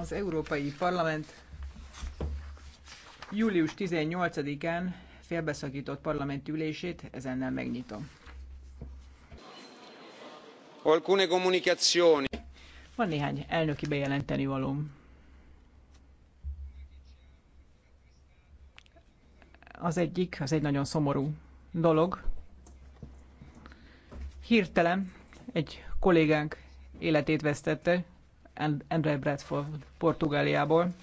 Az Európai Parlament július 18-án félbeszakított parlamenti ülését, ezennel megnyitom. Alcune comunicazioni. Van néhány elnöki bejelenteni valóm. Az egyik, az egy nagyon szomorú dolog. Hirtelen egy kollégánk életét vesztette, André Bradford Portugáliából.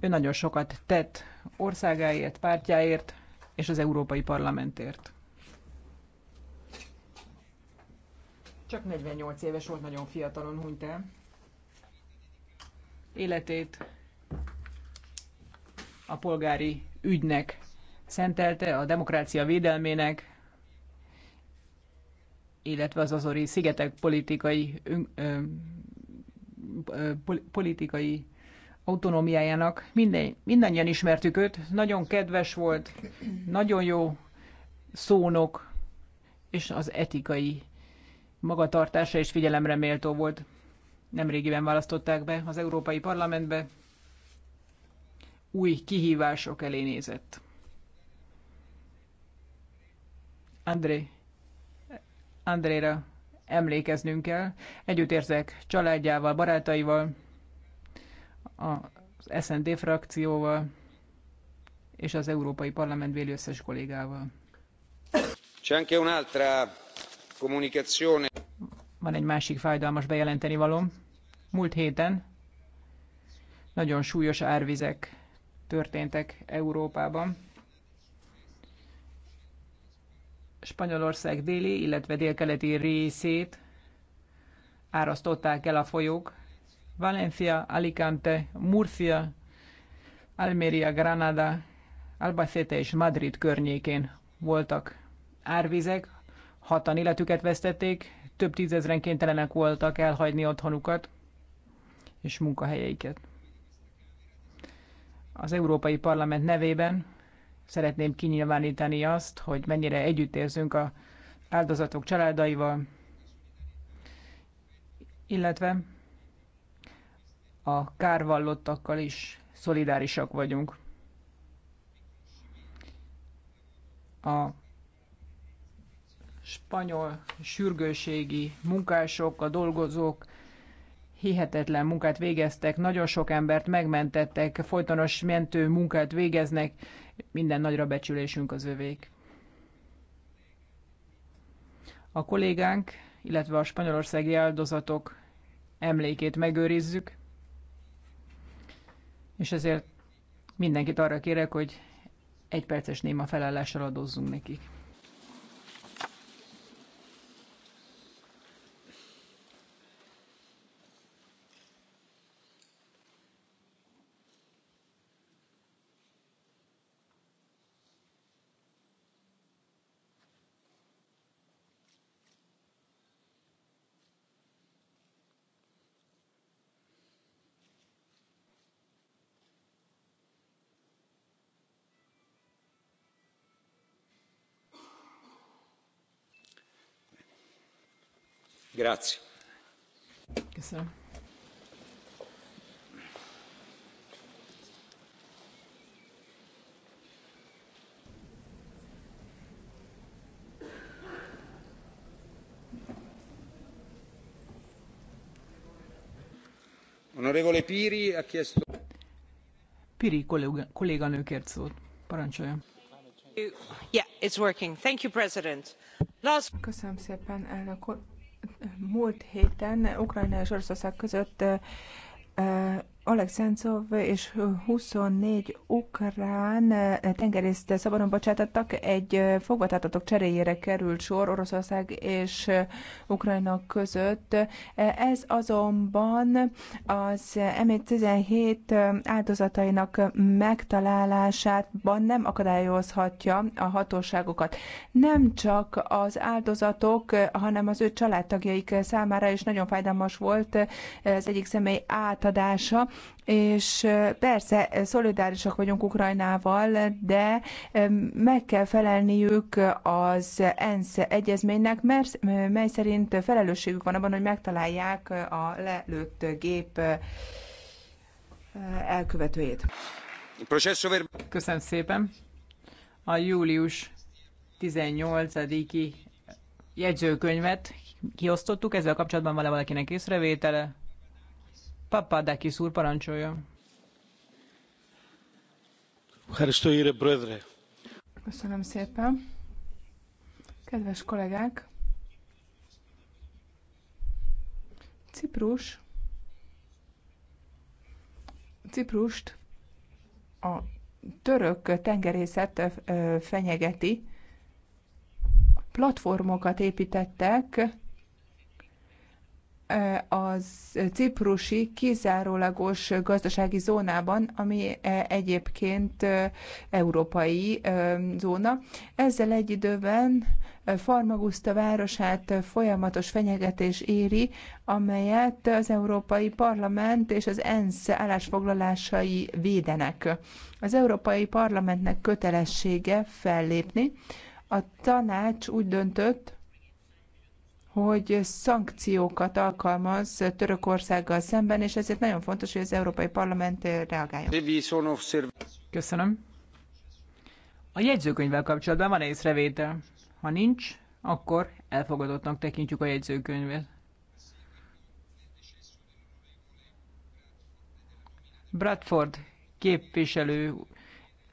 Ő nagyon sokat tett országáért, pártjáért és az Európai Parlamentért. Csak 48 éves volt, nagyon fiatalon hunyt el. Életét a polgári ügynek szentelte, a demokrácia védelmének, illetve az Azori szigetek politikai, ö, ö, politikai autonómiájának. Minden, mindannyian ismertük őt, nagyon kedves volt, nagyon jó szónok, és az etikai magatartása és figyelemre méltó volt. Nemrégiben választották be az Európai Parlamentbe, új kihívások elé nézett. André Andréra emlékeznünk kell. Együtt érzek családjával, barátaival, az SND frakcióval és az Európai Parlament véli összes kollégával. Van egy másik fájdalmas bejelenteni valom. Múlt héten nagyon súlyos árvizek történtek Európában. Spanyolország déli, illetve délkeleti részét árasztották el a folyók. Valencia, Alicante, Murcia, Almeria, Granada, Albacete és Madrid környékén voltak árvizek, hatan életüket vesztették, több tízezren kénytelenek voltak elhagyni otthonukat és munkahelyeiket. Az Európai Parlament nevében Szeretném kinyilvánítani azt, hogy mennyire együttérzünk a áldozatok családaival, illetve a kárvallottakkal is szolidárisak vagyunk. A spanyol sürgőségi munkások, a dolgozók hihetetlen munkát végeztek, nagyon sok embert megmentettek, folytonos mentő munkát végeznek, minden nagyra becsülésünk az övék. A kollégánk, illetve a spanyolországi áldozatok emlékét megőrizzük, és ezért mindenkit arra kérek, hogy egy perces néma felállással adózzunk nekik. Grazie. Köszönöm. Onorevole Piri ha chiesto... Piri kolléga, kolléganő szót. Parancsoljon. Yeah, it's working. Thank you, President. Last... Köszönöm szépen, elnök úr múlt héten Ukrajna és Oroszország között Alexencov és 24 ukrán tengerészt szabadon bocsátattak. egy fogvatartatok cseréjére került sor Oroszország és Ukrajna között. Ez azonban az M17 e áldozatainak megtalálásában nem akadályozhatja a hatóságokat. Nem csak az áldozatok, hanem az ő családtagjaik számára is nagyon fájdalmas volt az egyik személy átadása, és persze szolidárisak vagyunk Ukrajnával, de meg kell felelniük az ENSZ egyezménynek, mert, mely szerint felelősségük van abban, hogy megtalálják a lelőtt gép elkövetőjét. Köszönöm szépen. A július 18-i jegyzőkönyvet kiosztottuk, ezzel kapcsolatban van-e valakinek észrevétele? Papadakis úr, parancsolja. Köszönöm szépen. Kedves kollégák! Ciprus Ciprust a török tengerészet fenyegeti. Platformokat építettek az ciprusi kizárólagos gazdasági zónában, ami egyébként európai zóna. Ezzel egy időben Farmagusta városát folyamatos fenyegetés éri, amelyet az Európai Parlament és az ENSZ állásfoglalásai védenek. Az Európai Parlamentnek kötelessége fellépni. A tanács úgy döntött, hogy szankciókat alkalmaz Törökországgal szemben, és ezért nagyon fontos, hogy az Európai Parlament reagáljon. Köszönöm. A jegyzőkönyvvel kapcsolatban van-e észrevétel? Ha nincs, akkor elfogadottnak tekintjük a jegyzőkönyvet. Bradford képviselő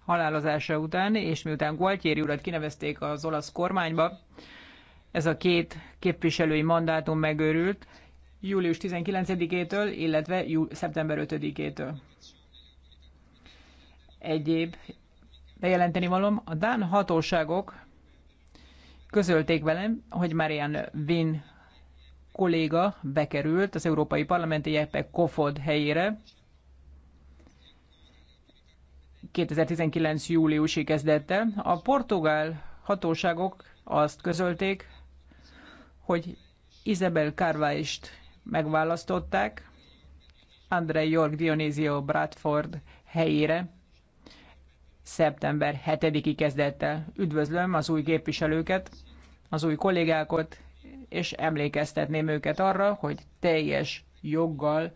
halálozása után, és miután Gualtieri urat kinevezték az olasz kormányba, ez a két képviselői mandátum megőrült július 19-től, illetve jú, szeptember 5-től. Egyéb bejelenteni valom, a Dán hatóságok közölték velem, hogy Marian Vin kolléga bekerült az Európai Parlamenti Jeppe Kofod helyére. 2019. júliusi kezdett el. A portugál hatóságok azt közölték, hogy Isabel Carvajst megválasztották, André York Dionisio Bradford helyére szeptember 7-i kezdettel. Üdvözlöm az új képviselőket, az új kollégákat, és emlékeztetném őket arra, hogy teljes joggal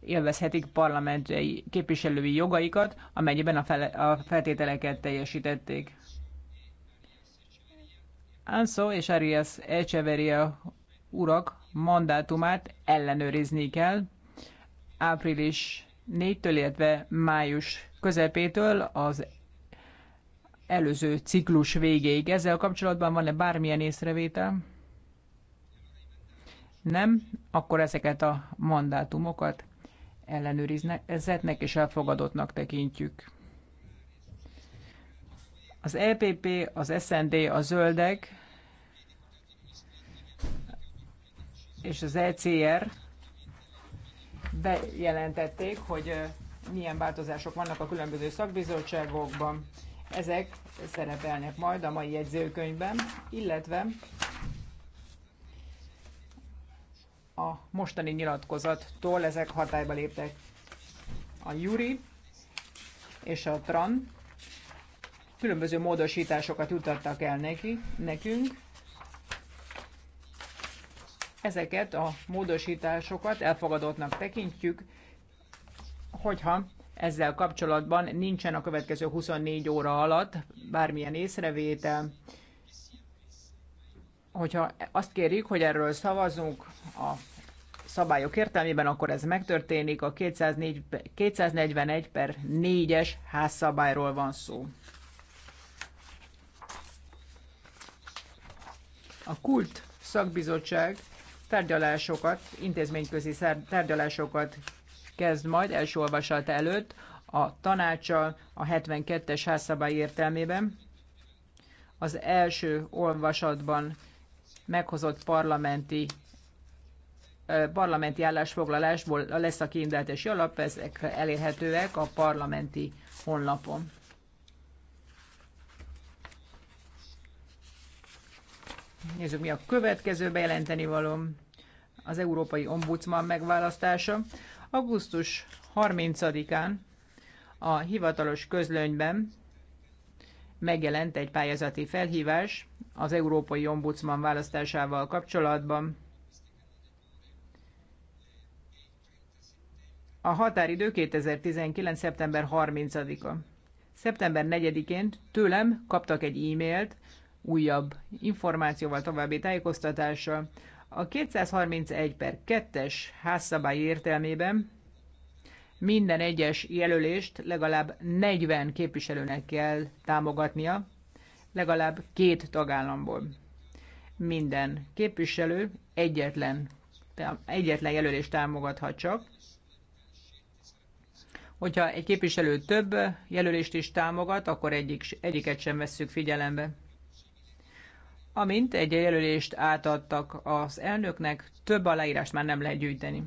élvezhetik parlamentei képviselői jogaikat, amennyiben a, fele, a feltételeket teljesítették. Anso és Arias Echeveria urak mandátumát ellenőrizni kell április 4-től, illetve május közepétől az előző ciklus végéig. Ezzel kapcsolatban van-e bármilyen észrevétel? Nem, akkor ezeket a mandátumokat ellenőriznek, ezetnek és elfogadottnak tekintjük. Az EPP, az SND, a Zöldek és az ECR bejelentették, hogy milyen változások vannak a különböző szakbizottságokban. Ezek szerepelnek majd a mai jegyzőkönyvben, illetve a mostani nyilatkozattól ezek hatályba léptek. A Juri és a Tran különböző módosításokat jutottak el neki, nekünk. Ezeket a módosításokat elfogadottnak tekintjük, hogyha ezzel kapcsolatban nincsen a következő 24 óra alatt bármilyen észrevétel, hogyha azt kérjük, hogy erről szavazunk a szabályok értelmében, akkor ez megtörténik. A 204, 241 per 4-es házszabályról van szó. A Kult szakbizottság tárgyalásokat, intézményközi tárgyalásokat kezd majd első olvasat előtt a tanácsal a 72-es házszabály értelmében. Az első olvasatban meghozott parlamenti parlamenti állásfoglalásból lesz a kiindeltési alap, ezek elérhetőek a parlamenti honlapon. Nézzük, mi a következő bejelenteni való Az Európai Ombudsman megválasztása. Augusztus 30-án a hivatalos közlönyben megjelent egy pályázati felhívás az Európai Ombudsman választásával kapcsolatban. A határidő 2019. szeptember 30-a. Szeptember 4-én tőlem kaptak egy e-mailt, újabb információval, további tájékoztatással. A 231 per 2-es házszabály értelmében minden egyes jelölést legalább 40 képviselőnek kell támogatnia, legalább két tagállamból. Minden képviselő egyetlen, egyetlen jelölést támogathat csak. Hogyha egy képviselő több jelölést is támogat, akkor egyik, egyiket sem vesszük figyelembe. Amint egy jelölést átadtak az elnöknek, több aláírást már nem lehet gyűjteni.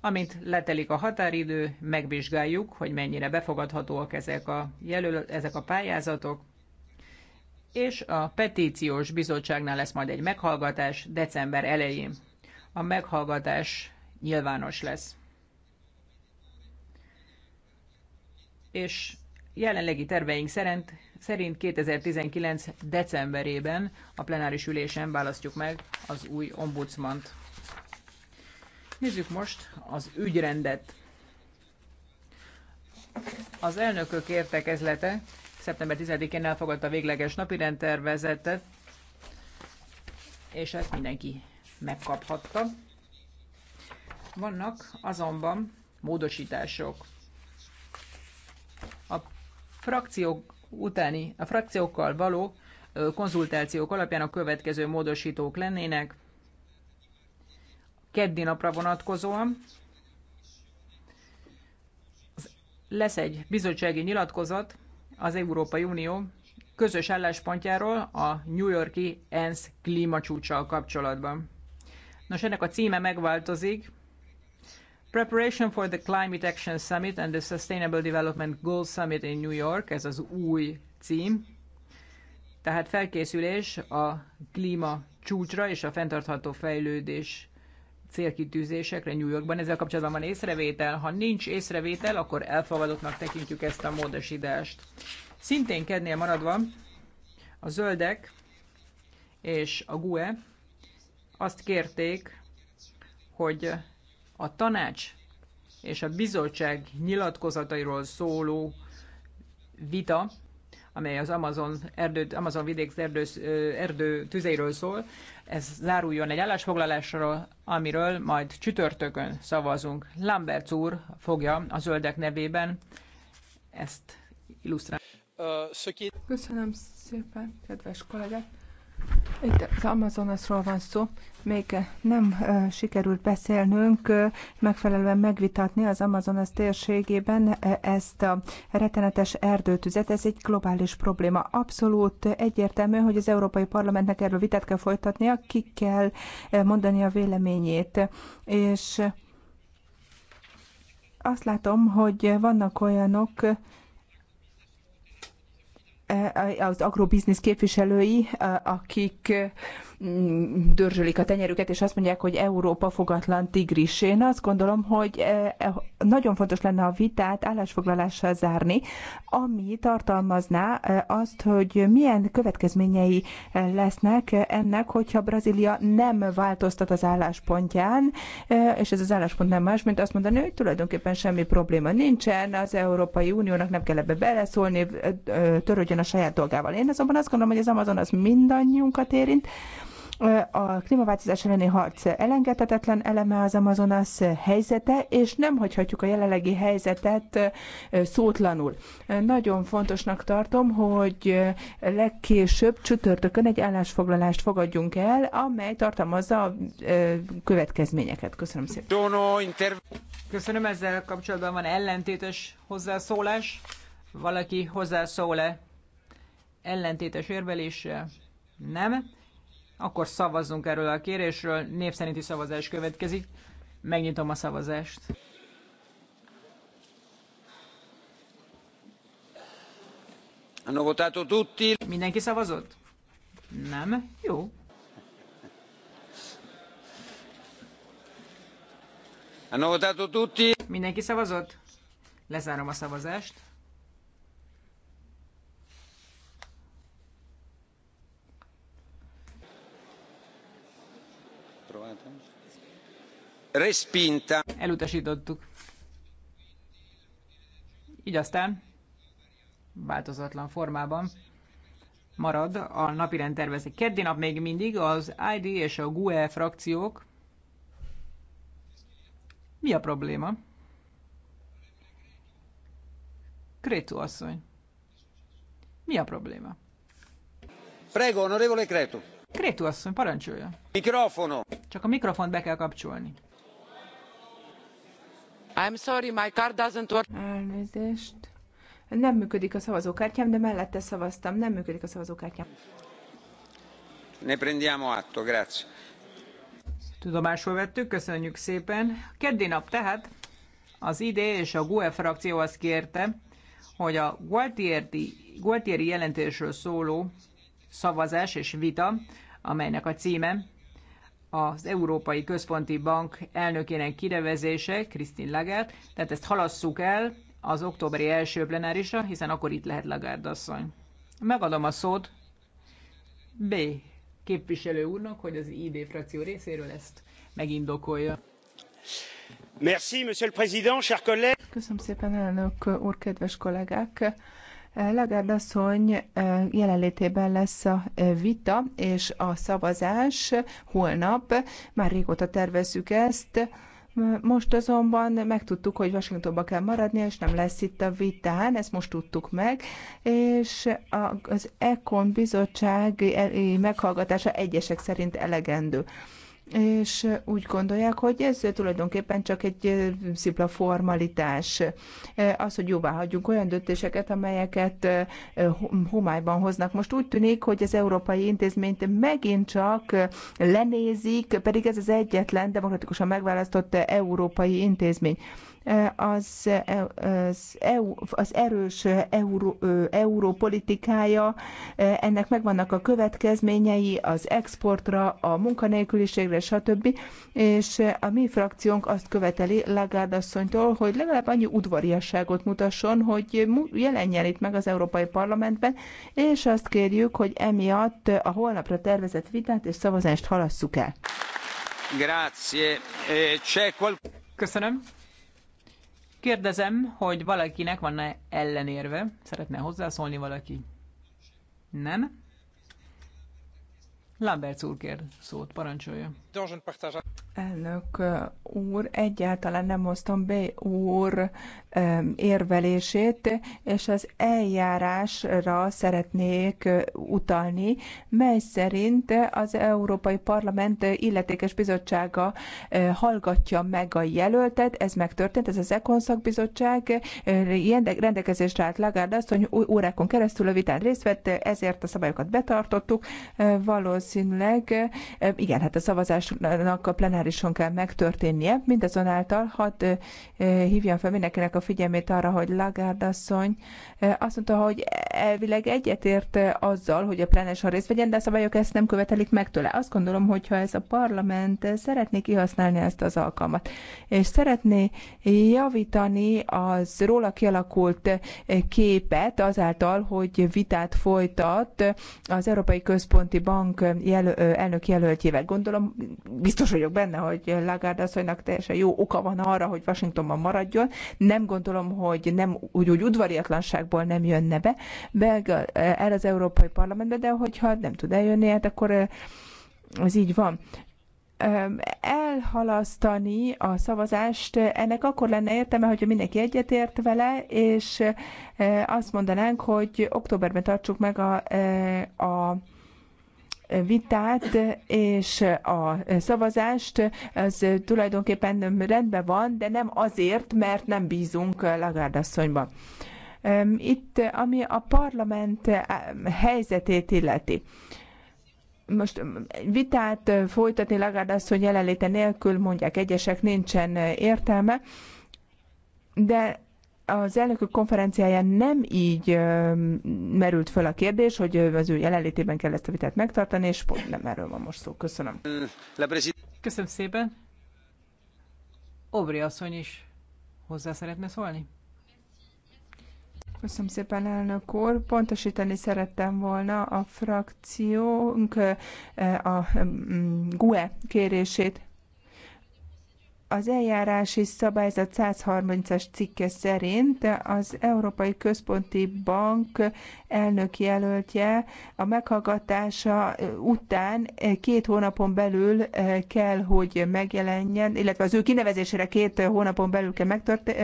Amint letelik a határidő, megvizsgáljuk, hogy mennyire befogadhatóak ezek a, jelöl, ezek a pályázatok, és a petíciós bizottságnál lesz majd egy meghallgatás december elején. A meghallgatás nyilvános lesz. És jelenlegi terveink szerint szerint 2019. decemberében a plenáris ülésen választjuk meg az új ombudsmant. Nézzük most az ügyrendet. Az elnökök értekezlete szeptember 10-én elfogadta végleges napirendtervezetet, és ezt mindenki megkaphatta. Vannak azonban módosítások. A frakciók utáni, a frakciókkal való konzultációk alapján a következő módosítók lennének. Keddi napra vonatkozóan lesz egy bizottsági nyilatkozat az Európai Unió közös álláspontjáról a New Yorki ENSZ klímacsúcsal kapcsolatban. Nos, ennek a címe megváltozik, Preparation for the Climate Action Summit and the Sustainable Development Goals Summit in New York, ez az új cím. Tehát felkészülés a klíma csúcsra és a fenntartható fejlődés célkitűzésekre New Yorkban. Ezzel kapcsolatban van észrevétel. Ha nincs észrevétel, akkor elfogadottnak tekintjük ezt a módosítást. Szintén kednél maradva a zöldek és a GUE azt kérték, hogy a tanács és a bizottság nyilatkozatairól szóló vita, amely az Amazon, erdő, Amazon vidék erdő, erdő tüzeiről szól, ez záruljon egy állásfoglalásról, amiről majd csütörtökön szavazunk. Lambert úr fogja a zöldek nevében ezt illusztrálni. Köszönöm szépen, kedves kollégák! Itt az Amazonasról van szó. Még nem sikerült beszélnünk, megfelelően megvitatni az Amazonas térségében ezt a rettenetes erdőtüzet. Ez egy globális probléma. Abszolút egyértelmű, hogy az Európai Parlamentnek erről vitát kell folytatnia, ki kell mondani a véleményét. És azt látom, hogy vannak olyanok, az agrobiznisz képviselői, akik dörzsölik a tenyerüket, és azt mondják, hogy Európa fogatlan tigris. Én azt gondolom, hogy eh, eh, nagyon fontos lenne a vitát állásfoglalással zárni, ami tartalmazná eh, azt, hogy milyen következményei lesznek ennek, hogyha Brazília nem változtat az álláspontján, és ez az álláspont nem más, mint azt mondani, hogy tulajdonképpen semmi probléma nincsen, az Európai Uniónak nem kell ebbe beleszólni, törődjön a saját dolgával. Én azonban azt gondolom, hogy az Amazon az mindannyiunkat érint, a klímaváltozás elleni harc elengedhetetlen eleme az Amazonas helyzete, és nem hagyhatjuk a jelenlegi helyzetet szótlanul. Nagyon fontosnak tartom, hogy legkésőbb csütörtökön egy állásfoglalást fogadjunk el, amely tartalmazza a következményeket. Köszönöm szépen. Köszönöm, ezzel kapcsolatban van ellentétes hozzászólás. Valaki hozzászól-e ellentétes érveléssel? Nem. Akkor szavazzunk erről a kérésről. Név szerinti szavazás következik. Megnyitom a szavazást. Hanno votato tutti. Mindenki szavazott? Nem? Jó. Hanno votato tutti. Mindenki szavazott? Lezárom a szavazást. Respinta. Elutasítottuk. Így aztán változatlan formában marad a napirend tervezet. Keddi nap még mindig az ID és a GUE frakciók. Mi a probléma? Kretu asszony. Mi a probléma? Prego, onorevole Kretu. Krétu asszony, parancsolja. Mikrofono. Csak a mikrofont be kell kapcsolni. I'm sorry, my car doesn't work. Elnézést. Nem működik a szavazókártyám, de mellette szavaztam. Nem működik a szavazókártyám. Ne prendiamo atto, grazie. Tudomásul vettük, köszönjük szépen. Keddi nap tehát az ID és a GUE frakció azt kérte, hogy a Gualtieri, Gualtieri jelentésről szóló szavazás és vita amelynek a címe az Európai Központi Bank elnökének kinevezése, Christine Lagarde, tehát ezt halasszuk el az októberi első plenárisra, hiszen akkor itt lehet Lagarde asszony. Megadom a szót B képviselő úrnak, hogy az ID frakció részéről ezt megindokolja. Merci, monsieur le président, chers collègues. Köszönöm szépen, elnök úr, kedves kollégák! Lagarde asszony jelenlétében lesz a vita és a szavazás holnap. Már régóta tervezzük ezt. Most azonban megtudtuk, hogy Washingtonba kell maradni és nem lesz itt a vitán, ezt most tudtuk meg, és az Econ bizottság e, meghallgatása egyesek szerint elegendő és úgy gondolják, hogy ez tulajdonképpen csak egy szimpla formalitás. Az, hogy jóvá hagyjunk olyan döntéseket, amelyeket homályban hoznak. Most úgy tűnik, hogy az európai intézményt megint csak lenézik, pedig ez az egyetlen demokratikusan megválasztott európai intézmény az, e, az, EU, az erős euró, európolitikája, e, ennek megvannak a következményei az exportra, a munkanélküliségre, stb. És a mi frakciónk azt követeli Lagarde asszonytól, hogy legalább annyi udvariasságot mutasson, hogy jelenjen itt meg az Európai Parlamentben, és azt kérjük, hogy emiatt a holnapra tervezett vitát és szavazást halasszuk el. Grazie. E, Köszönöm. Kérdezem, hogy valakinek van-e ellenérve? Szeretne hozzászólni valaki? Nem? Lambert úr kér szót, parancsolja. Elnök úr, egyáltalán nem hoztam be úr érvelését, és az eljárásra szeretnék utalni, mely szerint az Európai Parlament illetékes bizottsága hallgatja meg a jelöltet, ez megtörtént, ez az ECON szakbizottság rendelkezésre állt Lagarde hogy órákon keresztül a vitán részt vett, ezért a szabályokat betartottuk, valószínűleg igen, hát a szavazás tárgyalásnak a plenárison kell megtörténnie. Mindazonáltal hadd hívjam fel mindenkinek a figyelmét arra, hogy Lagarde asszony azt mondta, hogy elvileg egyetért azzal, hogy a plenárison részt vegyen, de a szabályok ezt nem követelik meg tőle. Azt gondolom, hogy ha ez a parlament szeretné kihasználni ezt az alkalmat, és szeretné javítani az róla kialakult képet azáltal, hogy vitát folytat az Európai Központi Bank jel- elnök jelöltjével. Gondolom biztos vagyok benne, hogy Lagarde asszonynak teljesen jó oka van arra, hogy Washingtonban maradjon. Nem gondolom, hogy nem úgy, úgy udvariatlanságból nem jönne be, be el az Európai Parlamentbe, de hogyha nem tud eljönni, hát akkor ez így van elhalasztani a szavazást, ennek akkor lenne értelme, hogyha mindenki egyetért vele, és azt mondanánk, hogy októberben tartsuk meg a, a vitát és a szavazást, az tulajdonképpen rendben van, de nem azért, mert nem bízunk Lagarde asszonyba. Itt, ami a parlament eh, helyzetét illeti most vitát folytatni Lagarde asszony jelenléte nélkül, mondják egyesek, nincsen eh, értelme, de az elnökök konferenciáján nem így merült fel a kérdés, hogy az ő jelenlétében kell ezt a vitát megtartani, és pont nem erről van most szó. Köszönöm. Köszönöm szépen. Obri asszony is hozzá szeretne szólni? Köszönöm szépen, elnök úr. Pontosítani szerettem volna a frakciónk a GUE kérését az eljárási szabályzat 130-as cikke szerint az Európai Központi Bank elnök jelöltje a meghallgatása után két hónapon belül kell, hogy megjelenjen, illetve az ő kinevezésére két hónapon belül kell megtört,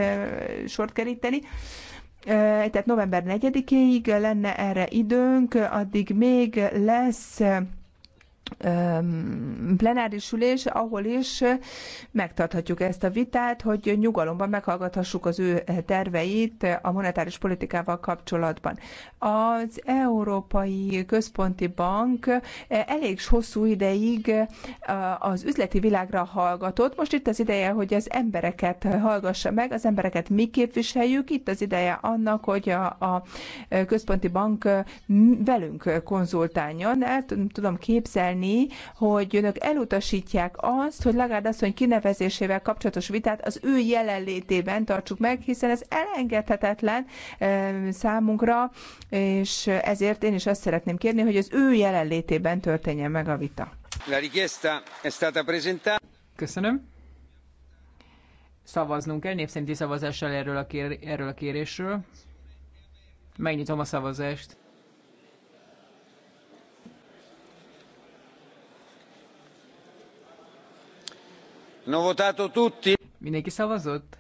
sort keríteni. Tehát november 4-ig lenne erre időnk, addig még lesz plenáris ülés, ahol is megtarthatjuk ezt a vitát, hogy nyugalomban meghallgathassuk az ő terveit a monetáris politikával kapcsolatban. Az Európai Központi Bank elég hosszú ideig az üzleti világra hallgatott. Most itt az ideje, hogy az embereket hallgassa meg, az embereket mi képviseljük. Itt az ideje annak, hogy a, Központi Bank velünk konzultáljon. El tudom képzelni, tenni, hogy önök elutasítják azt, hogy Lagarde asszony kinevezésével kapcsolatos vitát az ő jelenlétében tartsuk meg, hiszen ez elengedhetetlen számunkra, és ezért én is azt szeretném kérni, hogy az ő jelenlétében történjen meg a vita. Köszönöm. Szavaznunk kell népszerinti szavazással erről a, kér, erről a kérésről. Megnyitom a szavazást. Mindenki szavazott?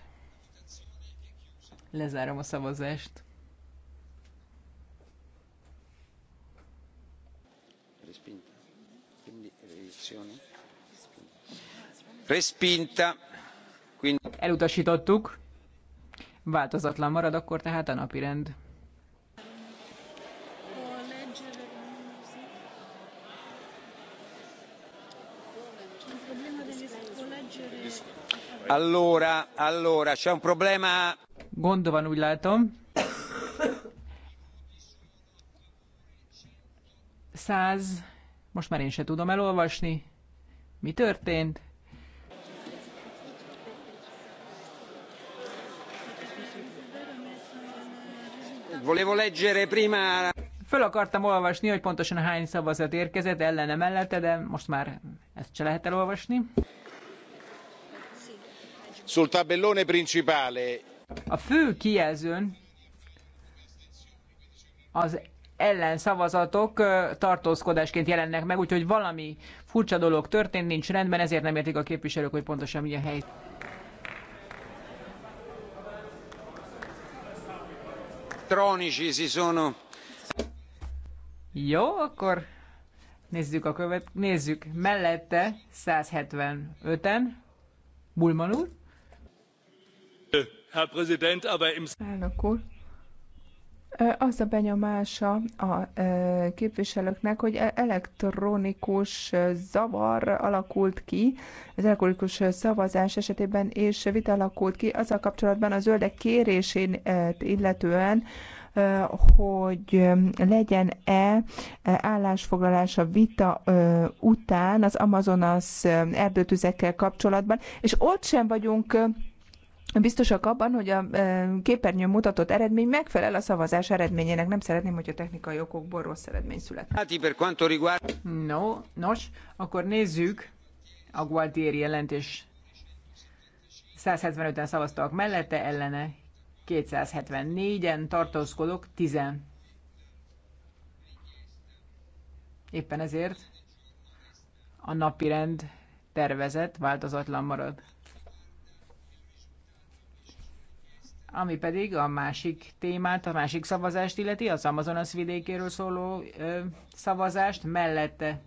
Lezárom a szavazást. Respinta. Elutasítottuk. Változatlan marad akkor tehát a napirend. Allora, allora, c'è un problema. Gond van, úgy látom. 100, most már én se tudom elolvasni. Mi történt? Volevo leggere prima... Föl akartam olvasni, hogy pontosan hány szavazat érkezett ellene mellette, de most már ezt se lehet elolvasni sul tabellone principale. A fő kijelzőn az ellenszavazatok tartózkodásként jelennek meg, úgyhogy valami furcsa dolog történt, nincs rendben, ezért nem értik a képviselők, hogy pontosan mi a helyzet. Jó, akkor nézzük a követ, nézzük mellette 175-en, Bulman úr. Elnök úr, az a benyomása a képviselőknek, hogy e- elektronikus zavar alakult ki, az elektronikus szavazás esetében és vita alakult ki azzal kapcsolatban az zöldek kérésén illetően, hogy legyen-e állásfoglalása vita után az Amazonas erdőtüzekkel kapcsolatban, és ott sem vagyunk biztosak abban, hogy a e, képernyőn mutatott eredmény megfelel a szavazás eredményének. Nem szeretném, hogy a technikai okokból rossz eredmény születne. Hát, no, nos, akkor nézzük a Gualtieri jelentés 175-en szavaztak mellette, ellene 274-en, tartózkodok 10 Éppen ezért a napirend tervezett változatlan marad. Ami pedig a másik témát, a másik szavazást illeti, az Amazonas vidékéről szóló ö, szavazást mellette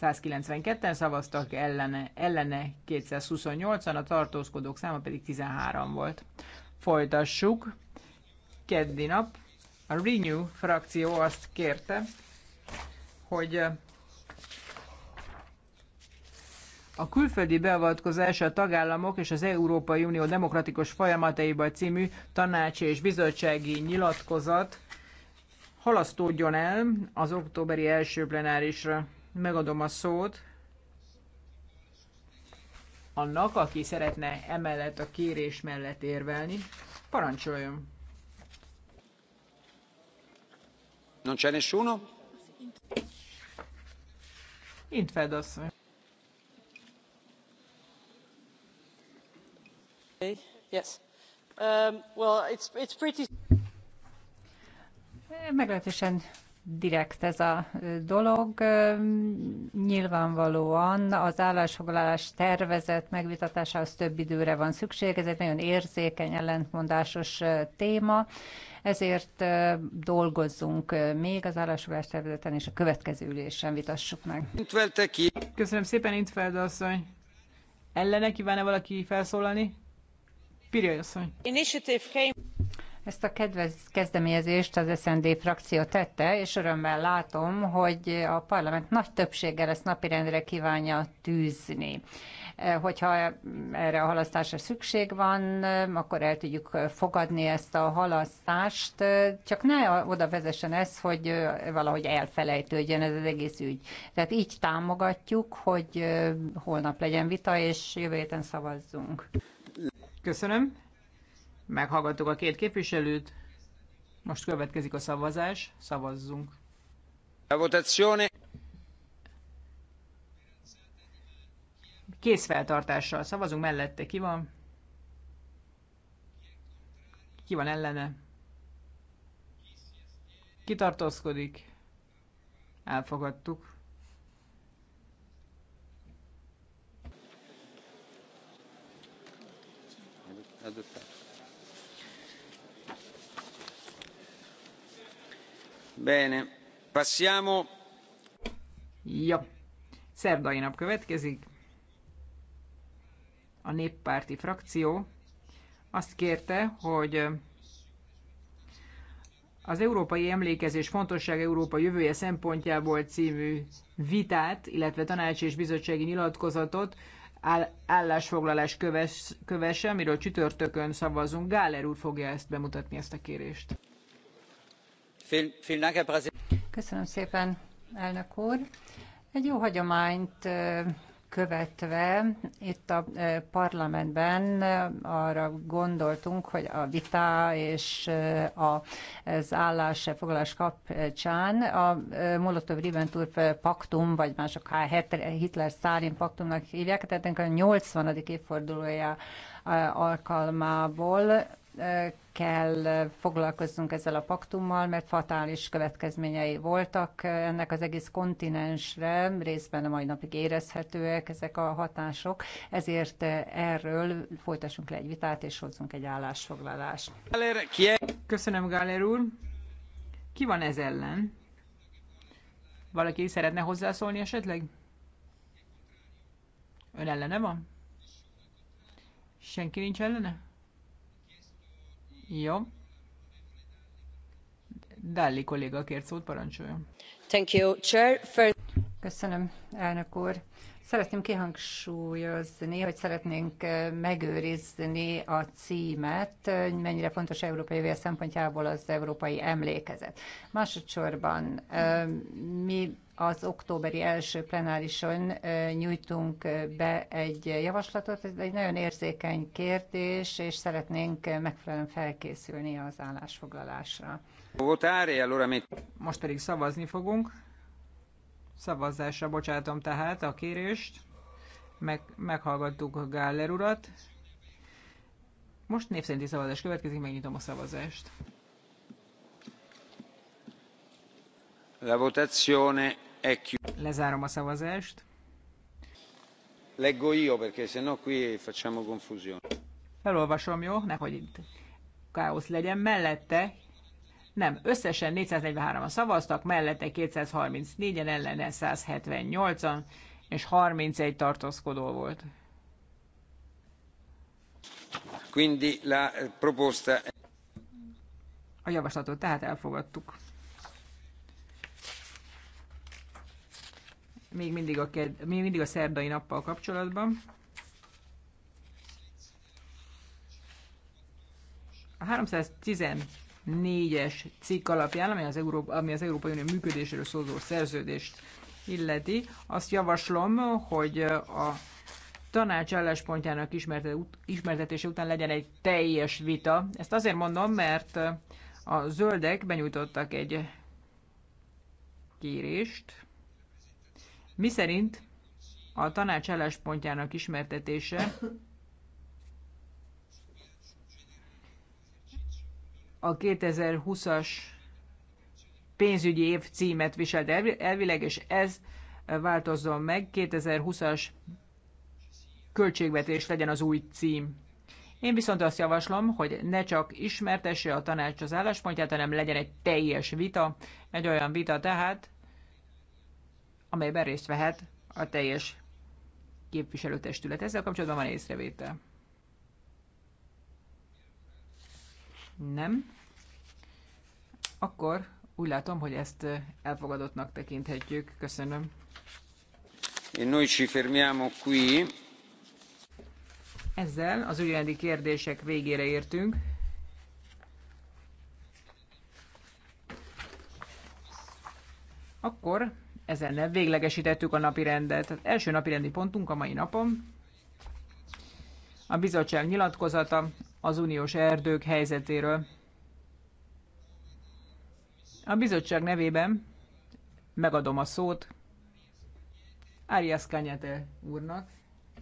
192-en szavaztak, ellene, ellene 228-an, a tartózkodók száma pedig 13 volt. Folytassuk. Keddi nap a Renew frakció azt kérte, hogy a külföldi beavatkozás a tagállamok és az Európai Unió demokratikus folyamataiba című tanácsi és bizottsági nyilatkozat halasztódjon el az októberi első plenárisra. Megadom a szót annak, aki szeretne emellett a kérés mellett érvelni. Parancsoljon! Non c'è nessuno? Intfeld asszony. Um, meglehetősen direkt ez a dolog. Nyilvánvalóan az állásfoglalás tervezet megvitatásához több időre van szükség, ez egy nagyon érzékeny, ellentmondásos téma, ezért dolgozzunk még az állásfoglalás tervezeten, és a következő ülésen vitassuk meg. Köszönöm szépen, Intfeld asszony! Ellene kívánna -e valaki felszólalni? Ezt a kedvez, kezdeményezést az SND frakció tette, és örömmel látom, hogy a parlament nagy többséggel ezt napirendre kívánja tűzni e, hogyha erre a halasztásra szükség van, akkor el tudjuk fogadni ezt a halasztást, csak ne oda vezessen ez, hogy valahogy elfelejtődjön ez az egész ügy. Tehát így támogatjuk, hogy e, holnap legyen vita, és jövő héten szavazzunk. Köszönöm. Meghallgattuk a két képviselőt. Most következik a szavazás. Szavazzunk. A votazione. Készfeltartással szavazunk mellette. Ki van? Ki van ellene? Kitartózkodik. Elfogadtuk. Bene, szerdai nap következik. A néppárti frakció azt kérte, hogy az Európai Emlékezés Fontosság Európa Jövője szempontjából című vitát, illetve tanács és bizottsági nyilatkozatot állásfoglalás köves, kövesse, amiről csütörtökön szavazunk. Gáler úr fogja ezt bemutatni, ezt a kérést. Köszönöm szépen, elnök úr. Egy jó hagyományt követve itt a e, parlamentben e, arra gondoltunk, hogy a vita és e, az állásfoglalás kapcsán a Molotov-Ribbentrop paktum, vagy mások Hitler-Szálin paktumnak hívják, tehát a 80. évfordulója alkalmából kell foglalkoznunk ezzel a paktummal, mert fatális következményei voltak ennek az egész kontinensre, részben a mai napig érezhetőek ezek a hatások, ezért erről folytassunk le egy vitát és hozzunk egy állásfoglalást. E- Köszönöm, Gáler úr! Ki van ez ellen? Valaki szeretne hozzászólni esetleg? Ön ellene van? Senki nincs ellene? Jó. Dalli kolléga kért szót, parancsoljon. Thank you, Chair. First... Köszönöm, elnök úr. Szeretném kihangsúlyozni, hogy szeretnénk eh, megőrizni a címet, mennyire fontos európai jövő szempontjából az európai emlékezet. Másodszorban eh, mi az októberi első plenárison eh, nyújtunk be egy javaslatot. Ez egy nagyon érzékeny kérdés, és szeretnénk megfelelően felkészülni az állásfoglalásra. Most pedig szavazni fogunk. Szavazásra bocsátom tehát a kérést. Meg, meghallgattuk Gáller urat. Most népszerinti szavazás következik, megnyitom a szavazást. La votazione è chiusa. Lezárom a szavazást. Leggo io perché sennò qui facciamo confusione. Felolvasom, jó? Nehogy itt káosz legyen. Mellette nem, összesen 443-an szavaztak, mellette 234-en, ellene 178-an, és 31 tartózkodó volt. Quindi la eh, proposta... A javaslatot tehát elfogadtuk. Még mindig a, ked, még mindig a szerdai nappal kapcsolatban. A 310 négyes cikk alapján, ami az, Európa, ami az Európai Unió működéséről szóló szerződést illeti. Azt javaslom, hogy a tanács álláspontjának ismertetése után legyen egy teljes vita. Ezt azért mondom, mert a zöldek benyújtottak egy kérést, miszerint a tanács álláspontjának ismertetése a 2020-as pénzügyi év címet viselt elvileg, és ez változzon meg, 2020-as költségvetés legyen az új cím. Én viszont azt javaslom, hogy ne csak ismertesse a tanács az álláspontját, hanem legyen egy teljes vita, egy olyan vita tehát, amelyben részt vehet a teljes képviselőtestület. Ezzel kapcsolatban van észrevétel. Nem. Akkor úgy látom, hogy ezt elfogadottnak tekinthetjük. Köszönöm. E noi ci fermiamo qui. Ezzel az ügyrendi kérdések végére értünk. Akkor ezennel véglegesítettük a napi rendet. Az első napi rendi pontunk a mai napon a bizottság nyilatkozata az uniós erdők helyzetéről. A bizottság nevében megadom a szót Arias Kanyete úrnak.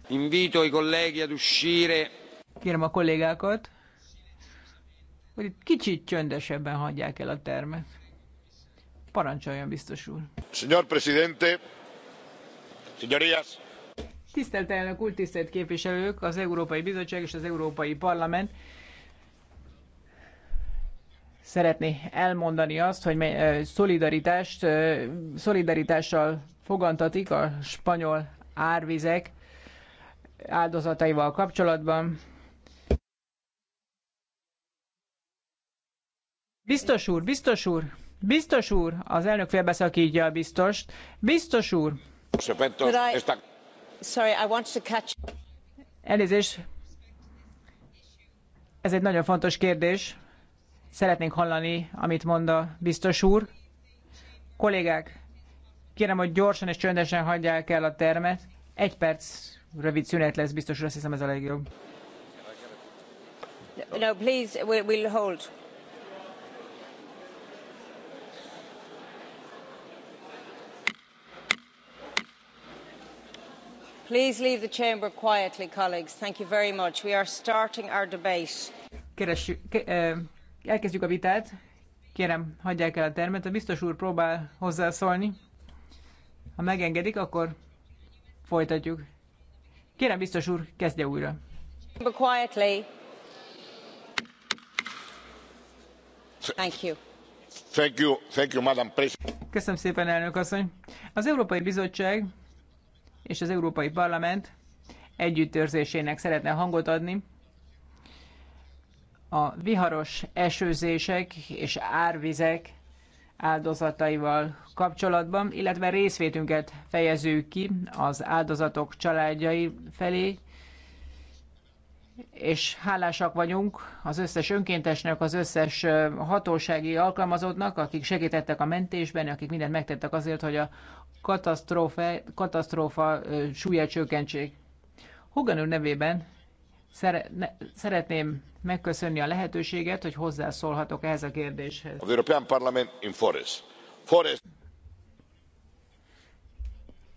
Invito i colleghi ad uscire. Kérem a kollégákat, hogy itt kicsit csöndesebben hagyják el a termet. Parancsoljon, biztos úr. Señor presidente, señorías, Tisztelt elnök úr, tisztelt képviselők, az Európai Bizottság és az Európai Parlament szeretné elmondani azt, hogy szolidaritást, szolidaritással fogantatik a spanyol árvizek áldozataival kapcsolatban. Biztos úr, biztos úr, biztos úr, az elnök félbeszakítja a biztost. Biztos úr! Sorry, Elnézést. Ez egy nagyon fontos kérdés. Szeretnénk hallani, amit mond a biztos úr. Kollégák, kérem, hogy gyorsan és csöndesen hagyják el a termet. Egy perc rövid szünet lesz, biztos úr, azt hiszem ez a legjobb. No, please, we'll hold. Please leave the chamber quietly, colleagues. Thank you very much. We are starting our debate. Eh, elkezdjük a vitát. Kérem, hagyják el a termet. A biztos úr próbál hozzászólni. Ha megengedik, akkor folytatjuk. Kérem, biztos úr, kezdje újra. Quietly. Thank you. Thank you, thank you, Madam President. Köszönöm szépen, elnök Az Európai Bizottság és az Európai Parlament együttőrzésének szeretne hangot adni. A viharos esőzések és árvizek áldozataival kapcsolatban, illetve részvétünket fejezzük ki az áldozatok családjai felé, és hálásak vagyunk az összes önkéntesnek, az összes hatósági alkalmazottnak, akik segítettek a mentésben, akik mindent megtettek azért, hogy a katasztrófa, katasztrófa súlya csökkentség. Hogan ő nevében szeretném megköszönni a lehetőséget, hogy hozzászólhatok ehhez a kérdéshez. Az European Parliament in Forest. Forest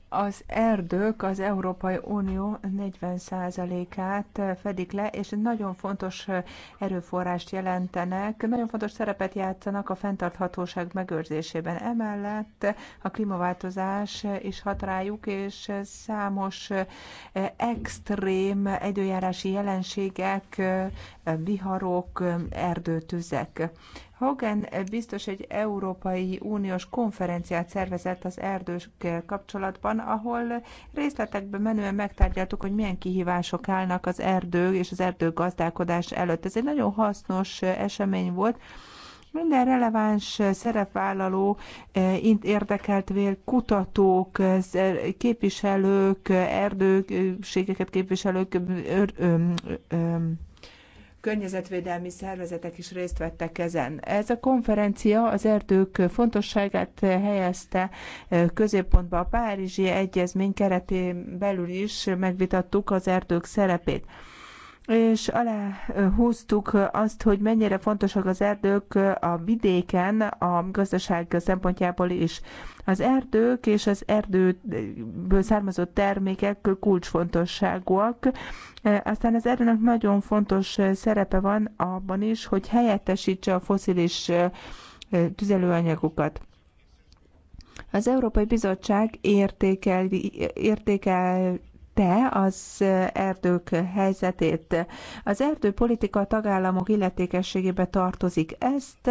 az erdők az Európai Unió 40%-át fedik le, és nagyon fontos erőforrást jelentenek, nagyon fontos szerepet játszanak a fenntarthatóság megőrzésében. Emellett a klímaváltozás is hat rájuk, és számos extrém időjárási jelenségek, viharok, erdőtüzek Hogan biztos egy Európai Uniós konferenciát szervezett az erdőkkel kapcsolatban, ahol részletekben menően megtárgyaltuk, hogy milyen kihívások állnak az erdő és az erdőgazdálkodás előtt. Ez egy nagyon hasznos esemény volt. Minden releváns szerepvállaló, eh, érdekelt vél, kutatók, eh, képviselők, eh, erdőségeket képviselők, környezetvédelmi szervezetek is részt vettek ezen. Ez a konferencia az erdők fontosságát helyezte eh, középpontba a Párizsi Egyezmény keretén belül is megvitattuk az erdők szerepét és aláhúztuk azt, hogy mennyire fontosak az erdők a vidéken, a gazdaság szempontjából is. Az erdők és az erdőből származó termékek kulcsfontosságúak. Aztán az erdőnek nagyon fontos szerepe van abban is, hogy helyettesítse a foszilis tüzelőanyagokat. Az Európai Bizottság értékel, értékel te az erdők helyzetét. Az erdőpolitika a tagállamok illetékességébe tartozik. Ezt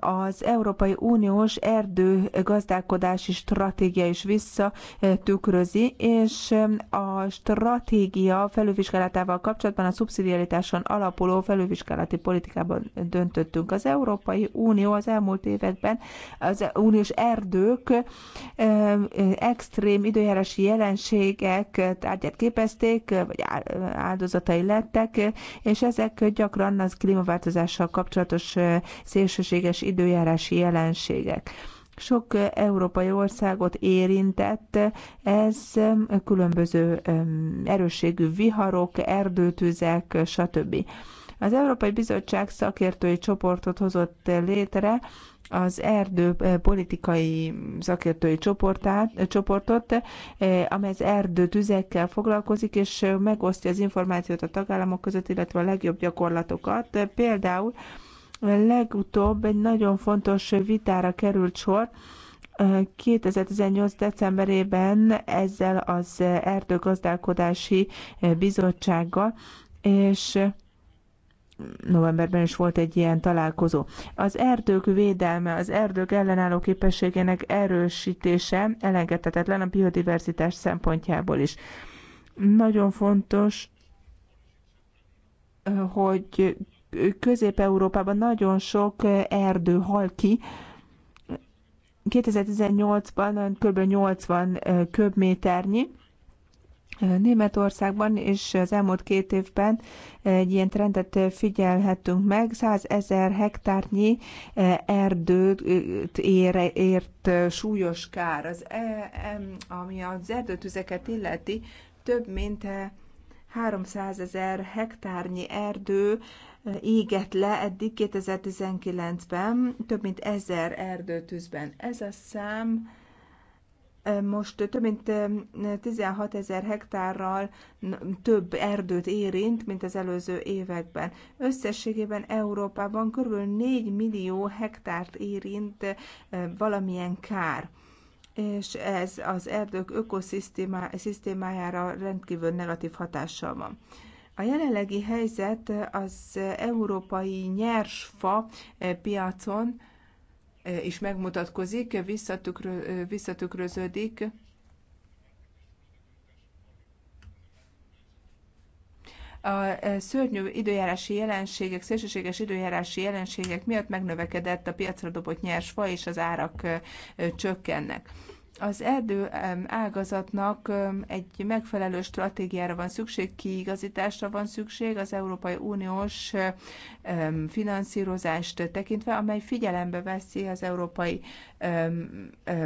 az Európai Uniós erdőgazdálkodási stratégia is visszatükrözi, és a stratégia felülvizsgálatával kapcsolatban a szubszidiaritáson alapuló felülvizsgálati politikában döntöttünk. Az Európai Unió az elmúlt években az uniós erdők extrém időjárási jelenségek tárgyát képezték, vagy áldozatai lettek, és ezek gyakran az klímaváltozással kapcsolatos szélsőséges szélsőséges időjárási jelenségek. Sok európai országot érintett ez különböző erősségű viharok, erdőtüzek, stb. Az Európai Bizottság szakértői csoportot hozott létre, az erdő politikai szakértői csoportát, csoportot, amely az tüzekkel foglalkozik, és megosztja az információt a tagállamok között, illetve a legjobb gyakorlatokat. Például Legutóbb egy nagyon fontos vitára került sor, 2018. decemberében ezzel az erdőgazdálkodási bizottsággal, és novemberben is volt egy ilyen találkozó. Az erdők védelme, az erdők ellenálló képességének erősítése elengedhetetlen a biodiverzitás szempontjából is. Nagyon fontos, hogy Közép-Európában nagyon sok erdő hal ki, 2018-ban kb. 80 köbméternyi, Németországban és az elmúlt két évben egy ilyen trendet figyelhetünk meg. 100 ezer hektárnyi erdőt ér, ért súlyos kár. Az, ami az erdőtüzeket illeti, több mint 300 ezer hektárnyi erdő eh, égett le eddig 2019-ben, több mint ezer erdőtűzben. Ez a szám eh, most több mint 16 eh, ezer hektárral több erdőt érint, mint az előző években. Összességében Európában kb. 4 millió hektárt érint valamilyen kár és ez az erdők ökoszisztémájára rendkívül negatív hatással van. A jelenlegi helyzet az európai nyersfa eh, piacon eh, is megmutatkozik, eh, visszatükröződik a szörnyű időjárási jelenségek, szélsőséges időjárási jelenségek miatt megnövekedett a piacra dobott fa, és az árak csökkennek. Az erdő ágazatnak egy megfelelő stratégiára van szükség, kiigazításra van szükség az Európai Uniós finanszírozást tekintve, amely figyelembe veszi az európai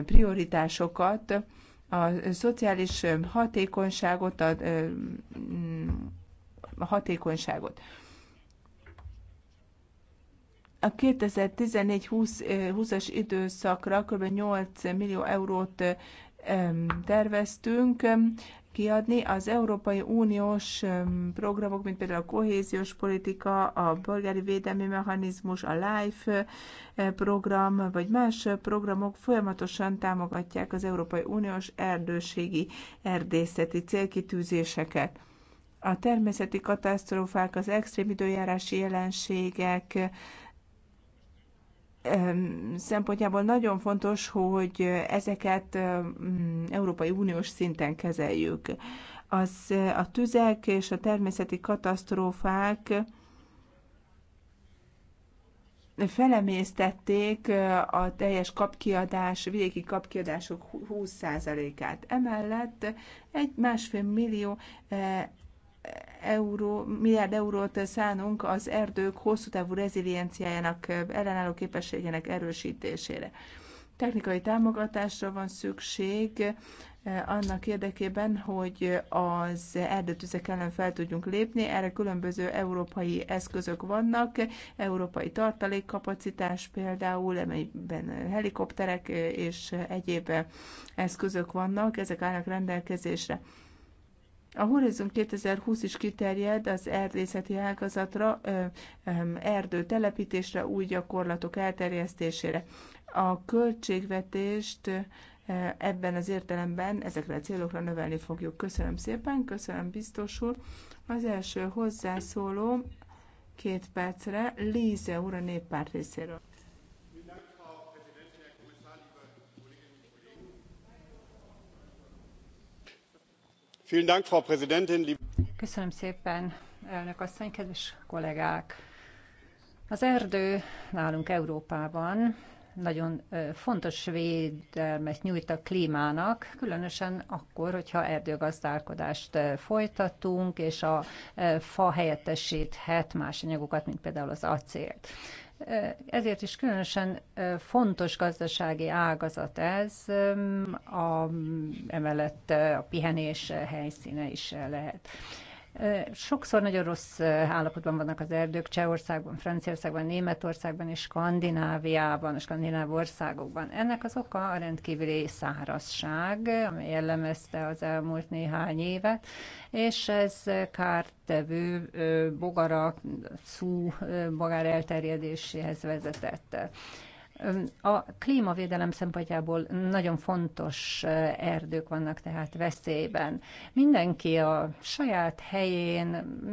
prioritásokat, a szociális hatékonyságot, a a hatékonyságot. A 2014-20-as eh, időszakra kb. 8 millió eurót terveztünk kiadni. Az Európai Uniós programok, mint például a kohéziós politika, a polgári védelmi mechanizmus, a LIFE eh, program, vagy más programok folyamatosan támogatják az Európai Uniós erdőségi erdészeti célkitűzéseket a természeti katasztrófák, az extrém időjárási jelenségek szempontjából nagyon fontos, hogy ezeket Európai Uniós szinten kezeljük. Az, a tüzek és a természeti katasztrófák felemésztették a teljes kapkiadás, vidéki kapkiadások 20%-át. Emellett egy másfél millió euró, milliárd eurót szánunk az erdők hosszú távú rezilienciájának, ellenálló képességének erősítésére. Technikai támogatásra van szükség eh, annak érdekében, hogy az erdőtüzek ellen fel tudjunk lépni. Erre különböző európai eszközök vannak, európai tartalékkapacitás például, amelyben helikopterek és egyéb eszközök vannak, ezek állnak rendelkezésre. A Horizon 2020 is kiterjed az erdészeti ágazatra, erdő telepítésre, új gyakorlatok elterjesztésére. A költségvetést ebben az értelemben ezekre a célokra növelni fogjuk. Köszönöm szépen, köszönöm biztos úr. Az első hozzászóló két percre Líze úr a néppárt részéről. Köszönöm szépen, elnök asszony, kedves kollégák! Az erdő nálunk Európában nagyon fontos védelmet nyújt a klímának, különösen akkor, hogyha erdőgazdálkodást folytatunk, és a fa helyettesthet más anyagokat, mint például az acélt. Ezért is különösen fontos gazdasági ágazat ez, a, emellett a pihenés helyszíne is lehet. Sokszor nagyon rossz állapotban vannak az erdők Csehországban, Franciaországban, Németországban és Skandináviában, Skandináv országokban. Ennek az oka a rendkívüli szárazság, ami jellemezte az elmúlt néhány évet, és ez kártevő bogara, szú, bogár elterjedéséhez vezetett. A klímavédelem szempontjából nagyon fontos erdők vannak tehát veszélyben. Mindenki a saját helyén,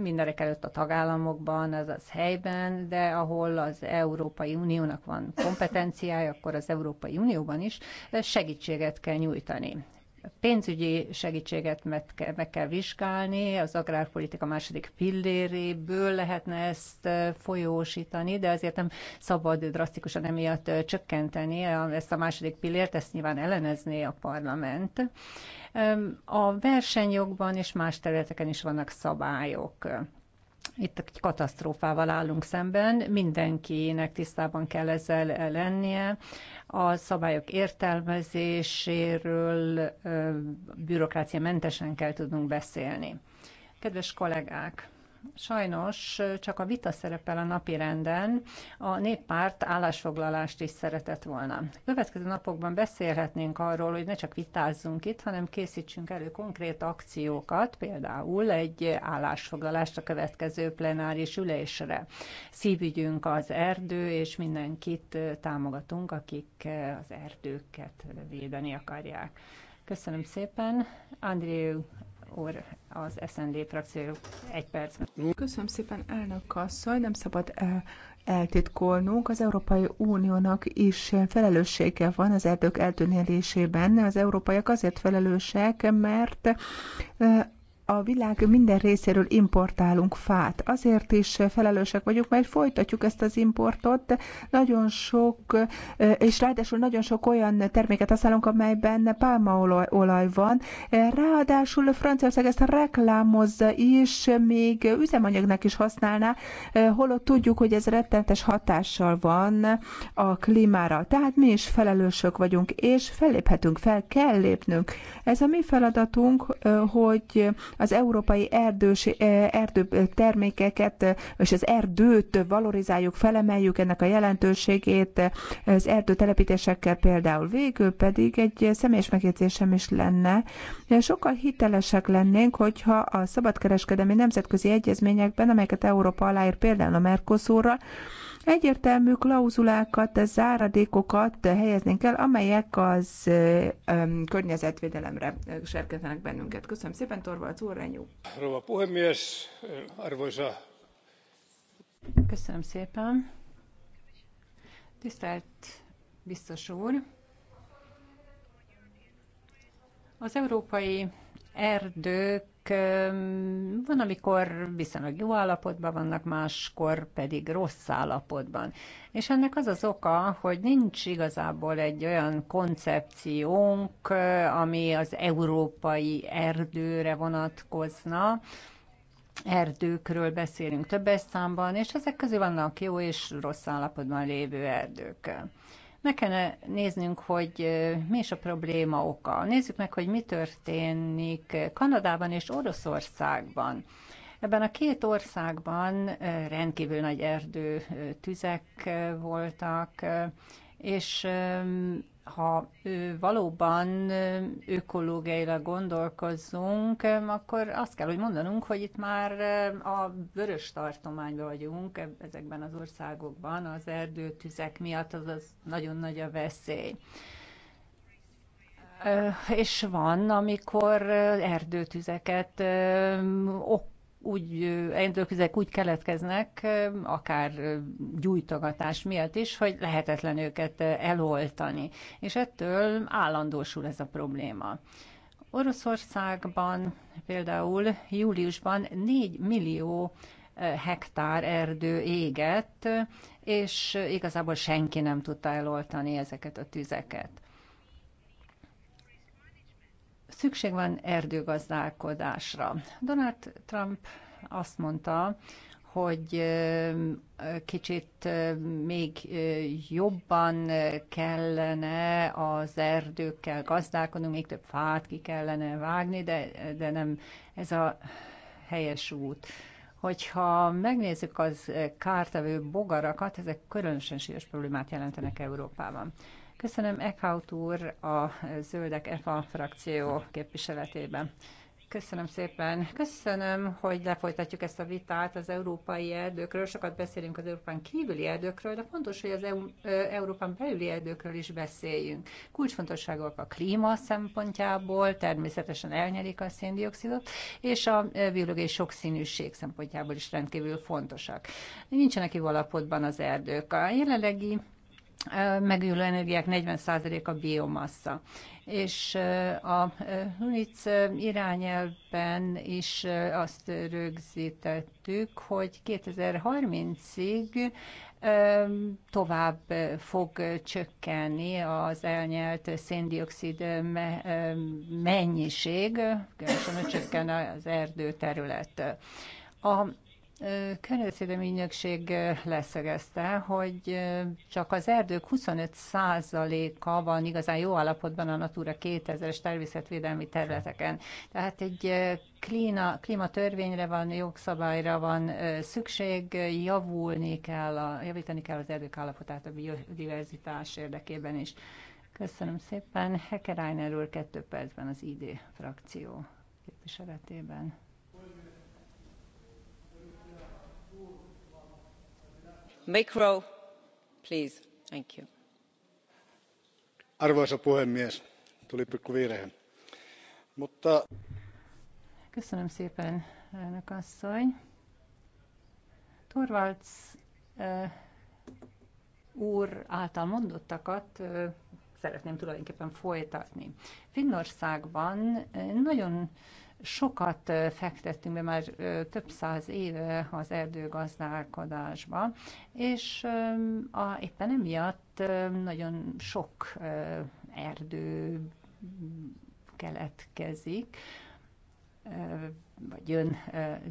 mindenek előtt a tagállamokban, azaz helyben, de ahol az Európai Uniónak van kompetenciája, akkor az Európai Unióban is segítséget kell nyújtani pénzügyi segítséget meg kell vizsgálni, az agrárpolitika második pilléréből lehetne ezt folyósítani, de azért nem szabad drasztikusan emiatt csökkenteni ezt a második pillért, ezt nyilván ellenezné a parlament. A versenyjogban és más területeken is vannak szabályok. Itt egy katasztrófával állunk szemben, mindenkinek tisztában kell ezzel lennie. A szabályok értelmezéséről bürokrácia mentesen kell tudnunk beszélni. Kedves kollégák! Sajnos csak a vita szerepel a napi renden, a néppárt állásfoglalást is szeretett volna. Következő napokban beszélhetnénk arról, hogy ne csak vitázzunk itt, hanem készítsünk elő konkrét akciókat, például egy állásfoglalást a következő plenáris ülésre. Szívügyünk az erdő, és mindenkit támogatunk, akik az erdőket védeni akarják. Köszönöm szépen. Andrew úr az SND frakció egy perc. Köszönöm szépen, elnök asszony, nem szabad el, eh, eltitkolnunk. Az Európai Uniónak is felelőssége van az erdők eltűnélésében. Az európaiak azért felelősek, mert eh, a világ minden részéről importálunk fát. Azért is felelősek vagyunk, mert folytatjuk ezt az importot. Nagyon sok, és ráadásul nagyon sok olyan terméket használunk, amelyben pálmaolaj van. Ráadásul Franciaország ezt reklámozza is, még üzemanyagnak is használná, holott tudjuk, hogy ez rettentes hatással van a klímára. Tehát mi is felelősök vagyunk, és felléphetünk, fel kell lépnünk. Ez a mi feladatunk, hogy az európai erdős, erdőtermékeket és az erdőt valorizáljuk, felemeljük ennek a jelentőségét az erdőtelepítésekkel például. Végül pedig egy személyes megjegyzésem is lenne. Sokkal hitelesek lennénk, hogyha a szabadkereskedelmi nemzetközi egyezményekben, amelyeket Európa aláír például a Mercosurral, Egyértelmű klauzulákat, záradékokat helyeznénk el, amelyek az környezetvédelemre serkentenek bennünket. Köszönöm szépen, Torvalds úr, Renyú. Köszönöm szépen. Tisztelt biztos úr! Az európai erdők van, amikor viszonylag jó állapotban vannak, máskor pedig rossz állapotban. És ennek az az oka, hogy nincs igazából egy olyan koncepciónk, ami az európai erdőre vonatkozna, erdőkről beszélünk többes számban, és ezek közül vannak jó és rossz állapotban lévő erdők. Meg kellene néznünk, hogy mi is a probléma oka. Nézzük meg, hogy mi történik Kanadában és Oroszországban. Ebben a két országban rendkívül nagy erdő tüzek voltak, és ha valóban ökológiailag gondolkozzunk, akkor azt kell, hogy mondanunk, hogy itt már a vörös tartományban vagyunk, e- ezekben az országokban az erdőtüzek miatt, az nagyon nagy a veszély. És van, amikor erdőtüzeket ok úgy, endőküzek úgy keletkeznek, akár gyújtogatás miatt is, hogy lehetetlen őket eloltani. És ettől állandósul ez a probléma. Oroszországban például júliusban 4 millió hektár erdő égett, és igazából senki nem tudta eloltani ezeket a tüzeket. Szükség van erdőgazdálkodásra. Donald Trump azt mondta, hogy kicsit még jobban kellene az erdőkkel gazdálkodnunk, még több fát ki kellene vágni, de, de nem ez a helyes út. Hogyha megnézzük az kártevő bogarakat, ezek különösen súlyos problémát jelentenek Európában. Köszönöm Eckhout úr a Zöldek EFA frakció képviseletében. Köszönöm szépen. Köszönöm, hogy lefolytatjuk ezt a vitát az európai erdőkről. Sokat beszélünk az Európán kívüli erdőkről, de fontos, hogy az EU, Európán belüli erdőkről is beszéljünk. Kulcsfontosságok a klíma szempontjából, természetesen elnyelik a széndiokszidot, és a biológiai sokszínűség szempontjából is rendkívül fontosak. Nincsenek jó alapotban az erdők. A jelenlegi megülő energiák 40%-a biomassa. És a Hunic irányelben is azt rögzítettük, hogy 2030-ig tovább fog csökkenni az elnyelt széndiokszid mennyiség, különösen csökken az erdőterület. A környezetvédelmi ügynökség leszögezte, hogy csak az erdők 25%-a van igazán jó állapotban a Natura 2000-es természetvédelmi területeken. Tehát egy klíma, klímatörvényre van, jogszabályra van szükség, javulni kell, a, javítani kell az erdők állapotát a biodiverzitás érdekében is. Köszönöm szépen. Hekerájner úr kettő percben az ID frakció képviseletében. arvoisa puhemies tuli pikku virhe. Mutta... Köszönöm szépen, elnök asszony. Torvalds úr által mondottakat szeretném tulajdonképpen folytatni. Finnországban nagyon Sokat fektettünk be már több száz éve az erdőgazdálkodásba, és a, éppen emiatt nagyon sok erdő keletkezik, vagy jön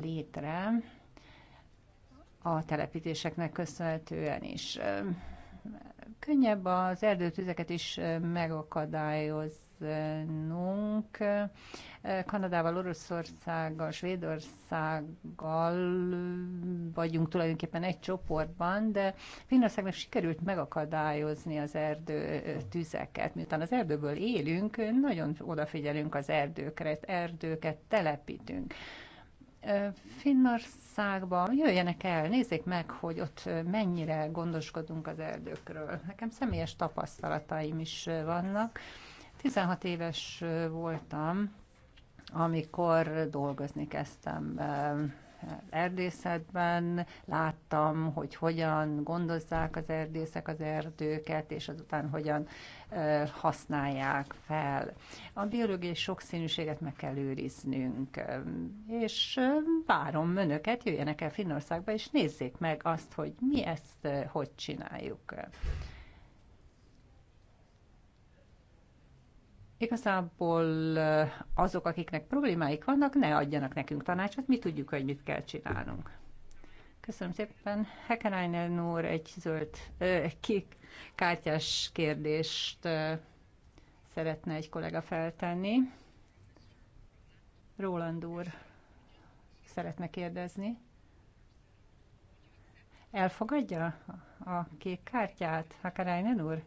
létre a telepítéseknek köszönhetően is. Könnyebb az erdőtüzeket is megakadályozni, foglalkoznunk. Eh, Kanadával, Oroszországgal, Svédországgal vagyunk tulajdonképpen egy csoportban, de Finnországnak sikerült megakadályozni az erdő eh, tüzeket. Miután az erdőből élünk, nagyon odafigyelünk az erdőkre, erdőket telepítünk. Eh, Finnországban jöjjenek el, nézzék meg, hogy ott mennyire gondoskodunk az erdőkről. Nekem személyes tapasztalataim is vannak. 16 éves voltam, amikor dolgozni kezdtem erdészetben, láttam, hogy hogyan gondozzák az erdészek az erdőket, és azután hogyan használják fel. A biológiai sokszínűséget meg kell őriznünk, és várom önöket, jöjjenek el Finnországba, és nézzék meg azt, hogy mi ezt hogy csináljuk. igazából azok, akiknek problémáik vannak, ne adjanak nekünk tanácsot, mi tudjuk, hogy mit kell csinálnunk. Köszönöm szépen. Hekerájner úr egy zöld kék kártyás kérdést szeretne egy kollega feltenni. Roland úr szeretne kérdezni. Elfogadja a kék kártyát, Hekerájner úr?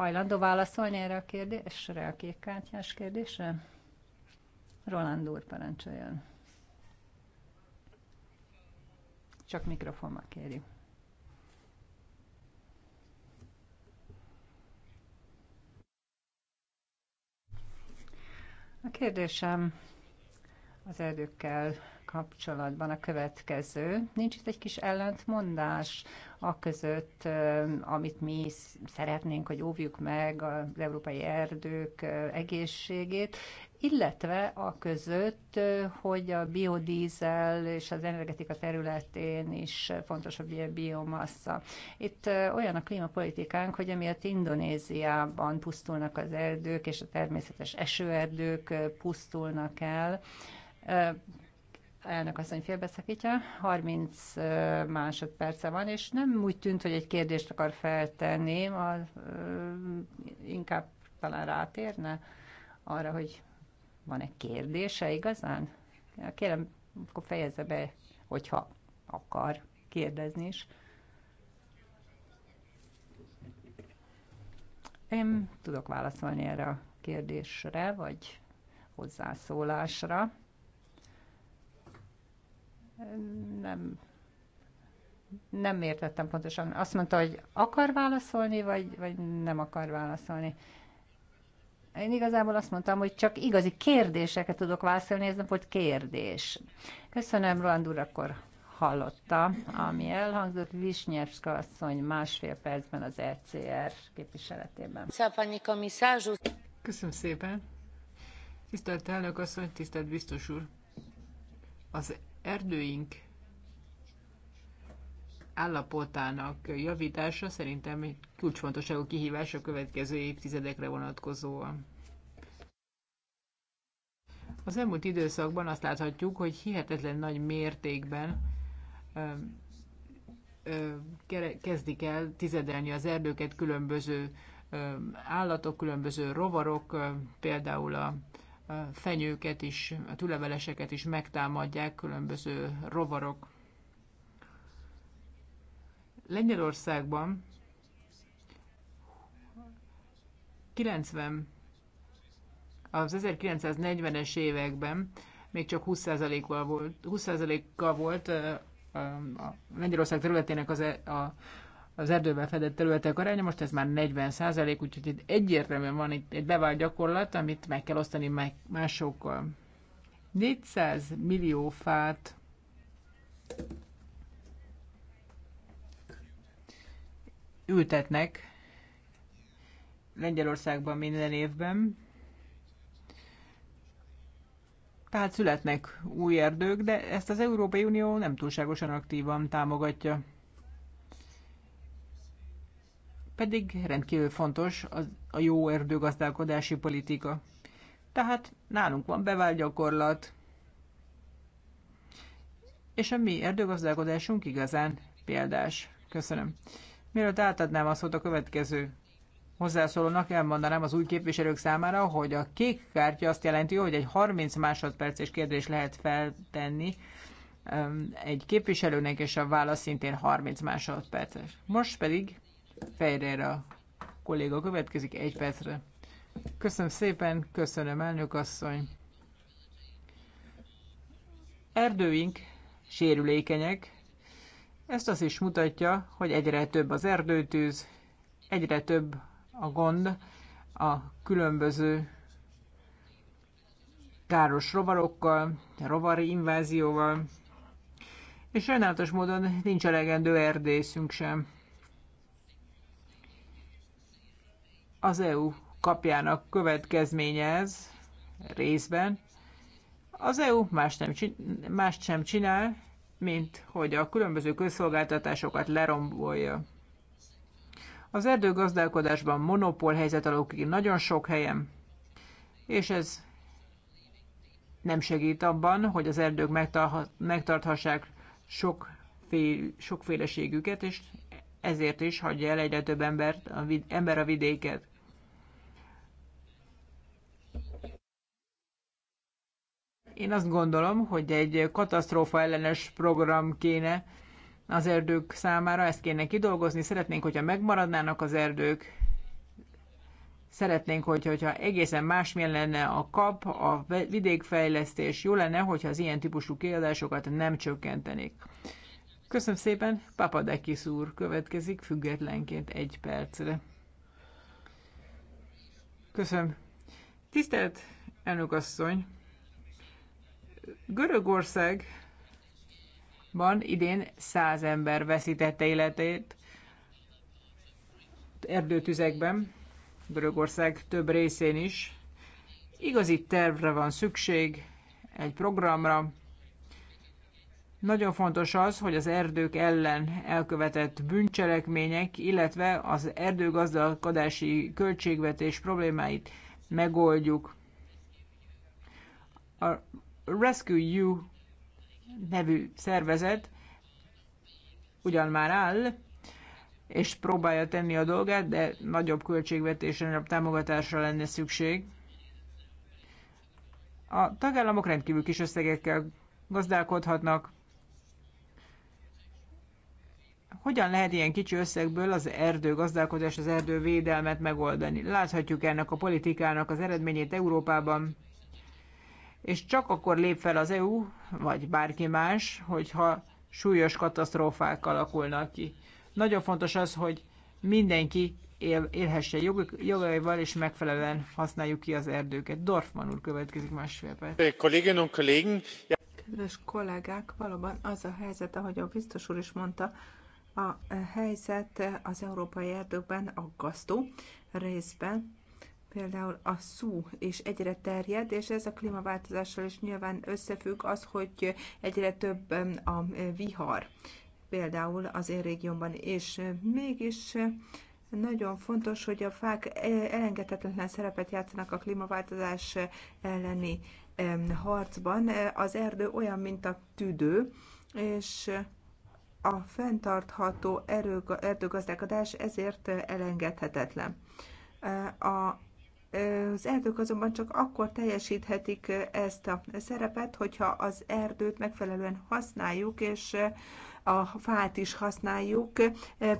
hajlandó válaszolni erre a kérdésre, a kékkártyás kérdésre? Roland úr, parancsoljon. Csak mikrofonba kéri. A kérdésem az erdőkkel kapcsolatban a következő. Nincs itt egy kis ellentmondás a között, amit mi szeretnénk, hogy óvjuk meg az európai erdők egészségét, illetve a között, hogy a biodízel és az energetika területén is fontos a biomassa. Itt olyan a klímapolitikánk, hogy emiatt Indonéziában pusztulnak az erdők, és a természetes esőerdők pusztulnak el Elnök asszony félbeszakítja, 30 másodperce van, és nem úgy tűnt, hogy egy kérdést akar feltenni, a, inkább talán rátérne arra, hogy van-e kérdése igazán? Kérem, akkor fejezze be, hogyha akar kérdezni is. Én tudok válaszolni erre a kérdésre, vagy hozzászólásra. Nem, nem értettem pontosan. Azt mondta, hogy akar válaszolni, vagy, vagy nem akar válaszolni. Én igazából azt mondtam, hogy csak igazi kérdéseket tudok válaszolni, ez nem volt kérdés. Köszönöm, Roland úr, akkor hallotta, ami elhangzott Visnyevska asszony másfél percben az ECR képviseletében. Köszönöm szépen. Tisztelt elnök asszony, tisztelt biztos úr. Az erdőink állapotának javítása szerintem egy kulcsfontosságú kihívás a következő évtizedekre vonatkozóan. Az elmúlt időszakban azt láthatjuk, hogy hihetetlen nagy mértékben ö, ö, kezdik el tizedelni az erdőket különböző ö, állatok, különböző rovarok, például a fenyőket is, a tüleveleseket is megtámadják különböző rovarok. Lengyelországban 90 az 1940-es években még csak 20%-kal volt, 20%-kal volt a Lengyelország területének az, e, a az erdőben fedett területek aránya, most ez már 40 százalék, úgyhogy itt egyértelműen van itt egy bevált gyakorlat, amit meg kell osztani másokkal. 400 millió fát ültetnek Lengyelországban minden évben. Tehát születnek új erdők, de ezt az Európai Unió nem túlságosan aktívan támogatja pedig rendkívül fontos az, a jó erdőgazdálkodási politika. Tehát nálunk van bevált gyakorlat, és a mi erdőgazdálkodásunk igazán példás. Köszönöm. Mielőtt átadnám a szót a következő hozzászólónak, elmondanám az új képviselők számára, hogy a kék kártya azt jelenti, hogy egy 30 másodperces kérdés lehet feltenni um, egy képviselőnek, és a válasz szintén 30 másodperces. Most pedig Fejrera kolléga következik egy percre. Köszönöm szépen, köszönöm elnök asszony. Erdőink sérülékenyek. Ezt azt is mutatja, hogy egyre több az erdőtűz, egyre több a gond a különböző káros rovarokkal, rovari invázióval, és sajnálatos módon nincs elegendő erdészünk sem. az EU kapjának következménye ez részben. Az EU más nem, mást sem csinál, mint hogy a különböző közszolgáltatásokat lerombolja. Az erdőgazdálkodásban monopól helyzet alakul ki nagyon sok helyen, és ez nem segít abban, hogy az erdők megtarthassák sokféleségüket, és ezért is hagyja el egyre több embert, ember a vidéket. Én azt gondolom, hogy egy katasztrófa ellenes program kéne az erdők számára, ezt kéne kidolgozni. Szeretnénk, hogyha megmaradnának az erdők, szeretnénk, hogyha egészen másmilyen lenne a kap, a vidékfejlesztés, jó lenne, hogyha az ilyen típusú kiadásokat nem csökkentenék. Köszönöm szépen, Papadekis úr következik függetlenként egy percre. Köszönöm. Tisztelt elnök asszony! Görögországban idén száz ember veszítette életét erdőtüzekben, Görögország több részén is. Igazi tervre van szükség, egy programra. Nagyon fontos az, hogy az erdők ellen elkövetett bűncselekmények, illetve az erdőgazdálkodási költségvetés problémáit megoldjuk. Rescue You nevű szervezet ugyan már áll, és próbálja tenni a dolgát, de nagyobb költségvetésre, nagyobb támogatásra lenne szükség. A tagállamok rendkívül kis összegekkel gazdálkodhatnak. Hogyan lehet ilyen kicsi összegből az erdő gazdálkodás, az védelmet megoldani? Láthatjuk ennek a politikának az eredményét Európában és csak akkor lép fel az EU, vagy bárki más, hogyha súlyos katasztrófák alakulnak ki. Nagyon fontos az, hogy mindenki él, élhesse jogaival, és megfelelően használjuk ki az erdőket. Dorfman úr következik másfél perc. Kedves kollégák, valóban az a helyzet, ahogy a biztos úr is mondta, a helyzet az európai erdőkben aggasztó részben például a szú is egyre terjed, és ez a klímaváltozással is nyilván összefügg az, hogy egyre több a vihar, például az én régiómban, és mégis nagyon fontos, hogy a fák e, elengedhetetlen szerepet játszanak a klímaváltozás elleni harcban. Az erdő olyan, mint a tüdő, és a fenntartható erdőgazdálkodás ezért elengedhetetlen. A az erdők azonban csak akkor teljesíthetik ezt a szerepet, hogyha az erdőt megfelelően használjuk, és a fát is használjuk,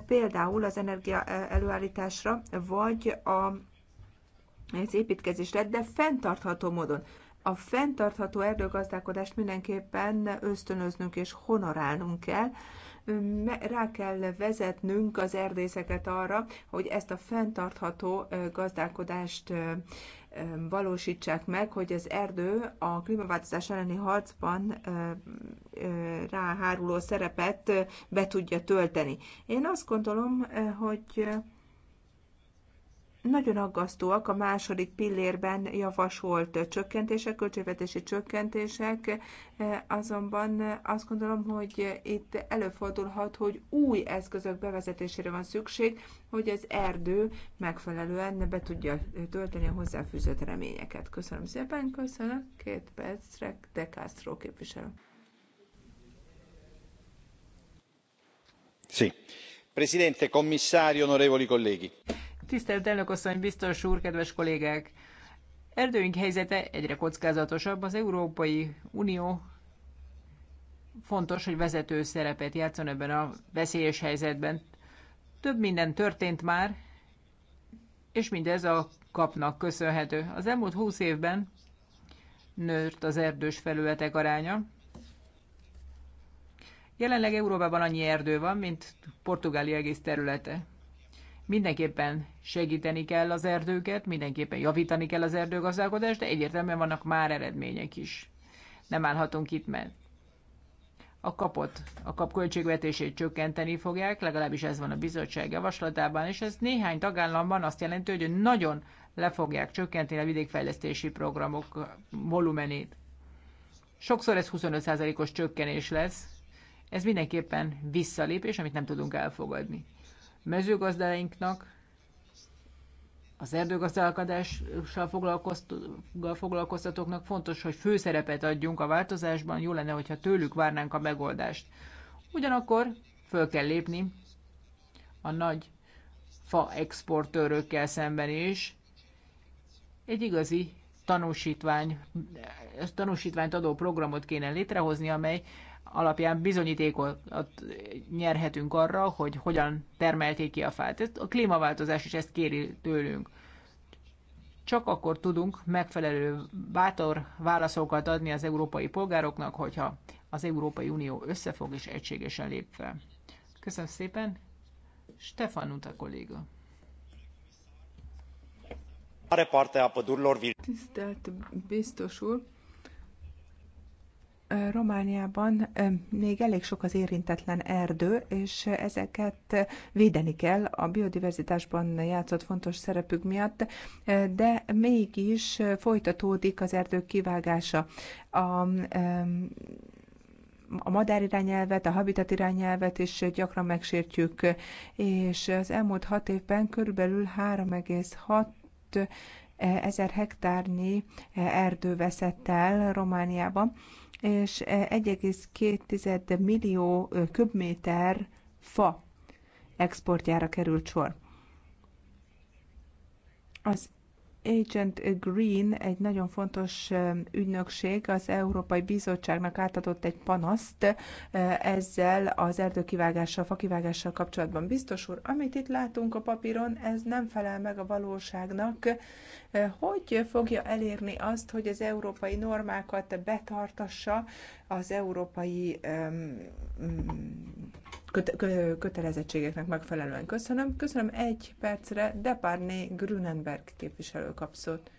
például az energia előállításra, vagy a, az építkezésre, de fenntartható módon. A fenntartható erdőgazdálkodást mindenképpen ösztönöznünk és honorálnunk kell, rá kell vezetnünk az erdészeket arra, hogy ezt a fenntartható gazdálkodást valósítsák meg, hogy az erdő a klímaváltozás elleni harcban ráháruló szerepet be tudja tölteni. Én azt gondolom, hogy nagyon aggasztóak a második pillérben javasolt csökkentések, költségvetési csökkentések, e, azonban azt gondolom, hogy itt előfordulhat, hogy új eszközök bevezetésére van szükség, hogy az erdő megfelelően be tudja tölteni a hozzáfűzött reményeket. Köszönöm szépen, köszönöm. Két percre, De Castro képviselő. Sí. Presidente, commissario, onorevoli colleghi Tisztelt elnökasszony, biztos úr, kedves kollégák! Erdőink helyzete egyre kockázatosabb. Az Európai Unió fontos, hogy vezető szerepet játszon ebben a veszélyes helyzetben. Több minden történt már, és mindez a kapnak köszönhető. Az elmúlt húsz évben nőtt az erdős felületek aránya. Jelenleg Európában annyi erdő van, mint Portugália egész területe. Mindenképpen segíteni kell az erdőket, mindenképpen javítani kell az erdőgazdálkodást, de egyértelműen vannak már eredmények is. Nem állhatunk itt, mert a kapot, a kap költségvetését csökkenteni fogják, legalábbis ez van a bizottság javaslatában, és ez néhány tagállamban azt jelenti, hogy nagyon le fogják csökkenteni a vidékfejlesztési programok volumenét. Sokszor ez 25%-os csökkenés lesz, ez mindenképpen visszalépés, amit nem tudunk elfogadni mezőgazdáinknak, az erdőgazdálkodással foglalkoztatóknak fontos, hogy főszerepet adjunk a változásban, jó lenne, hogyha tőlük várnánk a megoldást. Ugyanakkor föl kell lépni a nagy fa exportőrökkel szemben is. Egy igazi tanúsítvány, tanúsítványt adó programot kéne létrehozni, amely alapján bizonyítékot nyerhetünk arra, hogy hogyan termelték ki a fát. Ezt a klímaváltozás is ezt kéri tőlünk. Csak akkor tudunk megfelelő bátor válaszokat adni az európai polgároknak, hogyha az Európai Unió összefog és egységesen lép fel. Köszönöm szépen, Stefan Uta kolléga. Tisztelt biztos úr, Romániában még elég sok az érintetlen erdő, és ezeket védeni kell a biodiverzitásban játszott fontos szerepük miatt, de mégis folytatódik az erdők kivágása. A, a madár irányelvet, a habitat irányelvet is gyakran megsértjük, és az elmúlt hat évben körülbelül 3,6 ezer hektárnyi erdő veszett el Romániában, és 1,2 eh, millió köbméter fa exportjára került sor. Az Agent Green egy nagyon fontos um, ügynökség, az Európai Bizottságnak átadott egy panaszt uh, ezzel az erdőkivágással, fakivágással kapcsolatban. Biztos úr, amit itt látunk a papíron, ez nem felel meg a valóságnak. Uh, hogy fogja elérni azt, hogy az európai normákat betartassa az európai um, köte, kötelezettségeknek megfelelően. Köszönöm. Köszönöm egy percre Deparné Grünenberg képviselő kapszót.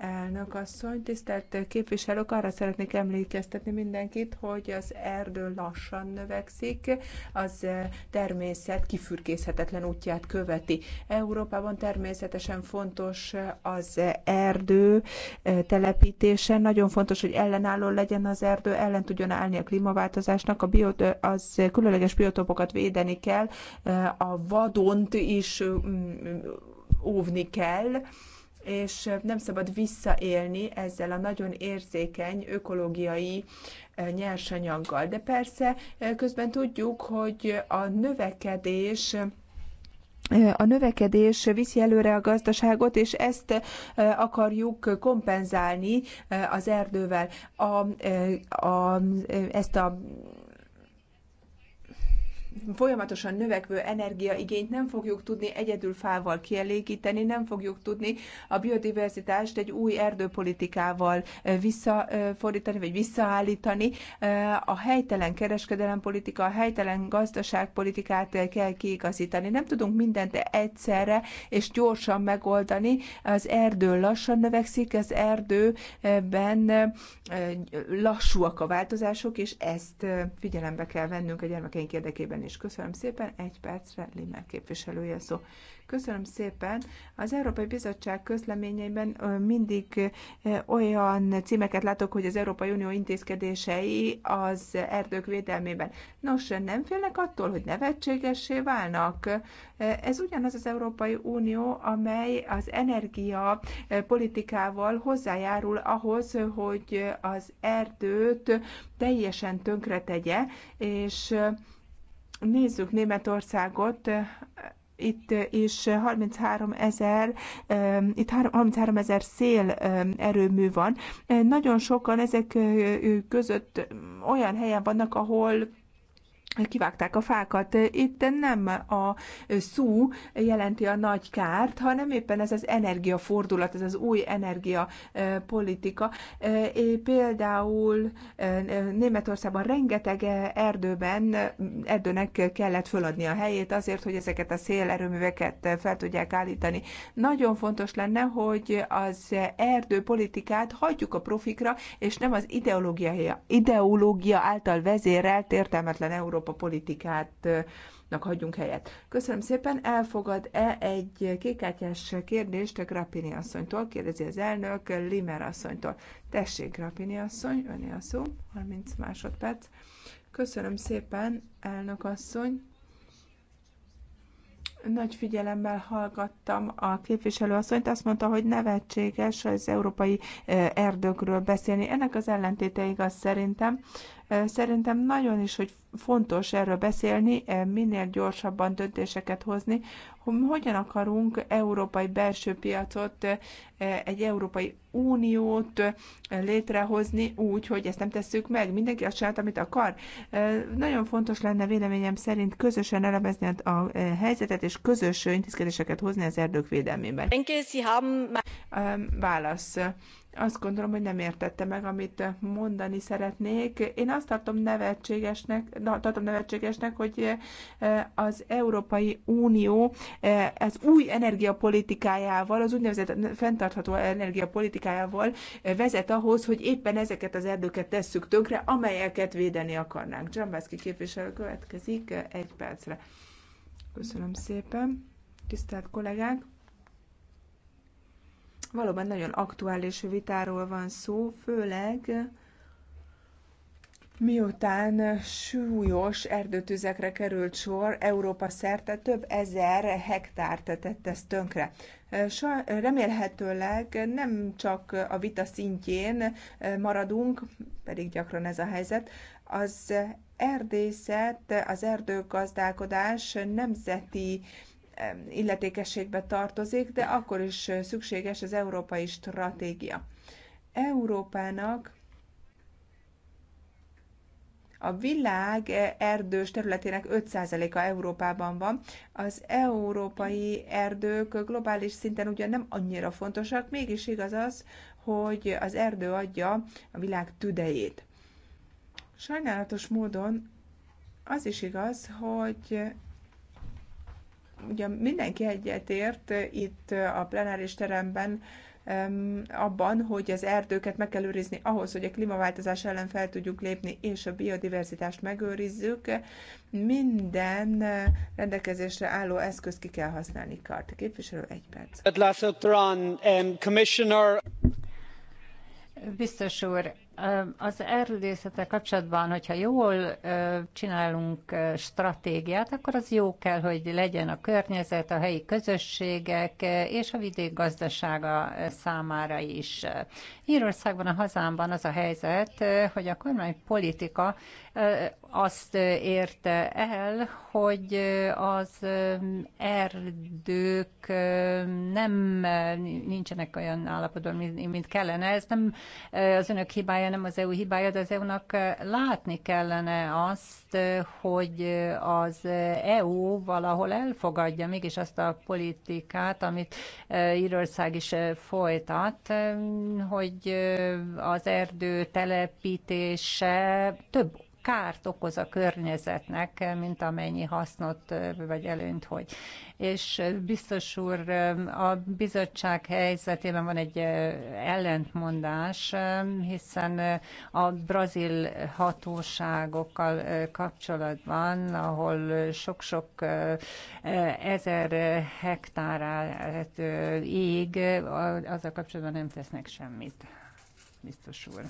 Elnök asszony, tisztelt képviselők, arra szeretnék emlékeztetni mindenkit, hogy az erdő lassan növekszik, az természet kifürkészhetetlen útját követi. Európában természetesen fontos az erdő telepítése, nagyon fontos, hogy ellenálló legyen az erdő, ellen tudjon állni a klímaváltozásnak, a biot, az különleges biotopokat védeni kell, a vadont is mm, mm, óvni kell, és nem szabad visszaélni ezzel a nagyon érzékeny ökológiai eh, nyersanyaggal. De persze eh, közben tudjuk, hogy a növekedés eh, a növekedés viszi előre a gazdaságot, és ezt akarjuk kompenzálni az erdővel. A, a, ezt a folyamatosan növekvő energiaigényt nem fogjuk tudni egyedül fával kielégíteni, nem fogjuk tudni a biodiverzitást egy új erdőpolitikával visszafordítani, vagy visszaállítani. A helytelen kereskedelempolitika, a helytelen gazdaságpolitikát kell kiigazítani. Nem tudunk mindent egyszerre és gyorsan megoldani. Az erdő lassan növekszik, az erdőben lassúak a változások, és ezt figyelembe kell vennünk a gyermekeink érdekében jövőben és Köszönöm szépen, egy percre Limmel képviselője szó. Köszönöm szépen. Az Európai Bizottság közleményeiben mindig olyan címeket látok, hogy az Európai Unió intézkedései az erdők védelmében. Nos, nem félnek attól, hogy nevetségessé válnak? Ez ugyanaz az Európai Unió, amely az energia politikával hozzájárul ahhoz, hogy az erdőt teljesen tönkretegye, és Nézzük Németországot, itt is 33 ezer, itt 33 ezer szél erőmű van. Nagyon sokan ezek között olyan helyen vannak, ahol kivágták a fákat. Itt nem a szú jelenti a nagy kárt, hanem éppen ez az energiafordulat, ez az új energiapolitika. E, e, például e, Németországban rengeteg erdőben, erdőnek kellett föladni a helyét azért, hogy ezeket a szélerőműveket fel tudják állítani. Nagyon fontos lenne, hogy az erdőpolitikát hagyjuk a profikra, és nem az ideológia, ideológia által vezérelt értelmetlen Európa Európa politikát hagyjunk helyet. Köszönöm szépen, elfogad-e egy kékkártyás kérdést Grappini asszonytól, kérdezi az elnök Limer asszonytól. Tessék, Grappini asszony, öné a szó, 30 másodperc. Köszönöm szépen, elnök asszony. Nagy figyelemmel hallgattam a asszonyt, azt mondta, hogy nevetséges az európai eh, erdőkről beszélni. Ennek az ellentéte igaz szerintem. Szerintem nagyon is, hogy fontos erről beszélni, minél gyorsabban döntéseket hozni, hogy hogyan akarunk európai belső piacot, egy európai uniót létrehozni úgy, hogy ezt nem tesszük meg, mindenki azt csinált, amit akar. Nagyon fontos lenne véleményem szerint közösen elemezni a helyzetet, és közös intézkedéseket hozni az erdők védelmében. Válasz azt gondolom, hogy nem értette meg, amit mondani szeretnék. Én azt tartom nevetségesnek, tartom nevetségesnek, hogy eh, az Európai Unió eh, az új energiapolitikájával, az úgynevezett fenntartható energiapolitikájával eh, vezet ahhoz, hogy éppen ezeket az erdőket tesszük tönkre, amelyeket védeni akarnánk. Dzsambászki képviselő következik egy percre. Köszönöm szépen, tisztelt kollégák! Valóban nagyon aktuális vitáról van szó, főleg miután súlyos erdőtüzekre került sor, Európa szerte több ezer hektárt tett ezt tönkre. Remélhetőleg nem csak a vita szintjén maradunk, pedig gyakran ez a helyzet, az erdészet, az erdőgazdálkodás nemzeti illetékességbe tartozik, de akkor is szükséges az európai stratégia. Európának a világ erdős területének 5%-a Európában van. Az európai erdők globális szinten ugyan nem annyira fontosak, mégis igaz az, hogy az erdő adja a világ tüdejét. Sajnálatos módon az is igaz, hogy ugye mindenki egyetért eh, itt eh, a plenáris teremben abban, hogy az erdőket meg kell őrizni ahhoz, hogy a klímaváltozás ellen fel tudjuk lépni, és a biodiverzitást megőrizzük. Minden eh, rendelkezésre álló eszköz ki kell használni. Kart. Képviselő, egy perc. Um, Biztos úr, az erdészetek kapcsolatban, hogyha jól csinálunk stratégiát, akkor az jó kell, hogy legyen a környezet, a helyi közösségek és a vidék gazdasága számára is. Írországban, a hazámban az a helyzet, hogy a politika azt érte el, hogy az erdők nem nincsenek olyan állapotban, mint kellene. Ez nem az önök hibája, nem az EU hibája, de az EU-nak eh, látni kellene azt, eh, hogy eh, az EU valahol elfogadja mégis azt a politikát, amit Írország is folytat, hogy az erdő telepítése több kárt okoz a környezetnek, mint amennyi hasznot vagy előnyt hogy. És biztos úr, a bizottság helyzetében van egy ellentmondás, hiszen a brazil hatóságokkal kapcsolatban, ahol sok-sok ezer hektárát ég, azzal kapcsolatban nem tesznek semmit. Biztos úr.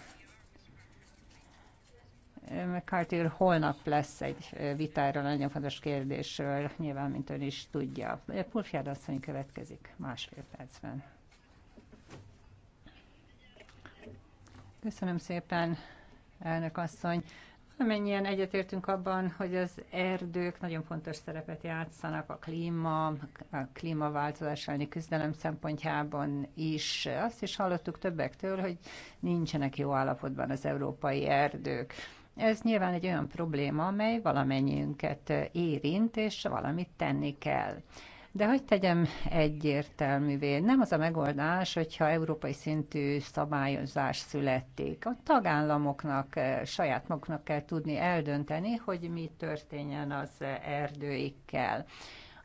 McCarthy holnap lesz egy vitáról, nagyon fontos kérdésről, nyilván, mint ön is tudja. Pulfjád asszony következik másfél percben. Köszönöm szépen, elnök asszony. Amennyien egyetértünk abban, hogy az erdők nagyon fontos szerepet játszanak a klíma, a klímaváltozás elleni küzdelem szempontjában is. Azt is hallottuk többektől, hogy nincsenek jó állapotban az európai erdők. Ez nyilván egy olyan probléma, amely valamennyiünket érint, és valamit tenni kell. De hogy tegyem egyértelművé, nem az a megoldás, hogyha európai szintű szabályozás születik. A tagállamoknak, eh, saját maguknak kell tudni eldönteni, hogy mi történjen az erdőikkel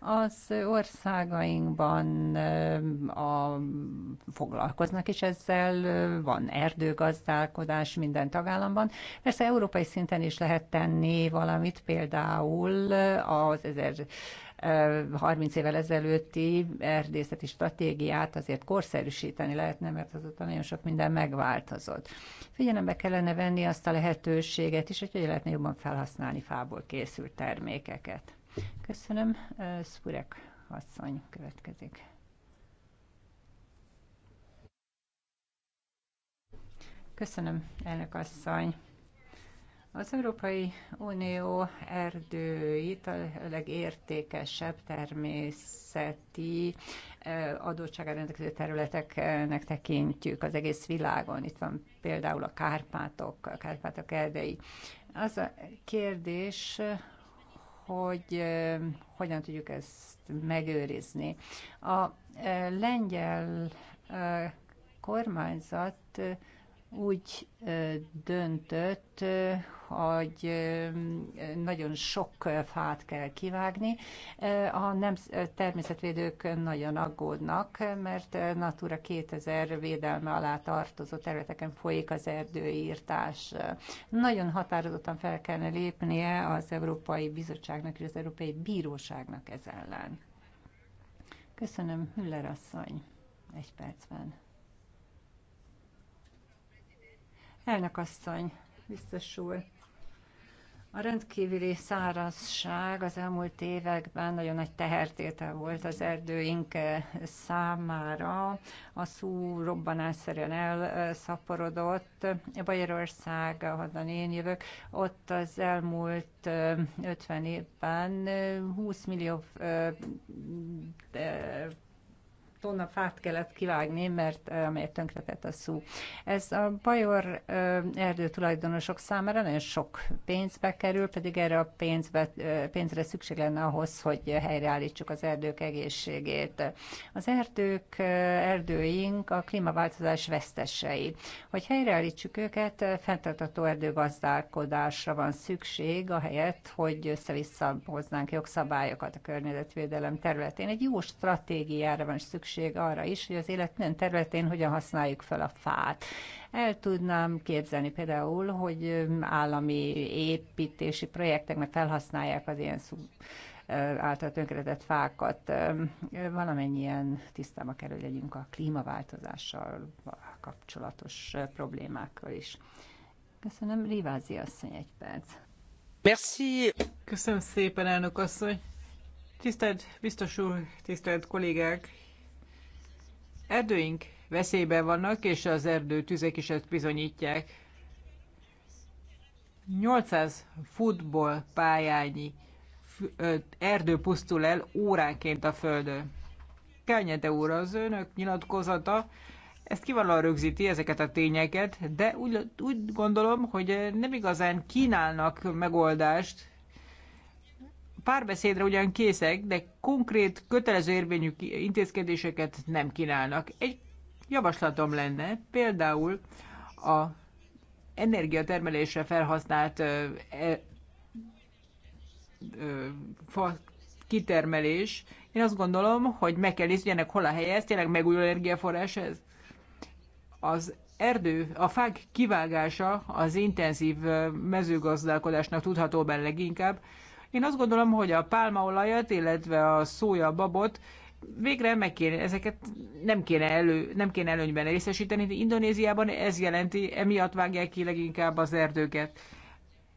az országainkban a, foglalkoznak is ezzel, van erdőgazdálkodás minden tagállamban. Persze európai szinten is lehet tenni valamit, például az 30 évvel ezelőtti erdészeti stratégiát azért korszerűsíteni lehetne, mert azóta nagyon sok minden megváltozott. Figyelembe kellene venni azt a lehetőséget is, hogy lehetne jobban felhasználni fából készült termékeket. Köszönöm. Szurek asszony következik. Köszönöm, elnök asszony. Az Európai Unió erdőit a legértékesebb természeti adottsága rendelkező területeknek tekintjük az egész világon. Itt van például a Kárpátok, a Kárpátok erdei. Az a kérdés, hogy hogyan tudjuk ezt megőrizni. A lengyel kormányzat úgy döntött, hogy nagyon sok fát kell kivágni. A nem, természetvédők nagyon aggódnak, mert Natura 2000 védelme alá tartozó területeken folyik az erdőírtás. Nagyon határozottan fel kellene lépnie az Európai Bizottságnak és az Európai Bíróságnak ez ellen. Köszönöm, Müller asszony. Egy percben. Elnök asszony, biztos úr. A rendkívüli szárazság az elmúlt években nagyon nagy tehertétel volt az erdőink eh, számára. A szú robbanásszerűen elszaporodott. Bajorország, ahonnan én jövök, ott az elmúlt 50 eh, évben 20 eh, millió tonna fát kellett kivágni, mert amelyet tönkretett a szú. Ez a bajor tulajdonosok számára nagyon sok pénzbe kerül, pedig erre a pénzbe, pénzre szükség lenne ahhoz, hogy helyreállítsuk az erdők egészségét. Az erdők, erdőink a klímaváltozás vesztesei. Hogy helyreállítsuk őket, fenntartató erdőgazdálkodásra van szükség, ahelyett, hogy össze-vissza hoznánk jogszabályokat a környezetvédelem területén. Egy jó stratégiára van szükség, szükség arra is, hogy az élet minden területén hogyan használjuk fel a fát. El tudnám képzelni például, hogy állami építési projekteknek felhasználják az ilyen szub által tönkretett fákat. Valamennyien tisztába kerül legyünk a klímaváltozással kapcsolatos problémákkal is. Köszönöm, Rivázi asszony, egy perc. Merci. Köszönöm szépen, elnök asszony. Tisztelt biztos úr, tisztelt kollégák, Erdőink veszélyben vannak, és az erdő tüzek is ezt bizonyítják. 800 pályányi erdő pusztul el óránként a földön. Kelnyete úr, az önök nyilatkozata ezt kivallóan rögzíti ezeket a tényeket, de úgy, úgy gondolom, hogy nem igazán kínálnak megoldást párbeszédre ugyan készek, de konkrét, kötelező érvényű intézkedéseket nem kínálnak. Egy javaslatom lenne például a energiatermelésre felhasznált ö, e, ö, fa kitermelés. Én azt gondolom, hogy meg kell nézni, ennek hol a helye, ez tényleg megújuló energiaforrás ez. Az erdő, a fák kivágása az intenzív mezőgazdálkodásnak tudható benne leginkább. Én azt gondolom, hogy a pálmaolajat, illetve a szója babot végre meg kéne, ezeket nem kéne, elő, nem kéne előnyben részesíteni. Indonéziában ez jelenti, emiatt vágják ki leginkább az erdőket.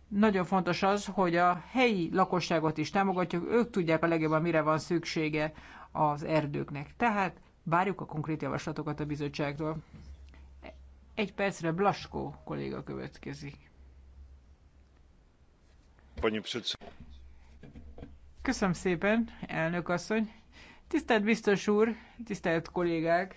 Nagyon fontos az, hogy a helyi lakosságot is támogatjuk, ők tudják a legjobban, mire van szüksége az erdőknek. Tehát várjuk a konkrét javaslatokat a bizottságtól. Egy percre Blaskó kolléga következik. Köszönöm szépen, elnök asszony. Tisztelt biztos úr, tisztelt kollégák!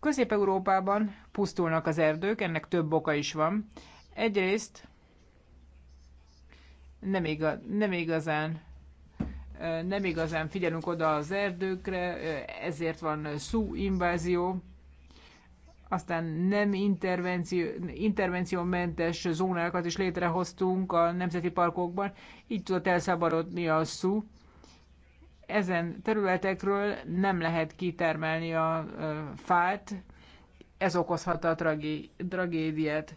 Közép-Európában pusztulnak az erdők, ennek több oka is van. Egyrészt nem, igaz, nem igazán nem igazán figyelünk oda az erdőkre, ezért van szú invázió, aztán nem intervenció, intervenciómentes zónákat is létrehoztunk a nemzeti parkokban, így tudott elszabadodni a szú. Ezen területekről nem lehet kitermelni a fát, ez okozhatta a tragé- tragédiát.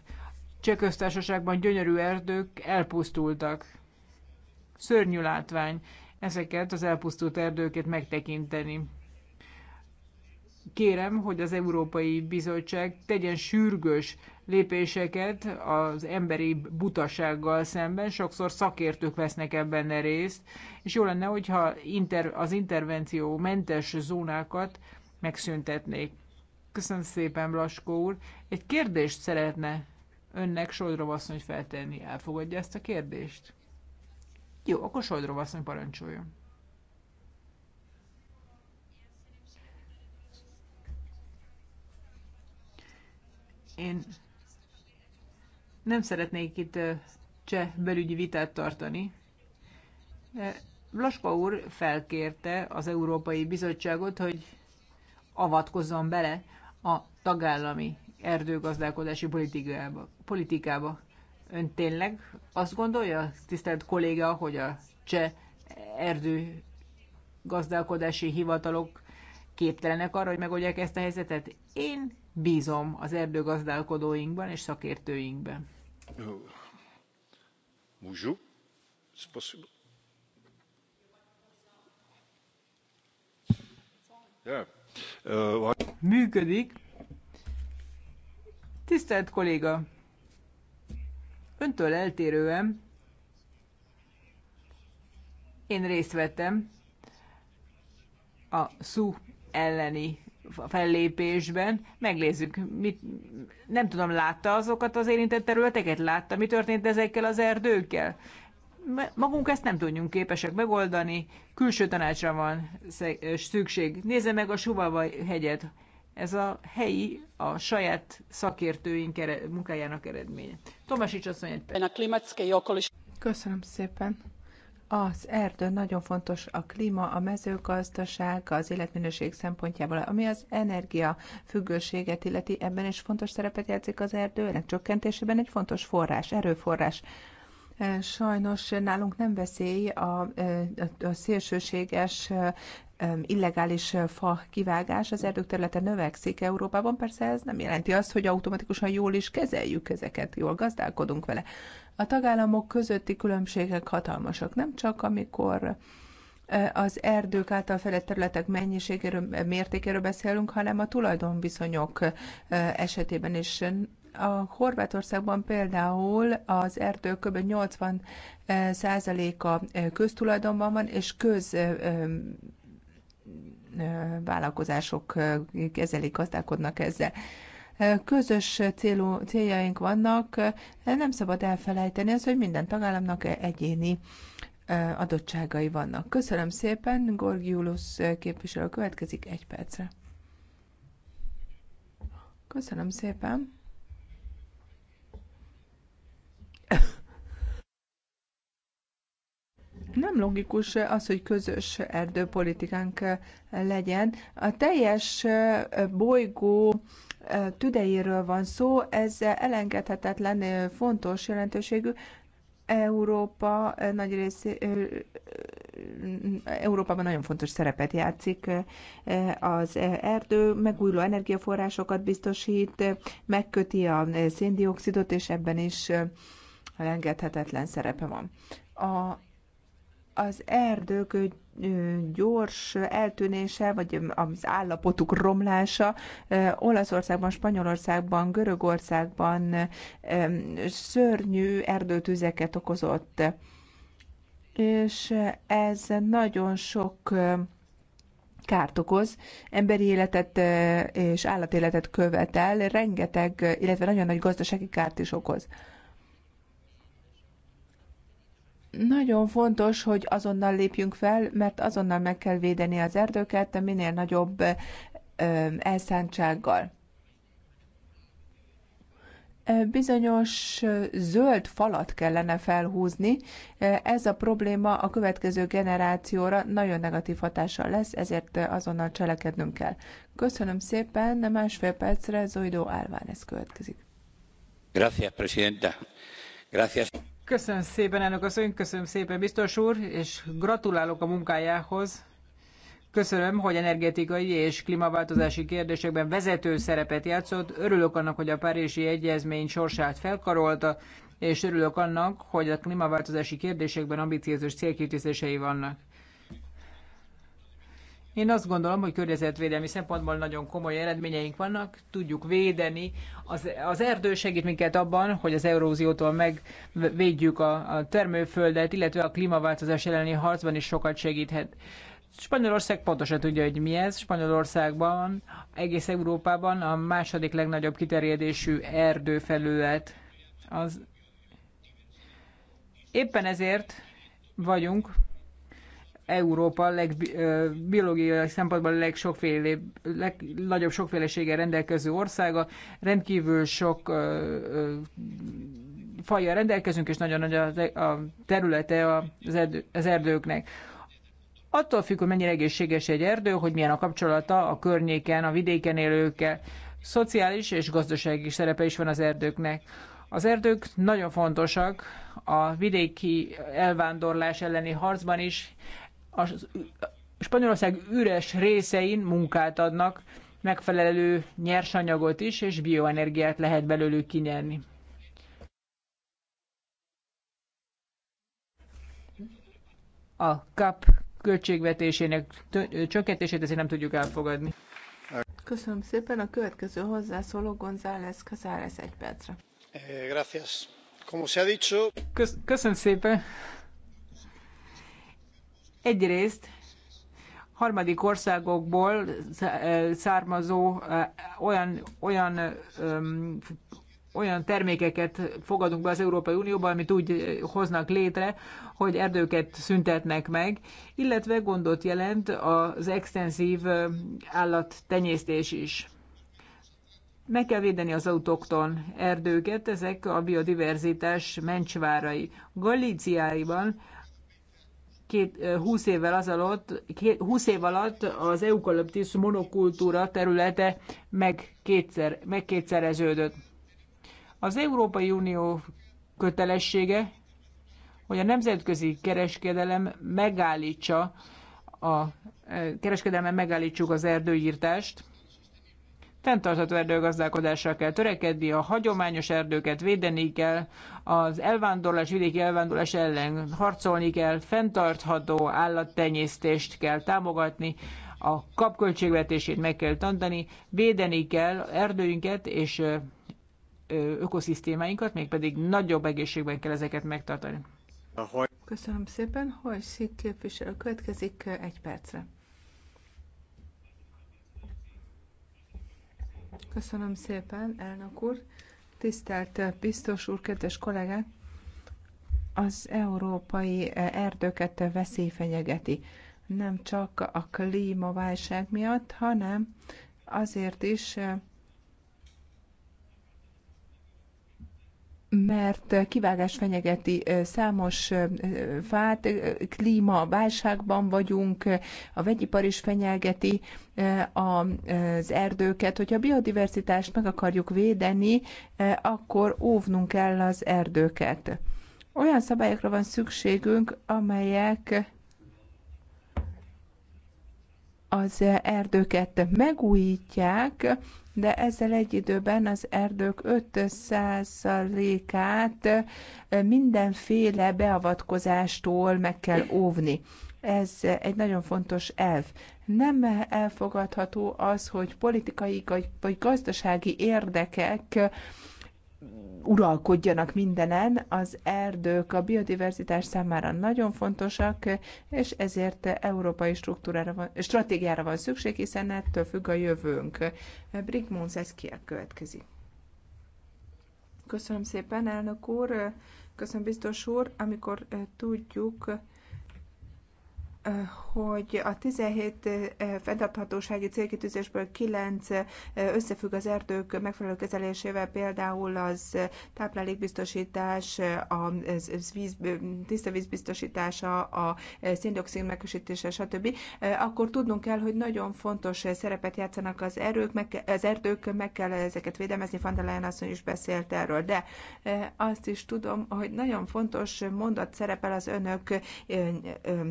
Cseh gyönyörű erdők elpusztultak. Szörnyű látvány ezeket az elpusztult erdőket megtekinteni kérem, hogy az Európai Bizottság tegyen sürgős lépéseket az emberi butasággal szemben. Sokszor szakértők vesznek ebben a részt, és jó lenne, hogyha inter, az intervenció mentes zónákat megszüntetnék. Köszönöm szépen, Blaskó úr. Egy kérdést szeretne önnek Sodrov asszony feltenni. Elfogadja ezt a kérdést? Jó, akkor Sodrov asszony parancsoljon. Én nem szeretnék itt cseh belügyi vitát tartani. Blaska úr felkérte az Európai Bizottságot, hogy avatkozzon bele a tagállami erdőgazdálkodási politikába. politikába. Ön tényleg azt gondolja, tisztelt kolléga, hogy a cseh erdőgazdálkodási hivatalok képtelenek arra, hogy megoldják ezt a helyzetet? Én bízom az erdőgazdálkodóinkban és szakértőinkben. Bonjour. Eh, Működik. Tisztelt kolléga, öntől eltérően én részt vettem a szú elleni fellépésben. Megnézzük, mit, nem tudom, látta azokat az érintett területeket? Látta, mi történt ezekkel az erdőkkel? Magunk ezt nem tudjunk képesek megoldani, külső tanácsra van szükség. Nézze meg a Suvava hegyet. Ez a helyi, a saját szakértőink ere, munkájának eredménye. Tomasics asszony egy Köszönöm szépen. Az erdő nagyon fontos a klíma, a mezőgazdaság, az életminőség szempontjából, ami az energia függőséget illeti, ebben is fontos szerepet játszik az erdő, ennek csökkentésében egy fontos forrás, erőforrás. E, sajnos nálunk nem veszély a, e, a szélsőséges e, illegális fa kivágás az erdők területe növekszik Európában, persze ez nem jelenti azt, hogy automatikusan jól is kezeljük ezeket, jól gazdálkodunk vele. A tagállamok közötti különbségek hatalmasak, nem csak amikor e, az erdők által felett területek mennyiségéről, mértékéről beszélünk, hanem a tulajdonviszonyok e, esetében is. A Horvátországban például az erdő kb. 80 e, százaléka köztulajdonban van, és köz vállalkozások kezelik, gazdálkodnak ezzel. Közös célú, céljaink vannak, nem szabad elfelejteni az, hogy minden tagállamnak egyéni adottságai vannak. Köszönöm szépen, Gorgiulus képviselő következik egy percre. Köszönöm szépen. nem logikus az, hogy közös erdőpolitikánk legyen. A teljes bolygó tüdejéről van szó, ez elengedhetetlen fontos jelentőségű. Európa nagy része Európában nagyon fontos szerepet játszik az erdő, megújuló energiaforrásokat biztosít, megköti a széndiokszidot, és ebben is elengedhetetlen szerepe van. A az erdők gyors eltűnése, vagy az állapotuk romlása Olaszországban, Spanyolországban, Görögországban szörnyű erdőtüzeket okozott. És ez nagyon sok kárt okoz, emberi életet és állatéletet követel, rengeteg, illetve nagyon nagy gazdasági kárt is okoz. Nagyon fontos, hogy azonnal lépjünk fel, mert azonnal meg kell védeni az erdőket, de minél nagyobb elszántsággal. Bizonyos zöld falat kellene felhúzni. Ez a probléma a következő generációra nagyon negatív hatással lesz, ezért azonnal cselekednünk kell. Köszönöm szépen, másfél percre Zoidó ez következik. Gracias, presidenta. Gracias. Köszönöm szépen, elnök asszony, köszönöm szépen, biztos úr, és gratulálok a munkájához. Köszönöm, hogy energetikai és klímaváltozási kérdésekben vezető szerepet játszott. Örülök annak, hogy a Párizsi Egyezmény sorsát felkarolta, és örülök annak, hogy a klímaváltozási kérdésekben ambiciózus célkitűzései vannak. Én azt gondolom, hogy környezetvédelmi szempontból nagyon komoly eredményeink vannak, tudjuk védeni. Az, az erdő segít minket abban, hogy az eróziótól megvédjük a, a termőföldet, illetve a klímaváltozás elleni harcban is sokat segíthet. Spanyolország pontosan tudja, hogy mi ez. Spanyolországban, egész Európában a második legnagyobb kiterjedésű erdőfelület. Az... Éppen ezért vagyunk Európa legbiológiai szempontból legsokféle, legnagyobb sokféleséggel rendelkező országa, rendkívül sok fajjal rendelkezünk, és nagyon nagy a, a területe az, erdő, az erdőknek. Attól függ, hogy mennyire egészséges egy erdő, hogy milyen a kapcsolata a környéken, a vidéken élőkkel. Szociális és gazdasági szerepe is van az erdőknek. Az erdők nagyon fontosak a vidéki elvándorlás elleni harcban is, a Spanyolország üres részein munkát adnak, megfelelő nyersanyagot is, és bioenergiát lehet belőlük kinyerni. A kap költségvetésének csökkentését ezért nem tudjuk elfogadni. Köszönöm szépen. A következő hozzászóló González Casares egy percre. Eh, köszönöm szépen. Egyrészt harmadik országokból származó olyan, olyan olyan termékeket fogadunk be az Európai Unióba, amit úgy hoznak létre, hogy erdőket szüntetnek meg, illetve gondot jelent az extenzív állattenyésztés is. Meg kell védeni az autokton erdőket, ezek a biodiverzitás mencsvárai. Galíciáiban két, húsz évvel két, 20 év alatt az eukaliptusz monokultúra területe meg, kétszer, meg kétszereződött. Az Európai Unió kötelessége, hogy a nemzetközi kereskedelem megállítsa a kereskedelmen megállítsuk az erdőírtást, Fenntartható erdőgazdálkodásra kell törekedni, a hagyományos erdőket védeni kell, az elvándorlás, vidéki elvándorlás ellen harcolni kell, fenntartható állattenyésztést kell támogatni, a kapköltségvetését meg kell tantani, védeni kell erdőinket és ökoszisztémáinkat, mégpedig nagyobb egészségben kell ezeket megtartani. Köszönöm szépen. szik képviselő következik egy percre. Köszönöm szépen, elnök úr. Tisztelt biztos úr, kedves kollégák! Az európai erdőket veszély fenyegeti. Nem csak a klímaválság miatt, hanem azért is, mert kivágás fenyegeti számos fát, klíma válságban vagyunk, a vegyipar is fenyegeti az erdőket. Hogyha a biodiversitást meg akarjuk védeni, akkor óvnunk kell az erdőket. Olyan szabályokra van szükségünk, amelyek az erdőket megújítják, de ezzel egy időben az erdők 5%-át mindenféle beavatkozástól meg kell óvni. Ez egy nagyon fontos elv. Nem elfogadható az, hogy politikai vagy gazdasági érdekek uralkodjanak mindenen, az erdők a biodiverzitás számára nagyon fontosak, és ezért európai struktúrára van, stratégiára van szükség, hiszen ettől függ a jövőnk. Brigmons ez következik. Köszönöm szépen, elnök úr, köszönöm biztos úr, amikor eh, tudjuk, hogy a 17 fenntarthatósági célkitűzésből 9 összefügg az erdők megfelelő kezelésével, például az táplálékbiztosítás, a víz, tiszta víz biztosítása, a széndiokszid megkösítése, stb. Akkor tudnunk kell, hogy nagyon fontos szerepet játszanak az, erők, meg, az erdők, meg kell ezeket védelmezni, Fandalán asszony is beszélt erről, de azt is tudom, hogy nagyon fontos mondat szerepel az önök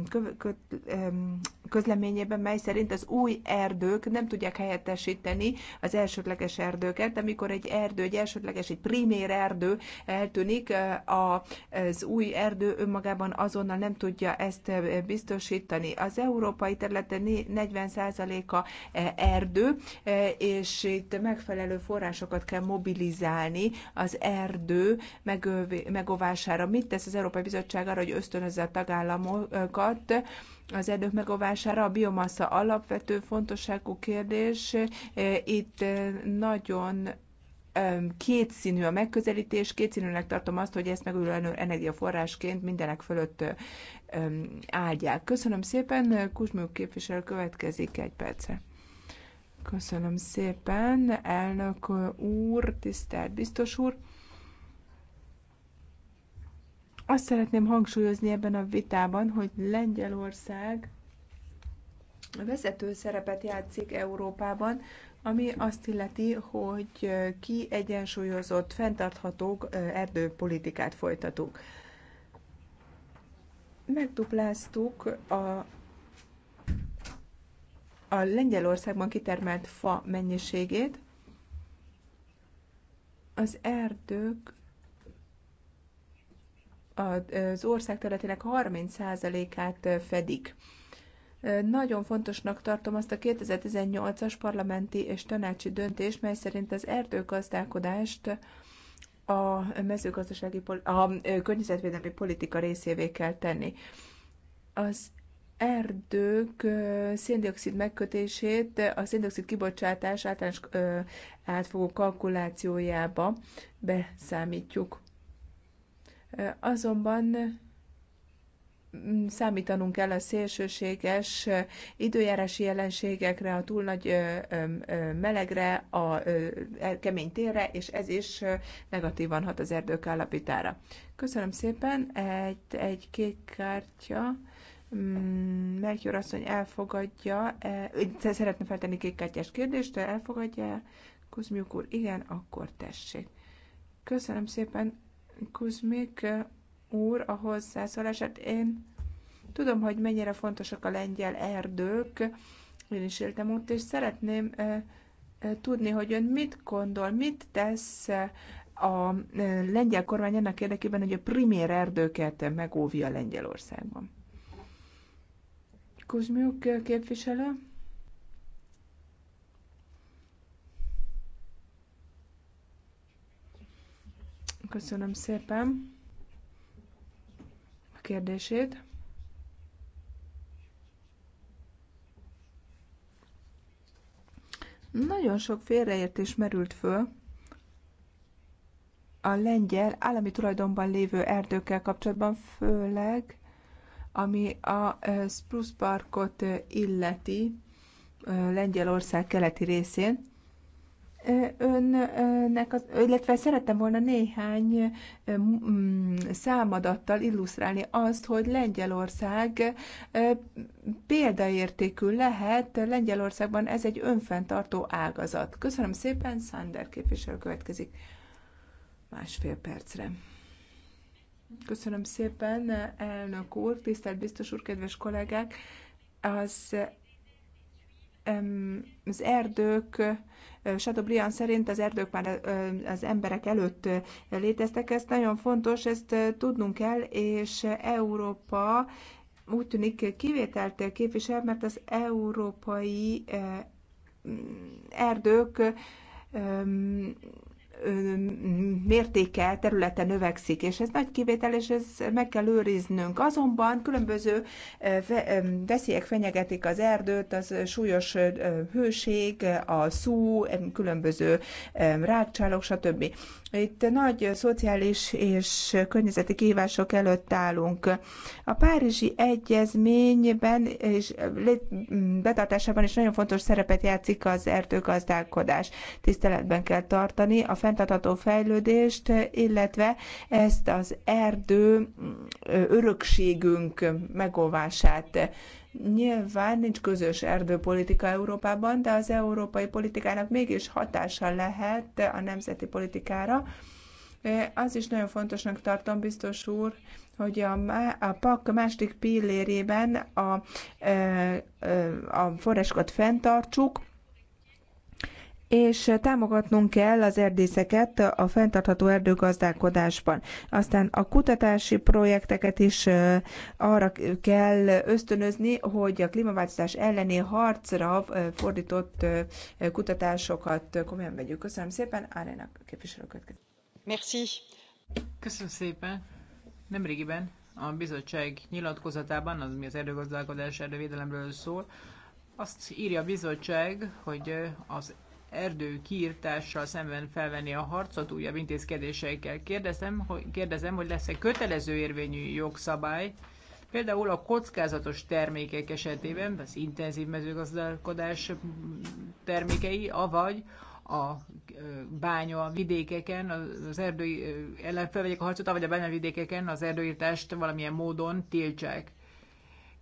követ közleményében, mely szerint az új erdők nem tudják helyettesíteni az elsődleges erdőket. Amikor egy erdő, egy elsődleges, egy primér erdő eltűnik, eh, az új erdő önmagában azonnal nem tudja ezt eh, biztosítani. Az európai területen 40%-a eh, erdő, és itt megfelelő forrásokat kell mobilizálni az erdő megóvására. Mit tesz az Európai Bizottság arra, hogy ösztönözze a tagállamokat, az erdők megóvására. A biomassa alapvető fontosságú kérdés. Itt eh, nagyon kétszínű a megközelítés, kétszínűnek tartom azt, hogy ezt megújuló energiaforrásként mindenek fölött áldják. Köszönöm szépen, Kuzsmuk képviselő következik egy perce. Köszönöm szépen, elnök úr, tisztelt biztos úr. Azt szeretném hangsúlyozni ebben a vitában, hogy Lengyelország vezető szerepet játszik Európában, ami azt illeti, hogy ki egyensúlyozott, fenntarthatók erdőpolitikát folytatunk. Megdupláztuk a a Lengyelországban kitermelt fa mennyiségét, az erdők az ország területének 30%-át fedik. Nagyon fontosnak tartom azt a 2018-as parlamenti és tanácsi döntést, mely szerint az erdőgazdálkodást a mezőgazdasági a környezetvédelmi politika részévé kell tenni. Az erdők széndiokszid megkötését a széndiokszid kibocsátás általános átfogó kalkulációjába beszámítjuk. Azonban mm, számítanunk kell a szélsőséges időjárási jelenségekre, a túl nagy melegre, a e, kemény térre, és ez is negatívan hat az erdők állapítára. Köszönöm szépen, egy, egy kék kártya. Mm, Melchior asszony elfogadja, e, szeretne feltenni kártyás kérdést, elfogadja, Kuzmiuk úr, igen, akkor tessék. Köszönöm szépen, Kuzmik eh, úr a hozzászólását. Én tudom, hogy mennyire fontosak a lengyel erdők, én is éltem ott, és szeretném eh, eh, tudni, hogy ön mit gondol, mit tesz a lengyel kormány ennek érdekében, hogy a primér erdőket megóvja Lengyelországban. Kuzmiuk képviselő. Köszönöm szépen a kérdését. Nagyon sok félreértés merült föl a lengyel állami tulajdonban lévő erdőkkel kapcsolatban, főleg ami a Spruce Parkot illeti Lengyelország keleti részén önnek, az, illetve szerettem volna néhány számadattal illusztrálni azt, hogy Lengyelország példaértékű lehet. Lengyelországban ez egy önfenntartó ágazat. Köszönöm szépen, Sander képviselő következik másfél percre. Köszönöm szépen, elnök úr, tisztelt biztos úr, kedves kollégák! Az az erdők, Chateaubriand szerint az erdők már az emberek előtt léteztek, ez nagyon fontos, ezt tudnunk kell, és Európa úgy tűnik kivételt képvisel, mert az európai erdők mértéke, területe növekszik, és ez nagy kivétel, és ez meg kell őriznünk. Azonban különböző veszélyek fenyegetik az erdőt, az súlyos hőség, a szú, különböző rákcsálók, stb. Itt nagy szociális és környezeti kihívások előtt állunk. A Párizsi Egyezményben és betartásában is nagyon fontos szerepet játszik az erdőgazdálkodás. Tiszteletben kell tartani a fenntartható fejlődést, illetve ezt az erdő örökségünk megóvását. Nyilván nincs közös erdőpolitika Európában, de az európai politikának mégis hatása lehet a nemzeti politikára. Az is nagyon fontosnak tartom, biztos úr, hogy a, a PAK második pillérében a, a forrásokat fenntartsuk, és támogatnunk kell az erdészeket a fenntartható erdőgazdálkodásban. Aztán a kutatási projekteket is arra kell ösztönözni, hogy a klímaváltozás elleni harcra fordított kutatásokat komolyan vegyük. Köszönöm szépen, Árénak képviselő következő. Merci. Köszönöm szépen. Nemrégiben a bizottság nyilatkozatában, az mi az erdőgazdálkodás erdővédelemről szól, azt írja a bizottság, hogy az erdő kiirtással szemben felvenni a harcot újabb intézkedéseikkel. Kérdezem, hogy, kérdezem, hogy lesz-e kötelező érvényű jogszabály, például a kockázatos termékek esetében, az intenzív mezőgazdálkodás termékei, avagy a bánya vidékeken, az erdő ellen felvegyek a harcot, avagy a bánya vidékeken az erdőírtást valamilyen módon tiltsák.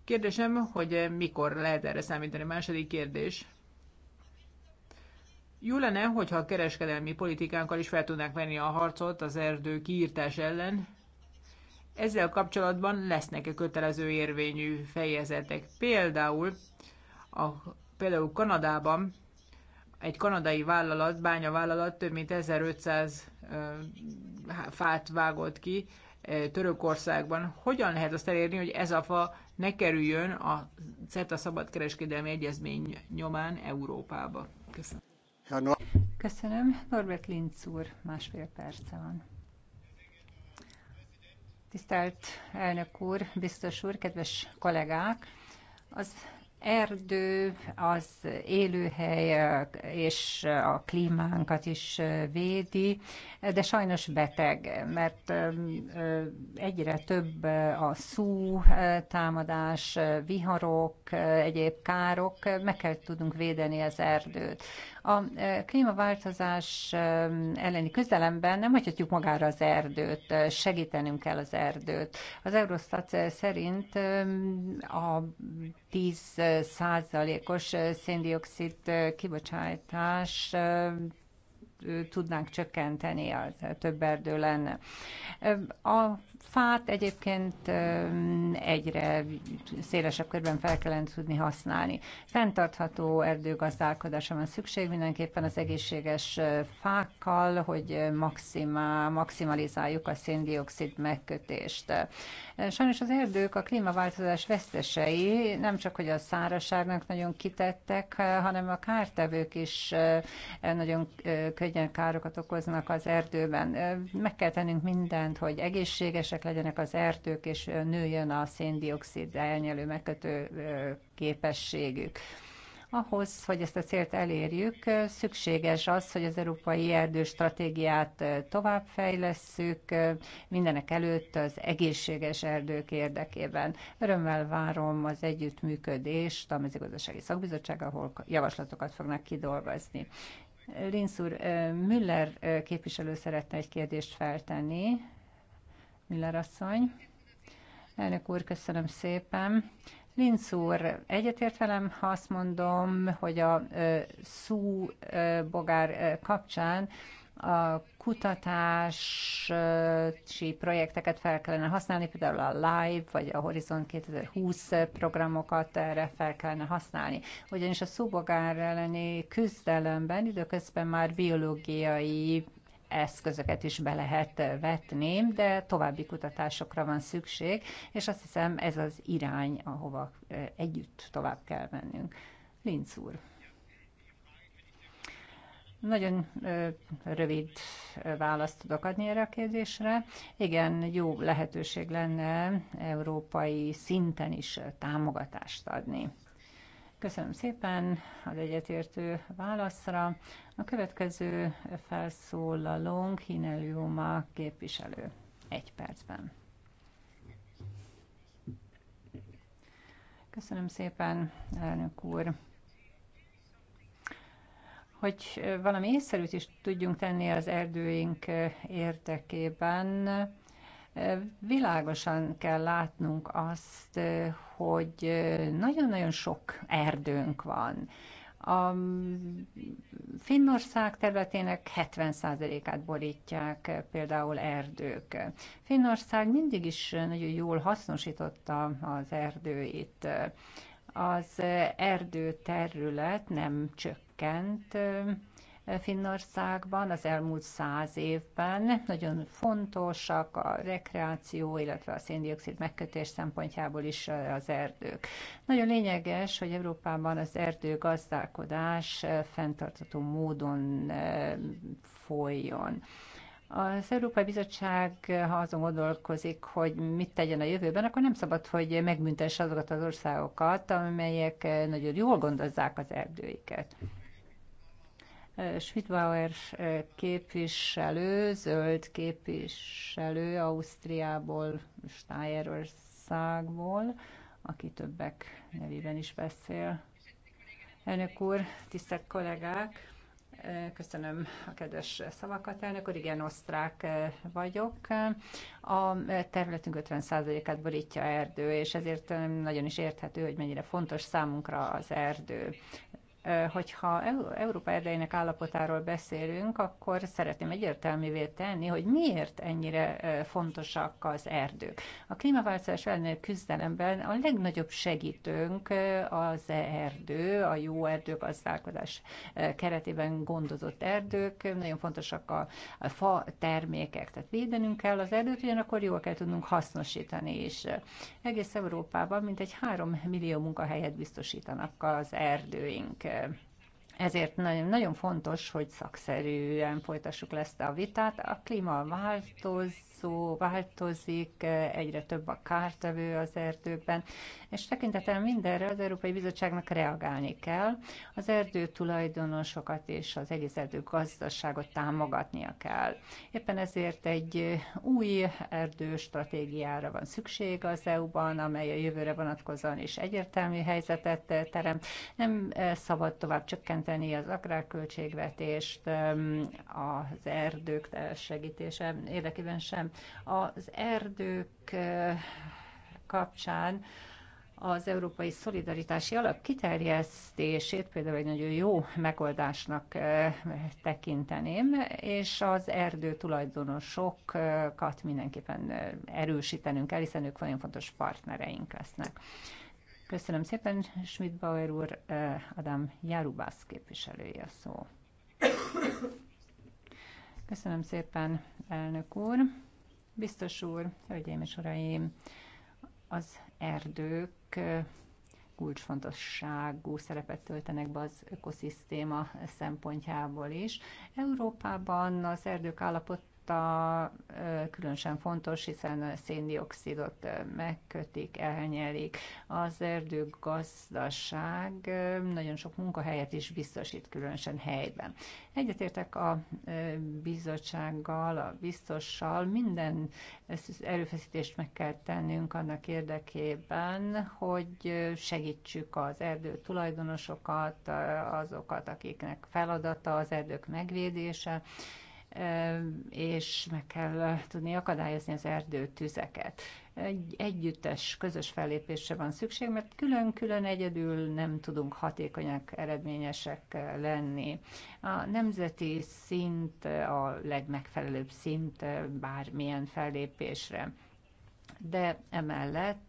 Kérdésem, hogy mikor lehet erre számítani? Második kérdés. Jó lenne, hogyha a kereskedelmi politikánkkal is fel tudnánk venni a harcot az erdő kiírtás ellen. Ezzel kapcsolatban lesznek-e kötelező érvényű fejezetek? Például, a, például Kanadában egy kanadai vállalat, bányavállalat több mint 1500 fát vágott ki Törökországban. Hogyan lehet azt elérni, hogy ez a fa ne kerüljön a CETA szabadkereskedelmi egyezmény nyomán Európába? Köszönöm. Köszönöm. Norbert Linz úr, másfél perce van. Tisztelt elnök úr, biztos úr, kedves kollégák! Az erdő, az élőhely és a klímánkat is védi, de sajnos beteg, mert egyre több a szú, támadás, viharok, egyéb károk, meg kell tudnunk védeni az erdőt. A e, klímaváltozás e, elleni közelemben nem hagyhatjuk magára az erdőt, e, segítenünk kell az erdőt. Az Eurostat szerint a 10 százalékos széndiokszid kibocsátás tudnánk csökkenteni, a több erdő lenne. A fát egyébként egyre szélesebb körben fel kellene tudni használni. Fenntartható erdőgazdálkodásra van szükség mindenképpen az egészséges fákkal, hogy maximál, maximalizáljuk a széndiokszid megkötést. Sajnos az erdők a klímaváltozás vesztesei, nem csak hogy a szárazságnak nagyon kitettek, hanem a kártevők is nagyon könnyen károkat okoznak az erdőben. Meg kell tennünk mindent, hogy egészségesek zöldek legyenek az erdők, és nőjön a széndiokszid elnyelő megkötő képességük. Ahhoz, hogy ezt a célt elérjük, szükséges az, hogy az európai erdőstratégiát továbbfejlesszük, mindenek előtt az egészséges erdők érdekében. Örömmel várom az együttműködést a mezőgazdasági szakbizottság, ahol javaslatokat fognak kidolgozni. Linz úr, Müller képviselő szeretne egy kérdést feltenni. Miller asszony. Elnök úr, köszönöm szépen. Linz úr, egyetért velem, ha azt mondom, hogy a szú bogár kapcsán a kutatási projekteket fel kellene használni, például a LIVE vagy a Horizon 2020 programokat erre fel kellene használni. Ugyanis a szubogár elleni küzdelemben időközben már biológiai eszközöket is be lehet vetni, de további kutatásokra van szükség, és azt hiszem ez az irány, ahova együtt tovább kell mennünk. Linz úr. Nagyon rövid választ tudok adni erre a kérdésre. Igen, jó lehetőség lenne európai szinten is támogatást adni. Köszönöm szépen az egyetértő válaszra. A következő felszólalónk Hineliuma képviselő. Egy percben. Köszönöm szépen, elnök úr hogy valami észszerűt is tudjunk tenni az erdőink érdekében, Világosan kell látnunk azt, hogy nagyon-nagyon sok erdőnk van. A Finnország területének 70%-át borítják például erdők. Finnország mindig is nagyon jól hasznosította az erdőit. Az erdő terület nem csökkent, Finnországban az elmúlt száz évben. Nagyon fontosak a rekreáció, illetve a széndiokszid megkötés szempontjából is az erdők. Nagyon lényeges, hogy Európában az erdőgazdálkodás fenntartató módon folyjon. Az Európai Bizottság, ha azon gondolkozik, hogy mit tegyen a jövőben, akkor nem szabad, hogy megbüntesse azokat az országokat, amelyek nagyon jól gondozzák az erdőiket. Schmidbauer képviselő, zöld képviselő Ausztriából, Stájerországból, aki többek nevében is beszél. Elnök úr, tisztelt kollégák! Köszönöm a kedves szavakat, elnök úr. Igen, osztrák vagyok. A területünk 50%-át borítja erdő, és ezért nagyon is érthető, hogy mennyire fontos számunkra az erdő hogyha Európa erdeinek állapotáról beszélünk, akkor szeretném egyértelművé tenni, hogy miért ennyire fontosak az erdők. A klímaváltozás elleni küzdelemben a legnagyobb segítőnk az erdő, a jó gazdálkodás keretében gondozott erdők, nagyon fontosak a, fa termékek, tehát védenünk kell az erdőt, ugyanakkor jól kell tudnunk hasznosítani is. Egész Európában mintegy három millió munkahelyet biztosítanak az erdőink. Ezért nagyon, nagyon fontos, hogy szakszerűen folytassuk le ezt a vitát. A klíma változ, szó változik, egyre több a kártevő az erdőkben, és tekintettel mindenre az Európai Bizottságnak reagálni kell. Az erdő tulajdonosokat és az egész erdő gazdaságot támogatnia kell. Éppen ezért egy új erdő stratégiára van szükség az EU-ban, amely a jövőre vonatkozóan is egyértelmű helyzetet terem. Nem eh, szabad tovább csökkenteni az agrárköltségvetést, ehm, az erdők segítése érdekében sem. Az erdők eh, kapcsán az Európai Szolidaritási Alap kiterjesztését például egy nagyon jó megoldásnak eh, tekinteném, és az erdő tulajdonosokat mindenképpen eh, erősítenünk kell, hiszen ők nagyon fontos partnereink lesznek. Köszönöm szépen, Schmidt Bauer úr, Adam Jarubász képviselője a szó. Köszönöm szépen, elnök úr. Biztos úr, hölgyeim és uraim, az erdők kulcsfontosságú szerepet töltenek be az ökoszisztéma szempontjából is. Európában az erdők állapot flotta különösen fontos, hiszen a széndiokszidot megkötik, elnyelik. Az erdőgazdaság nagyon sok munkahelyet is biztosít, különösen helyben. Egyetértek a bizottsággal, a biztossal, minden erőfeszítést meg kell tennünk annak érdekében, hogy segítsük az erdő tulajdonosokat, azokat, akiknek feladata az erdők megvédése, és meg kell tudni akadályozni az erdőtüzeket. Egy együttes, közös fellépésre van szükség, mert külön-külön egyedül nem tudunk hatékonyak, eredményesek lenni. A nemzeti szint a legmegfelelőbb szint bármilyen fellépésre de emellett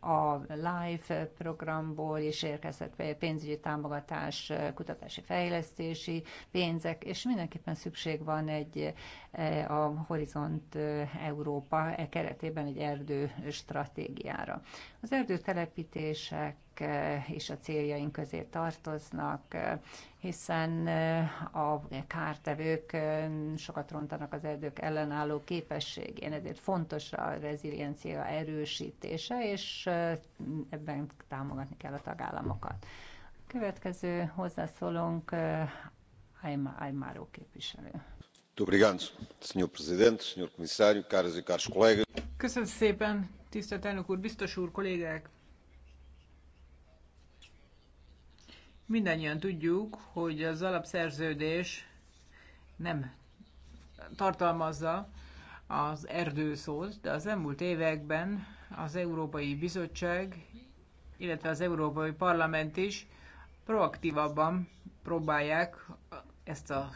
a live programból is érkezett pénzügyi támogatás, kutatási fejlesztési pénzek, és mindenképpen szükség van egy Eh, a Horizont eh, Európa e keretében egy erdő stratégiára. Az erdőtelepítések eh, és a céljaink közé tartoznak, hiszen a kártevők sokat rontanak az erdők ellenálló képességén, ezért fontos a reziliencia erősítése, és ebben támogatni kell a tagállamokat. Következő hozzászólónk Aymáró képviselő. E Köszönöm szépen, tisztelt elnök úr, biztos úr, kollégák! Mindannyian tudjuk, hogy az alapszerződés nem tartalmazza az szót de az elmúlt években az Európai Bizottság, illetve az Európai Parlament is proaktvabban próbálják ezt a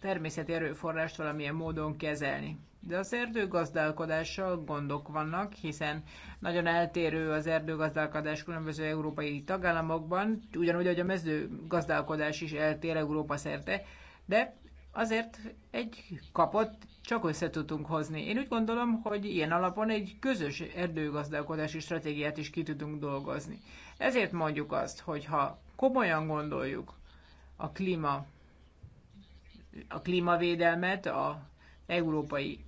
természeti erőforrást valamilyen módon kezelni. De az erdőgazdálkodással gondok vannak, hiszen nagyon eltérő az erdőgazdálkodás különböző európai tagállamokban, ugyanúgy, hogy a mezőgazdálkodás is eltér Európa szerte, de azért egy kapot csak össze tudtunk hozni. Én úgy gondolom, hogy ilyen alapon egy közös erdőgazdálkodási stratégiát is ki tudunk dolgozni. Ezért mondjuk azt, hogy ha komolyan gondoljuk a klíma a klímavédelmet, a európai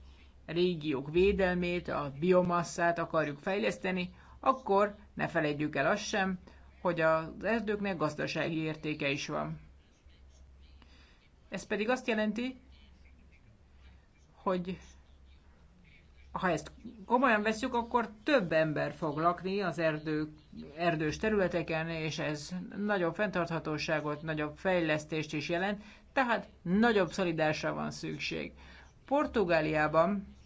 régiók védelmét, a biomasszát akarjuk fejleszteni, akkor ne felejtjük el azt sem, hogy az erdőknek gazdasági értéke is van. Ez pedig azt jelenti, hogy ha ezt komolyan veszük, akkor több ember fog lakni az erdő, erdős területeken, és ez nagyobb fenntarthatóságot, nagyobb fejlesztést is jelent, tehát nagyobb szolidásra van szükség. Portugáliában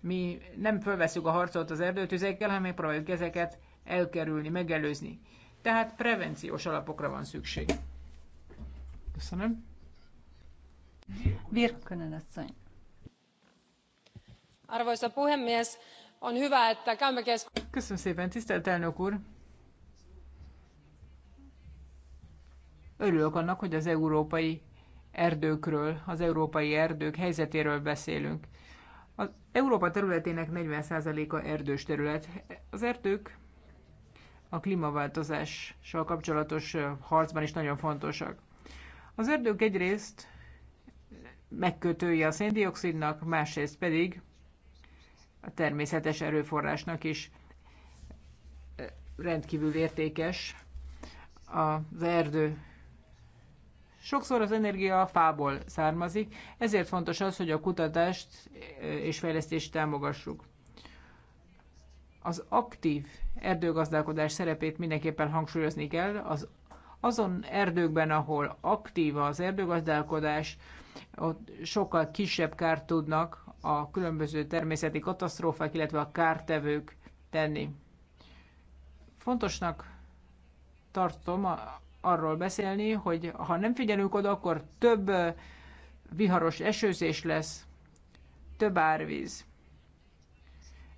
mi nem fölveszünk a harcot az erdőtüzekkel, hanem megpróbáljuk ezeket elkerülni, megelőzni. Tehát prevenciós alapokra van szükség. Köszönöm. Virkkönen asszony. Arvoisa puhemies, on hyvä, että käymme Köszönöm szépen, tisztelt elnök úr! Örülök annak, hogy az európai erdőkről, az európai erdők helyzetéről beszélünk. Az Európa területének 40%-a erdős terület. Az erdők a klímaváltozással kapcsolatos harcban is nagyon fontosak. Az erdők egyrészt megkötője a széndiokszidnak, másrészt pedig a természetes erőforrásnak is rendkívül értékes az erdő Sokszor az energia a fából származik, ezért fontos az, hogy a kutatást és fejlesztést támogassuk. Az aktív erdőgazdálkodás szerepét mindenképpen hangsúlyozni kell. Az, azon erdőkben, ahol aktív az erdőgazdálkodás, ott sokkal kisebb kárt tudnak a különböző természeti katasztrófák, illetve a kártevők tenni. Fontosnak tartom a, arról beszélni, hogy ha nem figyelünk oda, akkor több viharos esőzés lesz, több árvíz.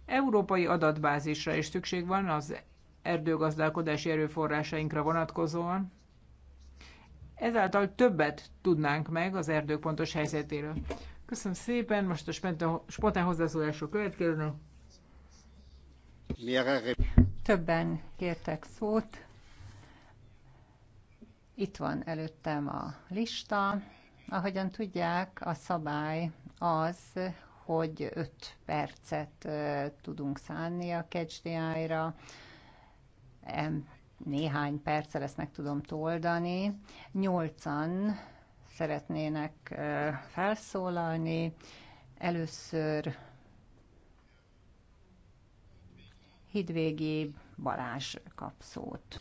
Európai adatbázisra is szükség van az erdőgazdálkodási erőforrásainkra vonatkozóan. Ezáltal többet tudnánk meg az erdők pontos helyzetéről. Köszönöm szépen, most a spontán hozzászólások következő. Többen kértek szót, itt van előttem a lista. Ahogyan tudják, a szabály az, hogy 5 percet tudunk szánni a KCDI-ra. Néhány perccel ezt meg tudom toldani. Nyolcan szeretnének felszólalni. Először Hidvégi Balázs kap szót.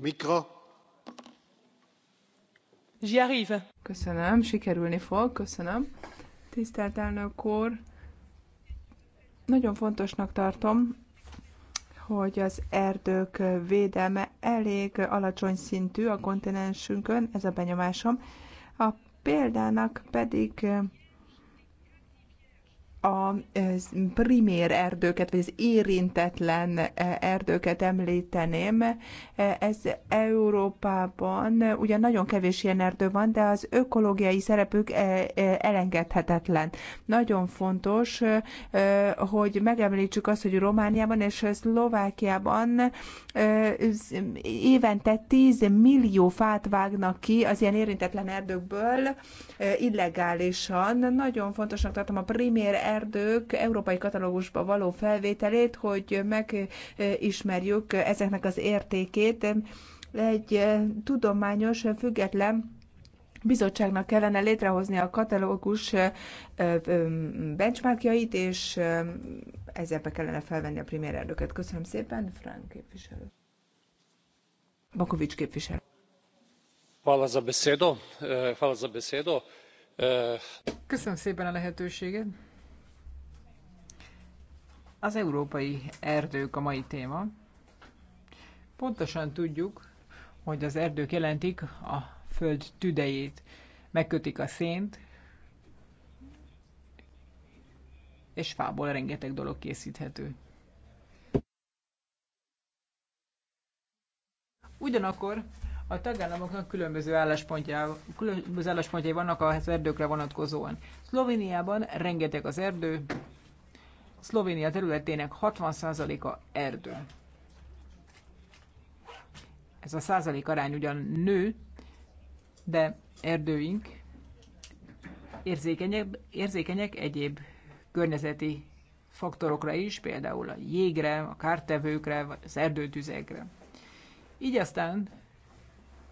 J'y arrive. Köszönöm, sikerülni fog, köszönöm. Tisztelt elnök úr, nagyon fontosnak tartom, hogy az erdők védelme elég alacsony szintű a kontinensünkön, ez a benyomásom. A példának pedig a primér erdőket, vagy az érintetlen e, erdőket említeném. E, ez Európában ugyan nagyon kevés ilyen erdő van, de az ökológiai szerepük e, elengedhetetlen. Nagyon fontos, hogy megemlítsük azt, hogy Romániában és Szlovákiában évente 10 millió fát vágnak ki az ilyen érintetlen erdőkből illegálisan. Nagyon fontosnak tartom a primér erdőket, erdők európai katalógusba való felvételét, hogy megismerjük ezeknek az értékét. Egy tudományos, független bizottságnak kellene létrehozni a katalógus benchmarkjait, és ezzel be kellene felvenni a primér erdőket. Köszönöm szépen, Frank képviselő. Bakovics képviselő. Hvala za besedo. E, hvala za besedo. E, Köszönöm szépen a lehetőséget. Az európai erdők a mai téma. Pontosan tudjuk, hogy az erdők jelentik a föld tüdejét. Megkötik a szént, és fából rengeteg dolog készíthető. Ugyanakkor a tagállamoknak különböző, álláspontjá, különböző álláspontjai vannak az erdőkre vonatkozóan. Szlovéniában rengeteg az erdő, Szlovénia területének 60%-a erdő. Ez a százalék arány ugyan nő, de erdőink érzékenyek, érzékenyek egyéb környezeti faktorokra is, például a jégre, a kártevőkre, vagy az erdőtüzekre. Így aztán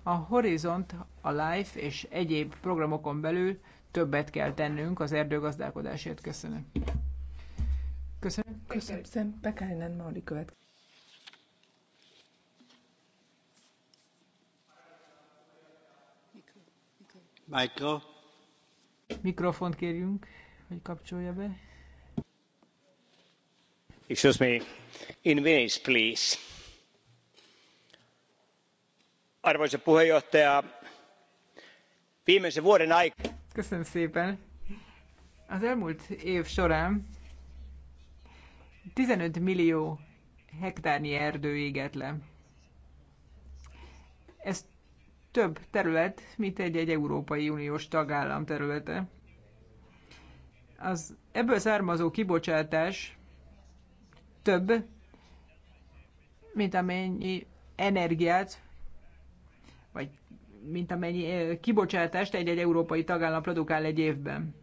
a Horizont, a Life és egyéb programokon belül többet kell tennünk az erdőgazdálkodásért. Köszönöm. Köszönöm. Köszönöm szépen. Pekarinen Mauri következik. Michael. Mikrofont kérjünk, hogy kapcsolja be. Excuse me. In Venice, please. Arvoisa puheenjohtaja, viimeisen vuoden aikana... Köszönöm szépen. Az elmúlt év során 15 millió hektárnyi erdő le. Ez több terület, mint egy-egy Európai Uniós tagállam területe. Az ebből származó kibocsátás több, mint amennyi energiát, vagy mint amennyi eh, kibocsátást egy-egy európai tagállam produkál egy évben.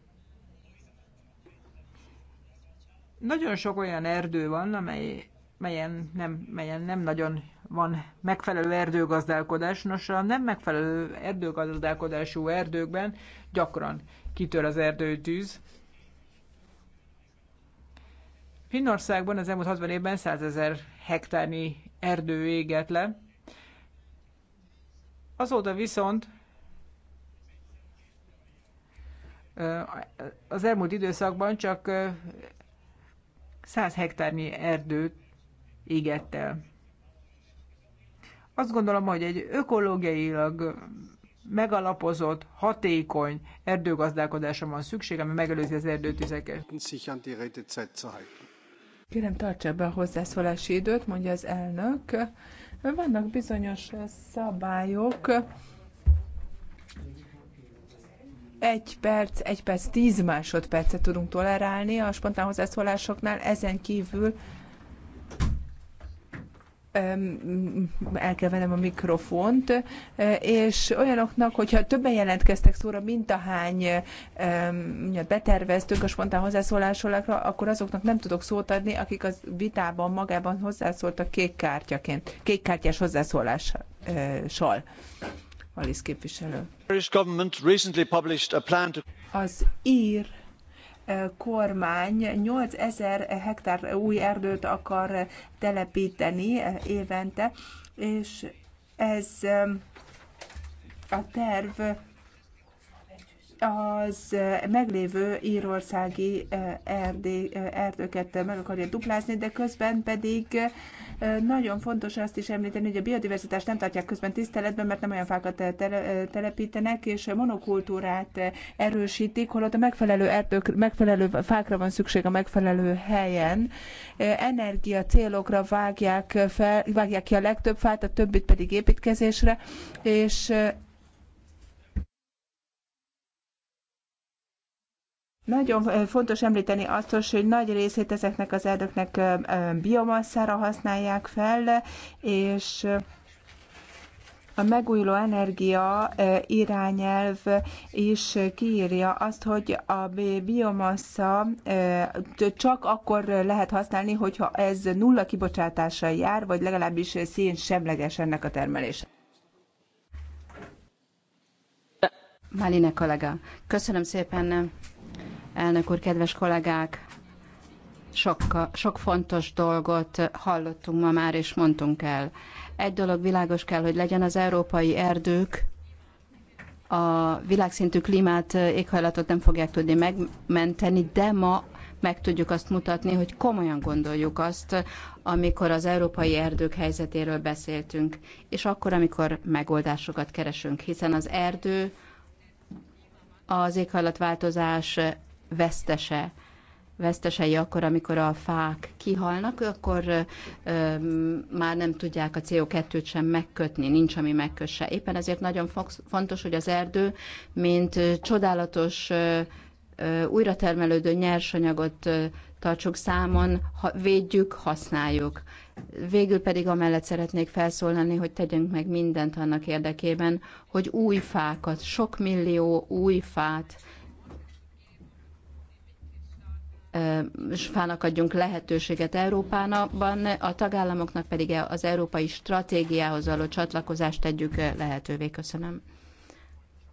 Nagyon sok olyan erdő van, amely, melyen, nem, melyen nem nagyon van megfelelő erdőgazdálkodás. Nos, a nem megfelelő erdőgazdálkodású erdőkben gyakran kitör az erdőtűz. Finnországban az elmúlt 60 évben 100 ezer hektárnyi erdő égett le. Azóta viszont az elmúlt időszakban csak 100 hektárnyi erdőt égett el. Azt gondolom, hogy egy ökológiailag megalapozott, hatékony erdőgazdálkodásra van szükség, ami megelőzi az erdőtüzeket. Kérem, tartsa be a hozzászólási időt, mondja az elnök. Vannak bizonyos szabályok, egy perc, egy perc, tíz másodpercet tudunk tolerálni a spontán hozzászólásoknál, ezen kívül el kell vennem a mikrofont, és olyanoknak, hogyha többen jelentkeztek szóra, mint a hány beterveztünk a spontán hozzászólásolakra, akkor azoknak nem tudok szót adni, akik az vitában magában hozzászóltak kék kártyaként, kék kártyás hozzászólással. Valisz képviselő. Az ír eh, kormány 8000 eh, hektár új erdőt akar eh, telepíteni évente, és ez a terv az meglévő írországi erdőket meg akarja duplázni, de közben pedig nagyon fontos azt is említeni, hogy a biodiverzitást nem tartják közben tiszteletben, mert nem olyan fákat telepítenek, és monokultúrát erősítik, holott a megfelelő erdők, megfelelő fákra van szükség a megfelelő helyen. Energia célokra vágják, fel, vágják ki a legtöbb fát, a többit pedig építkezésre, és Nagyon fontos említeni azt, hogy nagy részét ezeknek az erdőknek biomasszára használják fel, és a megújuló energia irányelv is kiírja azt, hogy a biomassa csak akkor lehet használni, hogyha ez nulla kibocsátással jár, vagy legalábbis szén semleges ennek a termelése. Maline kollega, köszönöm szépen elnök úr, kedves kollégák! Sok, sok fontos dolgot hallottunk ma már, és mondtunk el. Egy dolog világos kell, hogy legyen az európai erdők, a világszintű klímát, eh, éghajlatot nem fogják tudni megmenteni, de ma meg tudjuk azt mutatni, hogy komolyan gondoljuk azt, amikor az európai erdők helyzetéről beszéltünk, és akkor, amikor megoldásokat keresünk, hiszen az erdő az éghajlatváltozás vesztese vesztesei akkor, amikor a fák kihalnak, akkor ö, már nem tudják a CO2-t sem megkötni, nincs, ami megkösse. Éppen ezért nagyon fontos, hogy az erdő, mint csodálatos ö, ö, újratermelődő nyersanyagot ö, tartsuk számon, ha, védjük, használjuk. Végül pedig amellett szeretnék felszólalni, hogy tegyünk meg mindent annak érdekében, hogy új fákat, sok millió új fát, fának adjunk lehetőséget Európában, a tagállamoknak pedig az európai stratégiához való csatlakozást tegyük lehetővé. Köszönöm.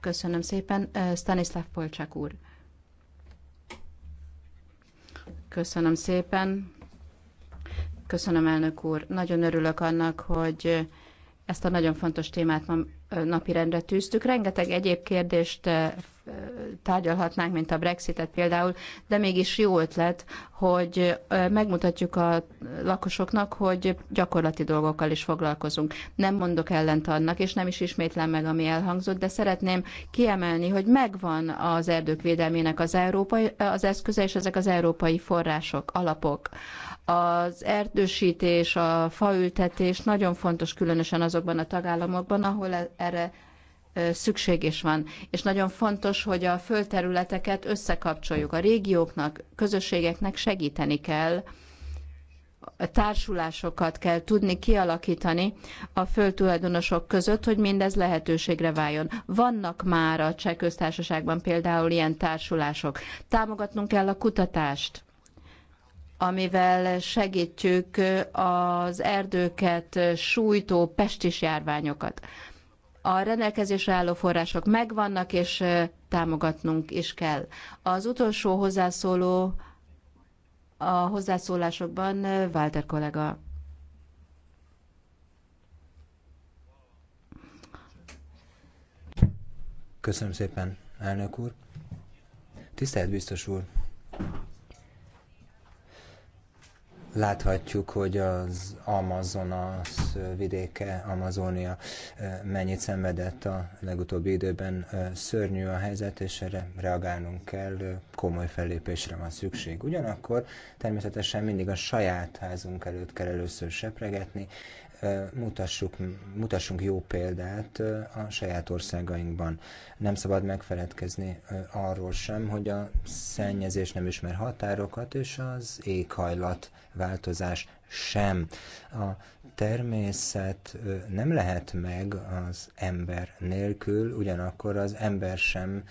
Köszönöm szépen. Stanislav Polcsák úr. Köszönöm szépen. Köszönöm, elnök úr. Nagyon örülök annak, hogy ezt a nagyon fontos témát ma napirendre tűztük. Rengeteg egyéb kérdést tárgyalhatnánk, mint a Brexitet például, de mégis jó ötlet, hogy megmutatjuk a lakosoknak, hogy gyakorlati dolgokkal is foglalkozunk. Nem mondok ellent annak, és nem is ismétlem meg, ami elhangzott, de szeretném kiemelni, hogy megvan az erdők védelmének az, európai, az eszköze, és ezek az európai források, alapok. Az erdősítés, a faültetés nagyon fontos, különösen azokban a tagállamokban, ahol e- erre szükség is van. És nagyon fontos, hogy a földterületeket összekapcsoljuk. A régióknak, közösségeknek segíteni kell, társulásokat kell tudni kialakítani a földtulajdonosok között, hogy mindez lehetőségre váljon. Vannak már a cseh köztársaságban például ilyen társulások. Támogatnunk kell a kutatást amivel segítjük az erdőket sújtó pestis járványokat a rendelkezésre álló források megvannak, és támogatnunk is kell. Az utolsó hozzászóló a hozzászólásokban Walter kollega. Köszönöm szépen, elnök úr. Tisztelt biztos úr! Láthatjuk, hogy az Amazonas vidéke, Amazonia eh, mennyit szenvedett a legutóbbi időben. Eh, szörnyű a helyzet, és erre reagálnunk kell, eh, komoly fellépésre van szükség. Ugyanakkor természetesen mindig a saját házunk előtt kell először sepregetni, mutassuk, mutassunk jó példát a saját országainkban. Nem szabad megfeledkezni arról sem, hogy a szennyezés nem ismer határokat, és az éghajlat változás sem. A természet nem lehet meg az ember nélkül, ugyanakkor az ember sem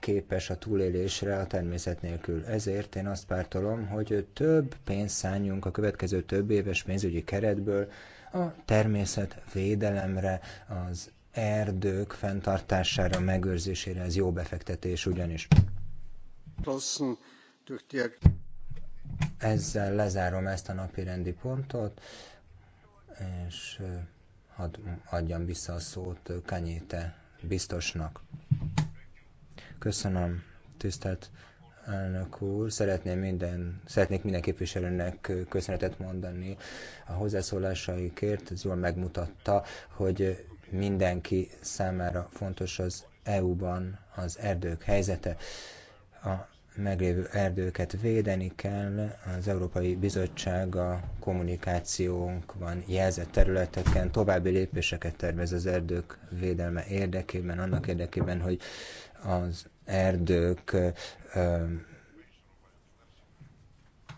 képes a túlélésre a természet nélkül. Ezért én azt pártolom, hogy több pénzt szálljunk a következő több éves pénzügyi keretből a természet védelemre, az erdők fenntartására, megőrzésére, ez jó befektetés ugyanis. Ezzel lezárom ezt a napi rendi pontot, és hadd adjam vissza a szót Kanyéte biztosnak. Köszönöm, tisztelt elnök úr. Szeretném minden, szeretnék minden képviselőnek köszönetet mondani a hozzászólásaikért. Ez jól megmutatta, hogy mindenki számára fontos az EU-ban az erdők helyzete. A meglévő erdőket védeni kell. Az Európai Bizottság a kommunikációnkban jelzett területeken további lépéseket tervez az erdők védelme érdekében, annak érdekében, hogy az erdők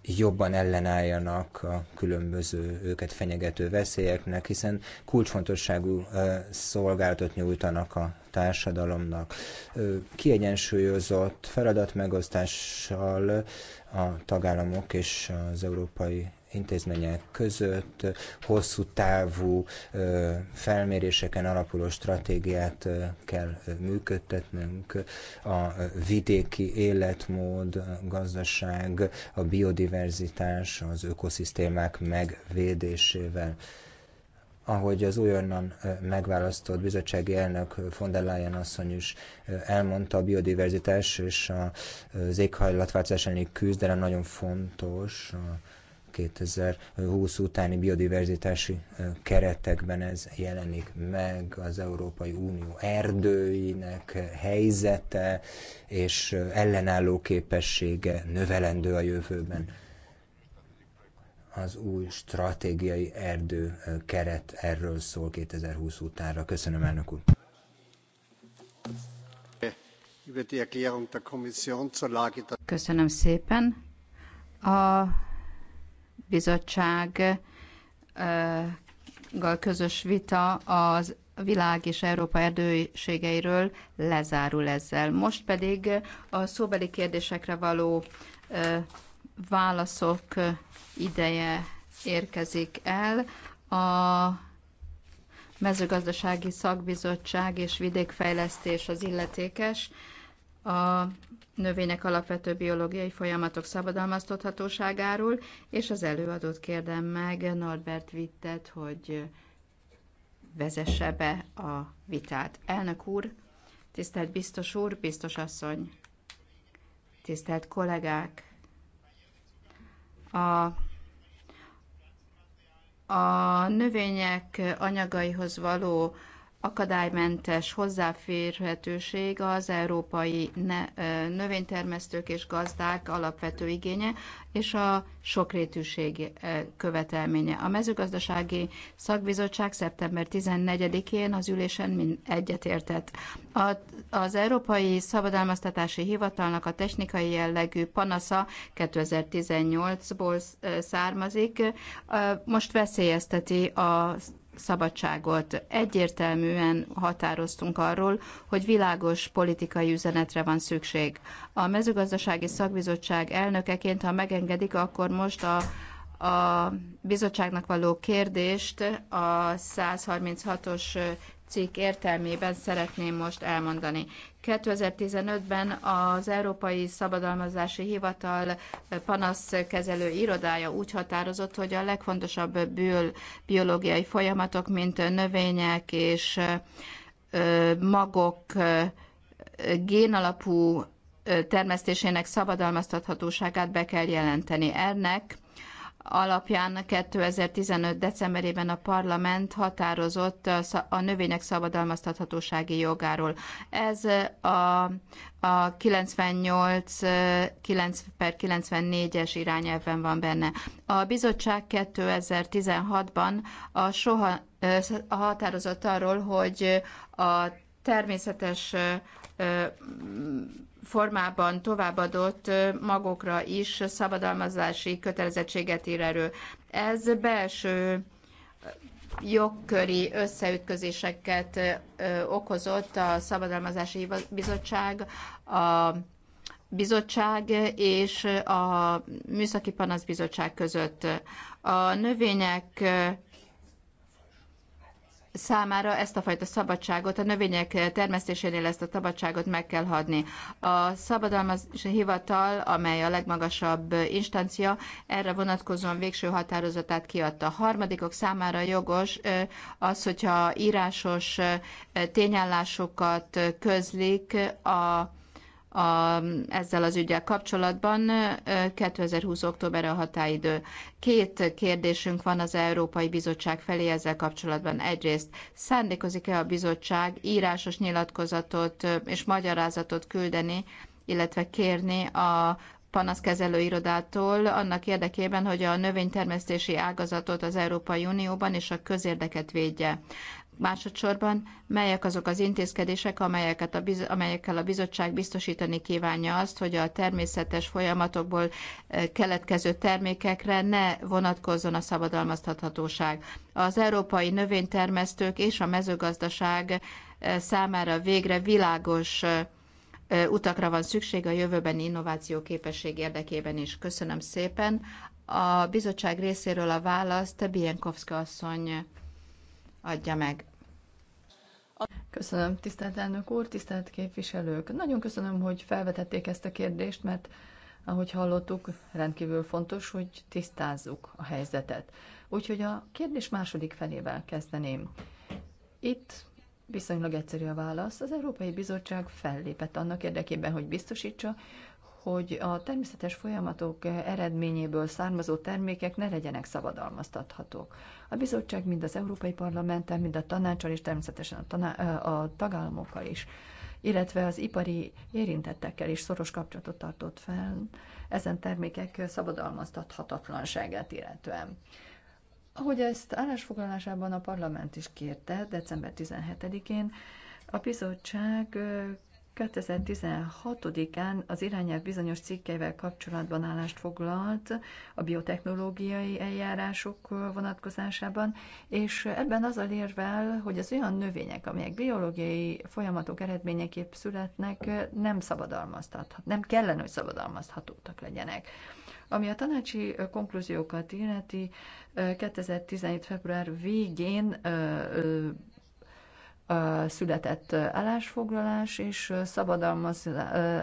jobban ellenálljanak a különböző őket fenyegető veszélyeknek, hiszen kulcsfontosságú szolgálatot nyújtanak a társadalomnak. Kiegyensúlyozott feladatmegosztással a tagállamok és az Európai intézmények között hosszú távú felméréseken alapuló stratégiát kell működtetnünk. A vidéki életmód, a gazdaság, a biodiverzitás, az ökoszisztémák megvédésével ahogy az újonnan megválasztott bizottsági elnök von der Leyen asszony is elmondta, a biodiverzitás és az éghajlatváltozás elleni küzdelem nagyon fontos a 2020 utáni biodiverzitási keretekben ez jelenik meg, az Európai Unió erdőinek helyzete és ellenálló képessége növelendő a jövőben az új stratégiai erdő keret erről szól 2020 utánra. Köszönöm, elnök úr. Köszönöm szépen. A bizottsággal közös vita az világ és Európa erdőségeiről lezárul ezzel. Most pedig a szóbeli kérdésekre való válaszok ideje érkezik el. A mezőgazdasági szakbizottság és vidékfejlesztés az illetékes a növények alapvető biológiai folyamatok szabadalmaztathatóságáról, és az előadót kérdem meg, Norbert Wittet, hogy vezesse be a vitát. Elnök úr, tisztelt biztos úr, biztos asszony, tisztelt kollégák, a a növények anyagaihoz való akadálymentes hozzáférhetőség az európai növénytermesztők és gazdák alapvető igénye és a sokrétűség követelménye. A mezőgazdasági szakbizottság szeptember 14-én az ülésen egyetértett. Az Európai Szabadalmaztatási Hivatalnak a technikai jellegű panasza 2018-ból származik, most veszélyezteti az szabadságot. Egyértelműen határoztunk arról, hogy világos politikai üzenetre van szükség. A mezőgazdasági szakbizottság elnökeként, ha megengedik, akkor most a a bizottságnak való kérdést a 136-os cikk értelmében szeretném most elmondani. 2015-ben az Európai Szabadalmazási Hivatal panaszkezelő irodája úgy határozott, hogy a legfontosabb biológiai folyamatok, mint növények és magok génalapú termesztésének szabadalmaztathatóságát be kell jelenteni. Ennek alapján 2015. decemberében a parlament határozott a növények szabadalmaztathatósági jogáról. Ez a, a 98 9 per 94-es irányelven van benne. A bizottság 2016-ban a, soha, a határozott arról, hogy a természetes formában továbbadott magokra is szabadalmazási kötelezettséget ír elő. Ez belső jogköri összeütközéseket okozott a Szabadalmazási Bizottság, a bizottság és a Műszaki Panasz Bizottság között. A növények számára ezt a fajta szabadságot, a növények termesztésénél ezt a szabadságot meg kell hadni. A szabadalmazási hivatal, amely a legmagasabb instancia, erre vonatkozóan végső határozatát kiadta. A harmadikok számára jogos az, hogyha írásos tényállásokat közlik a a, ezzel az ügyel kapcsolatban. 2020. október a határidő. Két kérdésünk van az Európai Bizottság felé ezzel kapcsolatban. Egyrészt szándékozik-e a bizottság írásos nyilatkozatot és magyarázatot küldeni, illetve kérni a panaszkezelő irodától annak érdekében, hogy a növénytermesztési ágazatot az Európai Unióban és a közérdeket védje. Másodszorban, melyek azok az intézkedések, amelyeket a biz- amelyekkel a bizottság biztosítani kívánja azt, hogy a természetes folyamatokból e, keletkező termékekre ne vonatkozzon a szabadalmaztathatóság. Az európai növénytermesztők és a mezőgazdaság e, számára végre világos e, utakra van szükség a jövőbeni innováció képesség érdekében is. Köszönöm szépen. A bizottság részéről a választ Bienkowska asszony adja meg. Köszönöm, tisztelt elnök úr, tisztelt képviselők. Nagyon köszönöm, hogy felvetették ezt a kérdést, mert ahogy hallottuk, rendkívül fontos, hogy tisztázzuk a helyzetet. Úgyhogy a kérdés második felével kezdeném. Itt Viszonylag egyszerű a válasz. Az Európai Bizottság fellépett annak érdekében, hogy biztosítsa, hogy a természetes folyamatok eredményéből származó termékek ne legyenek szabadalmaztathatók. A bizottság mind az Európai Parlamenttel, mind a tanácsal és természetesen a, taná- a tagállamokkal is illetve az ipari érintettekkel is szoros kapcsolatot tartott fel ezen termékek szabadalmaztathatatlanságát illetően. Ahogy ezt állásfoglalásában a parlament is kérte, december 17-én, a bizottság 2016-án az irányelv bizonyos cikkeivel kapcsolatban állást foglalt a biotechnológiai eljárások vonatkozásában, és ebben az a lérvel, hogy az olyan növények, amelyek biológiai folyamatok eredményeképp születnek, nem szabadalmaztathat, nem kellene, hogy szabadalmazhatók legyenek. Ami a tanácsi konklúziókat illeti, 2017. február végén született állásfoglalás, és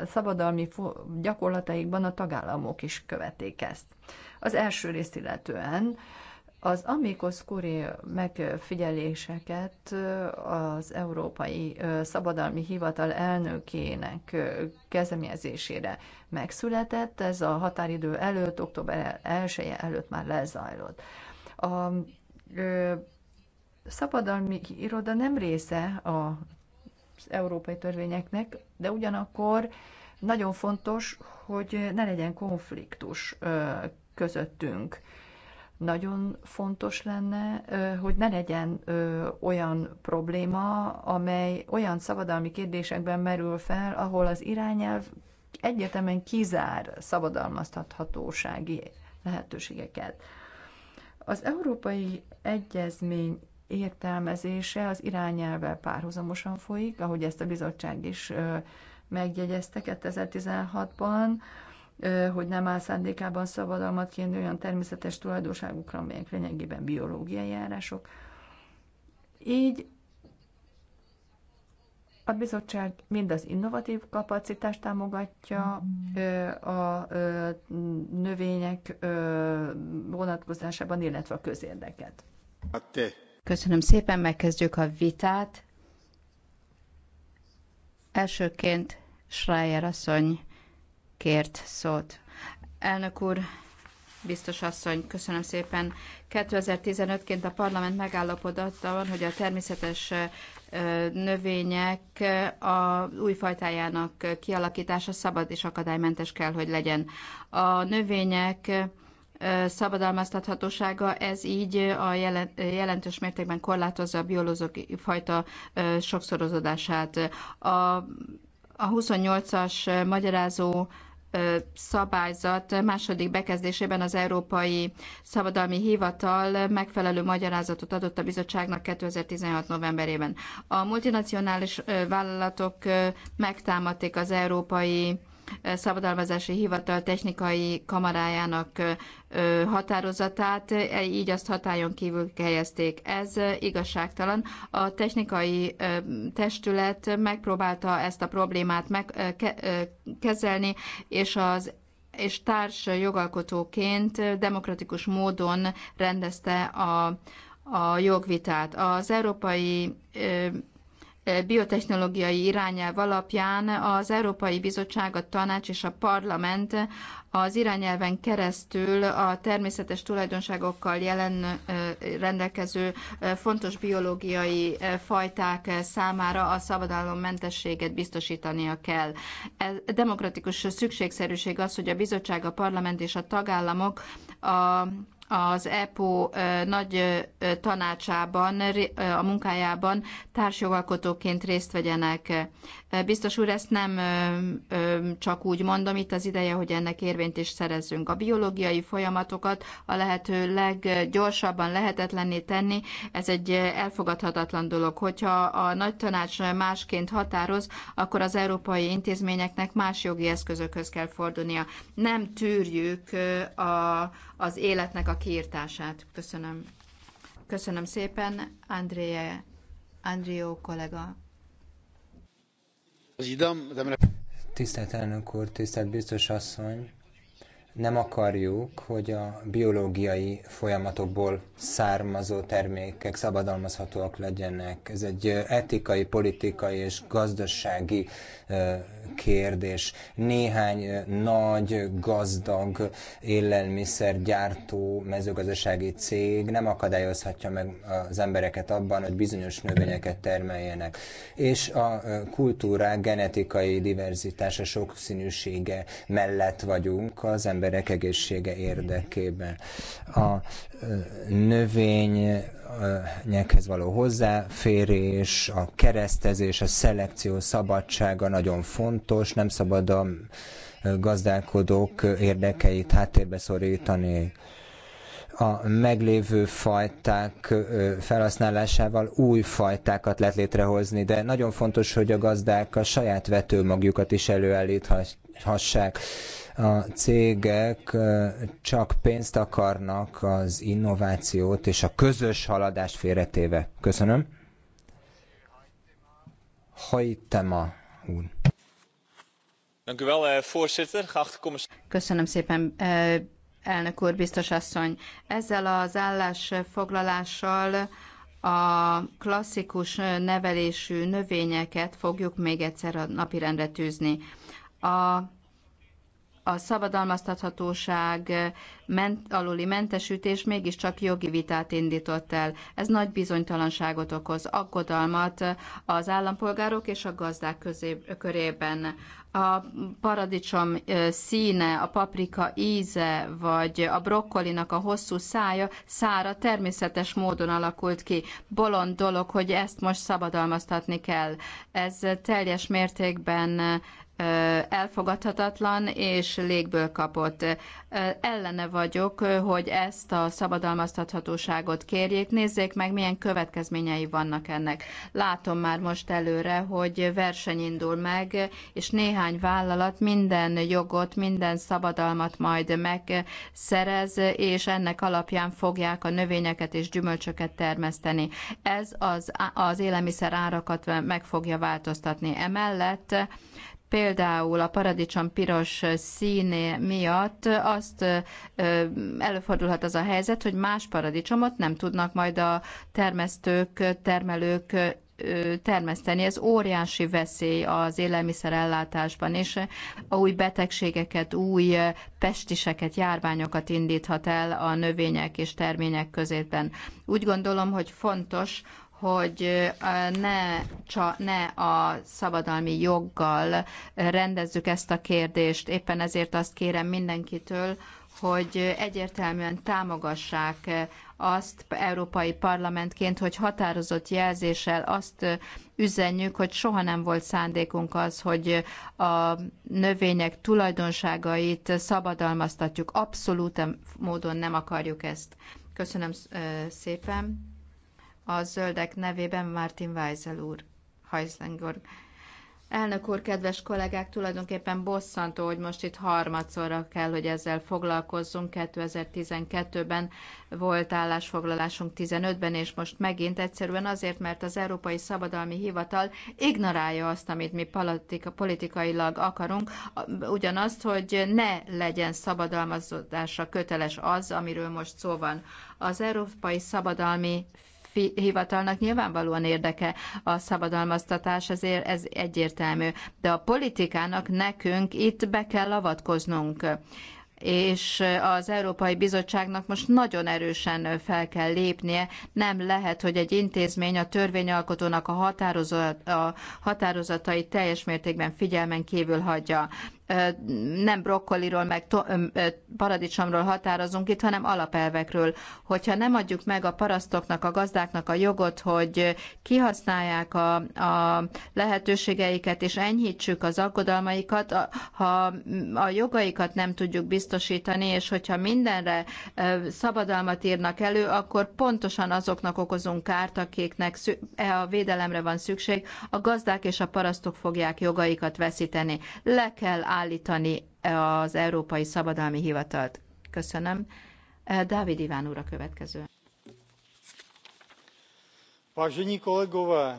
szabadalmi gyakorlataikban a tagállamok is követték ezt. Az első részt illetően az Amikus Kuri megfigyeléseket az Európai Szabadalmi Hivatal elnökének kezdeményezésére megszületett, ez a határidő előtt, október 1 előtt már lezajlott. A szabadalmi iroda nem része az európai törvényeknek, de ugyanakkor nagyon fontos, hogy ne legyen konfliktus közöttünk nagyon fontos lenne, hogy ne legyen olyan probléma, amely olyan szabadalmi kérdésekben merül fel, ahol az irányelv egyetemen kizár szabadalmaztathatósági lehetőségeket. Az Európai Egyezmény értelmezése az irányelvvel párhuzamosan folyik, ahogy ezt a bizottság is megjegyezte 2016-ban hogy nem áll szándékában szabadalmat kérni olyan természetes tulajdonságukra, amelyek lényegében biológiai járások. Így a bizottság mind az innovatív kapacitást támogatja a növények vonatkozásában, illetve a közérdeket. Köszönöm szépen, megkezdjük a vitát. Elsőként Schreier asszony kért szót. Elnök úr, biztos asszony, köszönöm szépen. 2015-ként a parlament megállapodott abban, hogy a természetes növények a újfajtájának kialakítása szabad és akadálymentes kell, hogy legyen. A növények szabadalmaztathatósága, ez így a jelentős mértékben korlátozza a biológiai fajta sokszorozódását. A, a 28-as magyarázó szabályzat második bekezdésében az Európai Szabadalmi Hivatal megfelelő magyarázatot adott a bizottságnak 2016. novemberében. A multinacionális vállalatok megtámadték az európai szabadalmazási hivatal technikai kamarájának határozatát, e, így azt hatályon kívül helyezték. Ez igazságtalan. A technikai testület megpróbálta ezt a problémát megkezelni, és az és társ jogalkotóként demokratikus módon rendezte a, a jogvitát. Az Európai biotechnológiai irányelv alapján az Európai Bizottság, a Tanács és a Parlament az irányelven keresztül a természetes tulajdonságokkal jelen rendelkező fontos biológiai fajták számára a szabadalom mentességet biztosítania kell. E, demokratikus szükségszerűség az, hogy a bizottság, a parlament és a tagállamok a az EPO nagy tanácsában, a munkájában társjogalkotóként részt vegyenek. Biztos úr, ezt nem csak úgy mondom, itt az ideje, hogy ennek érvényt is szerezzünk. A biológiai folyamatokat a lehető leggyorsabban lehetetlenné tenni, ez egy elfogadhatatlan dolog. Hogyha a nagy tanács másként határoz, akkor az európai intézményeknek más jogi eszközökhöz kell fordulnia. Nem tűrjük a, az életnek a kiirtását. Köszönöm. Köszönöm szépen, André, Andrió kollega. Tisztelt elnök úr, tisztelt biztos asszony! Nem akarjuk, hogy a biológiai folyamatokból származó termékek szabadalmazhatóak legyenek. Ez egy etikai, politikai és gazdasági kérdés. Néhány nagy, gazdag élelmiszergyártó mezőgazdasági cég nem akadályozhatja meg az embereket abban, hogy bizonyos növényeket termeljenek. És a kultúrák genetikai diverzitása, sokszínűsége mellett vagyunk az emberek egészsége érdekében. A növény nyekhez való hozzáférés, a keresztezés, a szelekció szabadsága nagyon fontos, nem szabad a gazdálkodók érdekeit háttérbe szorítani a meglévő fajták felhasználásával új fajtákat lehet létrehozni, de nagyon fontos, hogy a gazdák a saját vetőmagjukat is előállíthassák a cégek csak pénzt akarnak az innovációt és a közös haladást félretéve. Köszönöm. Hajtema úr. Eh, Köszönöm szépen, eh, elnök úr, biztos asszony. Ezzel az állásfoglalással a klasszikus nevelésű növényeket fogjuk még egyszer a napirendre tűzni. A a szabadalmaztathatóság ment, aluli mentesítés mégiscsak jogi vitát indított el. Ez nagy bizonytalanságot okoz, aggodalmat az állampolgárok és a gazdák közé, körében. A paradicsom színe, a paprika íze, vagy a brokkolinak a hosszú szája, szára természetes módon alakult ki. Bolond dolog, hogy ezt most szabadalmaztatni kell. Ez teljes mértékben elfogadhatatlan és légből kapott. Ellene vagyok, hogy ezt a szabadalmaztathatóságot kérjék. Nézzék meg, milyen következményei vannak ennek. Látom már most előre, hogy verseny indul meg, és néhány vállalat minden jogot, minden szabadalmat majd megszerez, és ennek alapján fogják a növényeket és gyümölcsöket termeszteni. Ez az, az élelmiszer árakat meg fogja változtatni. Emellett például a paradicsom piros színe miatt azt előfordulhat az a helyzet, hogy más paradicsomot nem tudnak majd a termesztők, termelők termeszteni. Ez óriási veszély az élelmiszerellátásban, és a új betegségeket, új pestiseket, járványokat indíthat el a növények és termények közében. Úgy gondolom, hogy fontos, hogy ne, csa, ne a szabadalmi joggal rendezzük ezt a kérdést. Éppen ezért azt kérem mindenkitől, hogy egyértelműen támogassák azt Európai Parlamentként, hogy határozott jelzéssel azt üzenjük, hogy soha nem volt szándékunk az, hogy a növények tulajdonságait szabadalmaztatjuk. Abszolút módon nem akarjuk ezt. Köszönöm szépen a zöldek nevében Martin Weisel úr. Heislengor. Elnök úr, kedves kollégák, tulajdonképpen bosszantó, hogy most itt harmadszorra kell, hogy ezzel foglalkozzunk. 2012-ben volt állásfoglalásunk 15-ben, és most megint egyszerűen azért, mert az Európai Szabadalmi Hivatal ignorálja azt, amit mi politika, politikailag akarunk, ugyanazt, hogy ne legyen szabadalmazódásra köteles az, amiről most szó van. Az Európai Szabadalmi hivatalnak nyilvánvalóan érdeke a szabadalmaztatás, ezért ez egyértelmű. De a politikának nekünk itt be kell avatkoznunk és az Európai Bizottságnak most nagyon erősen fel kell lépnie. Nem lehet, hogy egy intézmény a törvényalkotónak a, határozat, a határozatai teljes mértékben figyelmen kívül hagyja nem brokkoliról, meg paradicsomról határozunk itt, hanem alapelvekről. Hogyha nem adjuk meg a parasztoknak, a gazdáknak a jogot, hogy kihasználják a, a lehetőségeiket, és enyhítsük az aggodalmaikat, ha a jogaikat nem tudjuk biztosítani, és hogyha mindenre szabadalmat írnak elő, akkor pontosan azoknak okozunk kárt, akiknek e, a védelemre van szükség, a gazdák és a parasztok fogják jogaikat veszíteni. Le kell állítani az Európai Szabadalmi Hivatalt. Köszönöm. Dávid Iván úr a következő. Vážení kolegové,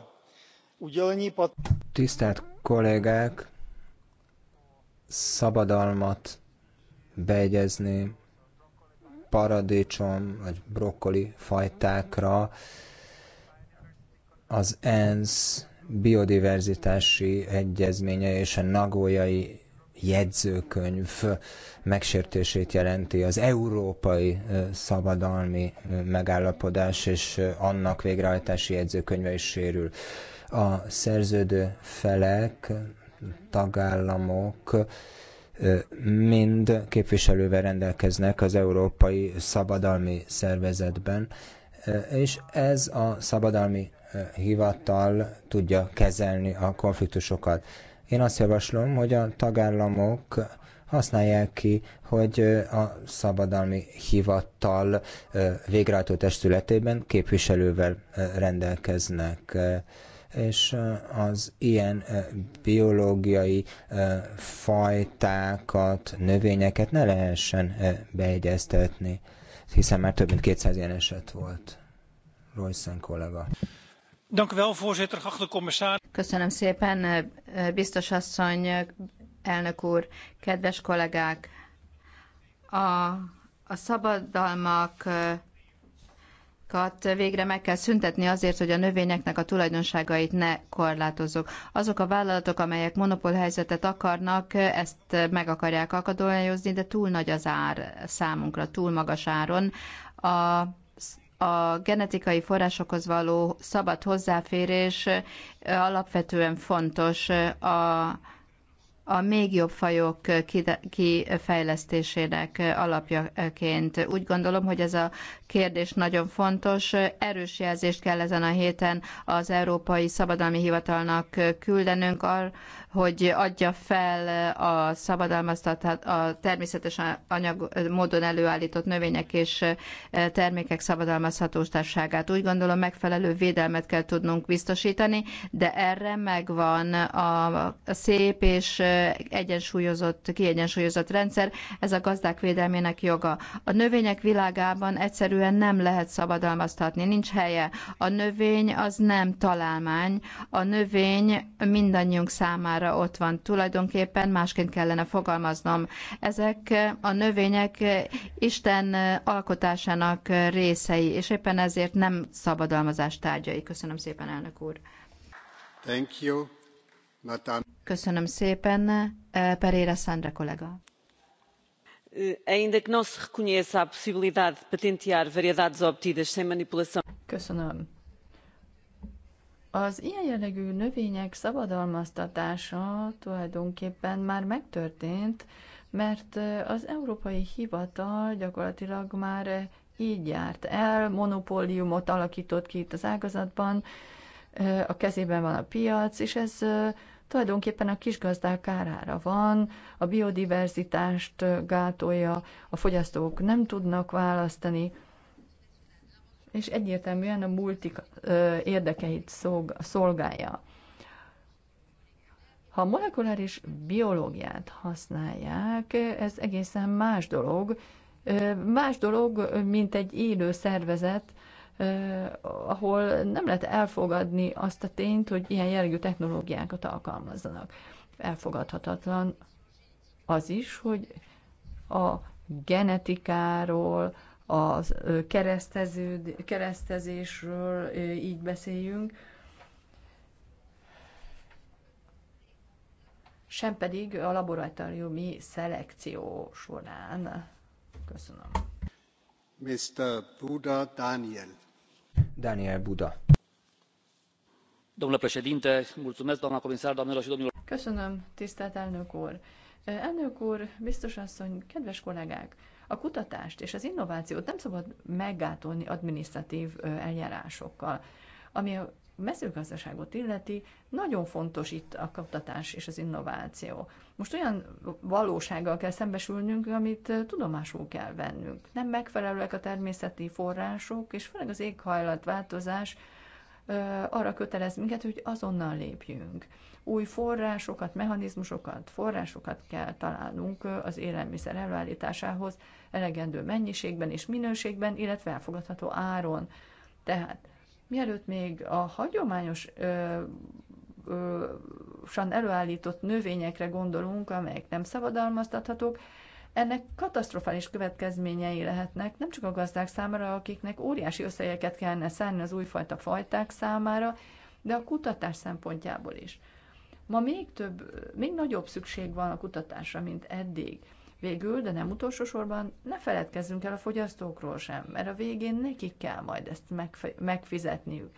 udělení pat... Tisztelt kollégák, szabadalmat beegyezni paradicsom vagy brokkoli fajtákra az ENSZ biodiverzitási egyezménye és a nagójai jegyzőkönyv megsértését jelenti az európai szabadalmi megállapodás és annak végrehajtási jegyzőkönyve is sérül. A szerződő felek, tagállamok mind képviselővel rendelkeznek az Európai Szabadalmi Szervezetben, és ez a szabadalmi hivatal tudja kezelni a konfliktusokat én azt javaslom, hogy a tagállamok használják ki, hogy a szabadalmi hivatal végrehajtó testületében képviselővel rendelkeznek és az ilyen biológiai fajtákat, növényeket ne lehessen beegyeztetni, hiszen már több mint 200 ilyen eset volt. Royson kollega. Köszönöm szépen, eh, biztos asszony, elnök úr, kedves kollégák! A, a szabadalmak végre meg kell szüntetni azért, hogy a növényeknek a tulajdonságait ne korlátozzuk. Azok a vállalatok, amelyek monopól helyzetet akarnak, ezt meg akarják akadályozni, de túl nagy az ár számunkra, túl magas áron. A a genetikai forrásokhoz való szabad hozzáférés alapvetően fontos a, a még jobb fajok kifejlesztésének alapjaként. Úgy gondolom, hogy ez a kérdés nagyon fontos. Erős jelzést kell ezen a héten az Európai Szabadalmi Hivatalnak küldenünk hogy adja fel a szabadalmaztathat a természetes anyag módon előállított növények és e, termékek szabadalmazhatóságát. Úgy gondolom megfelelő védelmet kell tudnunk biztosítani, de erre megvan a szép és e, egyensúlyozott, kiegyensúlyozott rendszer, ez a gazdák védelmének joga. A növények világában egyszerűen nem lehet szabadalmaztatni, nincs helye. A növény az nem találmány, a növény mindannyiunk számára számára ott van. Tulajdonképpen másként kellene fogalmaznom. Ezek a növények Isten alkotásának részei, és éppen ezért nem szabadalmazás tárgyai. Köszönöm szépen, elnök úr. Thank you. Madame. Köszönöm szépen, eh, Pereira Sandra kollega eh, ainda que não se reconheça a possibilidade de patentear variedades obtidas sem manipulação. Köszönöm. Az ilyen jellegű növények szabadalmaztatása tulajdonképpen már megtörtént, mert az Európai Hivatal gyakorlatilag már így járt el, monopóliumot alakított ki itt az ágazatban, a kezében van a piac, és ez tulajdonképpen a kisgazdák kárára van, a biodiverzitást gátolja, a fogyasztók nem tudnak választani, és egyértelműen a multik érdekeit szolgálja. Ha molekuláris biológiát használják, ez egészen más dolog. Más dolog, mint egy élő szervezet, ahol nem lehet elfogadni azt a tényt, hogy ilyen jellegű technológiákat alkalmazzanak. Elfogadhatatlan az is, hogy a genetikáról, a keresztezésről így beszéljünk, sem pedig a laboratóriumi szelekció során. Köszönöm. Mr. Buda Daniel. Daniel Buda. Domnule președinte, mulțumesc, doamna comisar, doamnelor și domnilor. Köszönöm, tisztelt elnök úr. Elnök úr, biztos asszony, kedves kollégák! A kutatást és az innovációt nem szabad meggátolni adminisztratív eljárásokkal. Ami a mezőgazdaságot illeti, nagyon fontos itt a kutatás és az innováció. Most olyan valósággal kell szembesülnünk, amit tudomásul kell vennünk. Nem megfelelőek a természeti források, és főleg az éghajlatváltozás arra kötelez minket, hogy azonnal lépjünk új forrásokat, mechanizmusokat, forrásokat kell találnunk az élelmiszer előállításához elegendő mennyiségben és minőségben, illetve elfogadható áron. Tehát mielőtt még a hagyományos ö, ö, előállított növényekre gondolunk, amelyek nem szabadalmaztathatók, ennek katasztrofális következményei lehetnek nem csak a gazdák számára, akiknek óriási összegeket kellene szállni az újfajta fajták számára, de a kutatás szempontjából is. Ma még több, még nagyobb szükség van a kutatásra, mint eddig. Végül, de nem utolsó sorban, ne feledkezzünk el a fogyasztókról sem, mert a végén nekik kell majd ezt megfizetniük.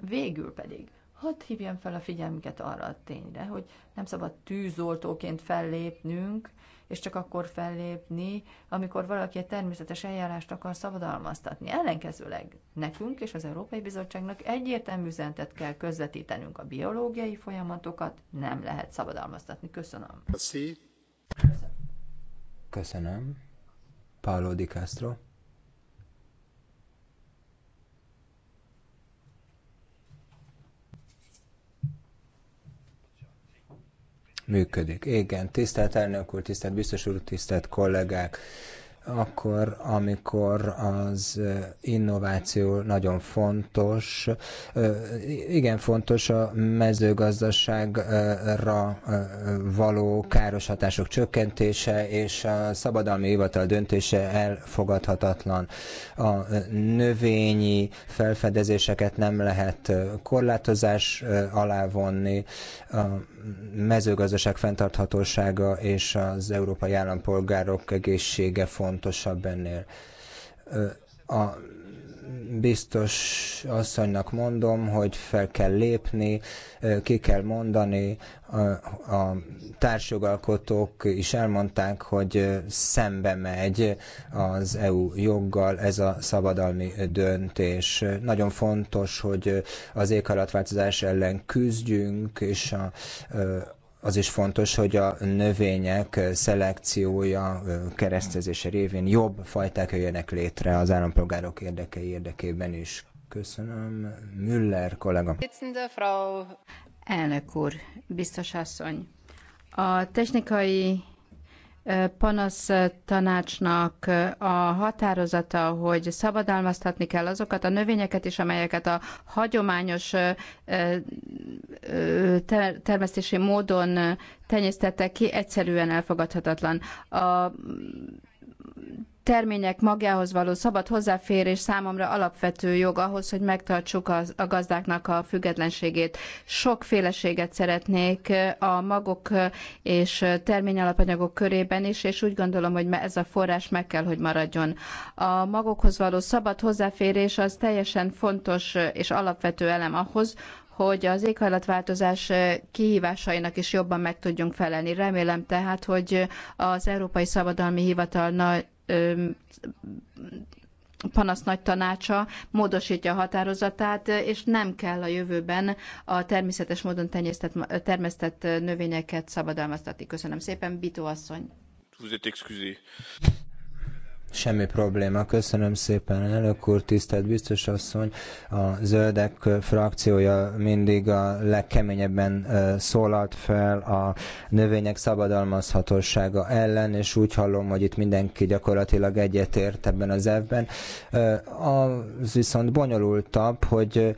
Végül pedig, hadd hívjam fel a figyelmüket arra a tényre, hogy nem szabad tűzoltóként fellépnünk, és csak akkor fellépni, amikor valaki egy természetes eljárást akar szabadalmaztatni. Ellenkezőleg nekünk és az Európai Bizottságnak egyértelmű üzenetet kell közvetítenünk. A biológiai folyamatokat nem lehet szabadalmaztatni. Köszönöm. Köszönöm. Köszönöm. Paolo Di Castro. működik. Igen, tisztelt elnök úr, tisztelt biztos úr, tisztelt kollégák! akkor, amikor az innováció nagyon fontos, igen fontos a mezőgazdaságra való káros hatások csökkentése és a szabadalmi hivatal döntése elfogadhatatlan. A növényi felfedezéseket nem lehet korlátozás alá vonni, a mezőgazdaság fenntarthatósága és az európai állampolgárok egészsége fontos fontosabb ennél. A biztos asszonynak mondom, hogy fel kell lépni, ki kell mondani. A társjogalkotók is elmondták, hogy szembe megy az EU joggal ez a szabadalmi döntés. Nagyon fontos, hogy az éghajlatváltozás ellen küzdjünk, és a, az is fontos, hogy a növények szelekciója, keresztezése révén jobb fajták jöjjenek létre az állampolgárok érdekei érdekében is. Köszönöm. Müller kollega. Elnök úr, biztos asszony. A technikai panasz tanácsnak a határozata, hogy szabadalmaztatni kell azokat a növényeket is, amelyeket a hagyományos termesztési módon tenyésztettek ki, egyszerűen elfogadhatatlan. A termények magához való szabad hozzáférés számomra alapvető jog ahhoz, hogy megtartsuk az, a gazdáknak a függetlenségét. Sokféleséget szeretnék a magok és terményalapanyagok körében is, és úgy gondolom, hogy ez a forrás meg kell, hogy maradjon. A magokhoz való szabad hozzáférés az teljesen fontos és alapvető elem ahhoz, hogy az éghajlatváltozás kihívásainak is jobban meg tudjunk felelni. Remélem tehát, hogy az Európai Szabadalmi Hivatal nagy panasz nagy tanácsa módosítja a határozatát, és nem kell a jövőben a természetes módon termesztett növényeket szabadalmaztatni. Köszönöm szépen, Bito asszony. Vous êtes excusé. Semmi probléma. Köszönöm szépen, elnök úr, tisztelt biztos asszony. A zöldek frakciója mindig a legkeményebben szólalt fel a növények szabadalmazhatósága ellen, és úgy hallom, hogy itt mindenki gyakorlatilag egyetért ebben az evben. Az viszont bonyolultabb, hogy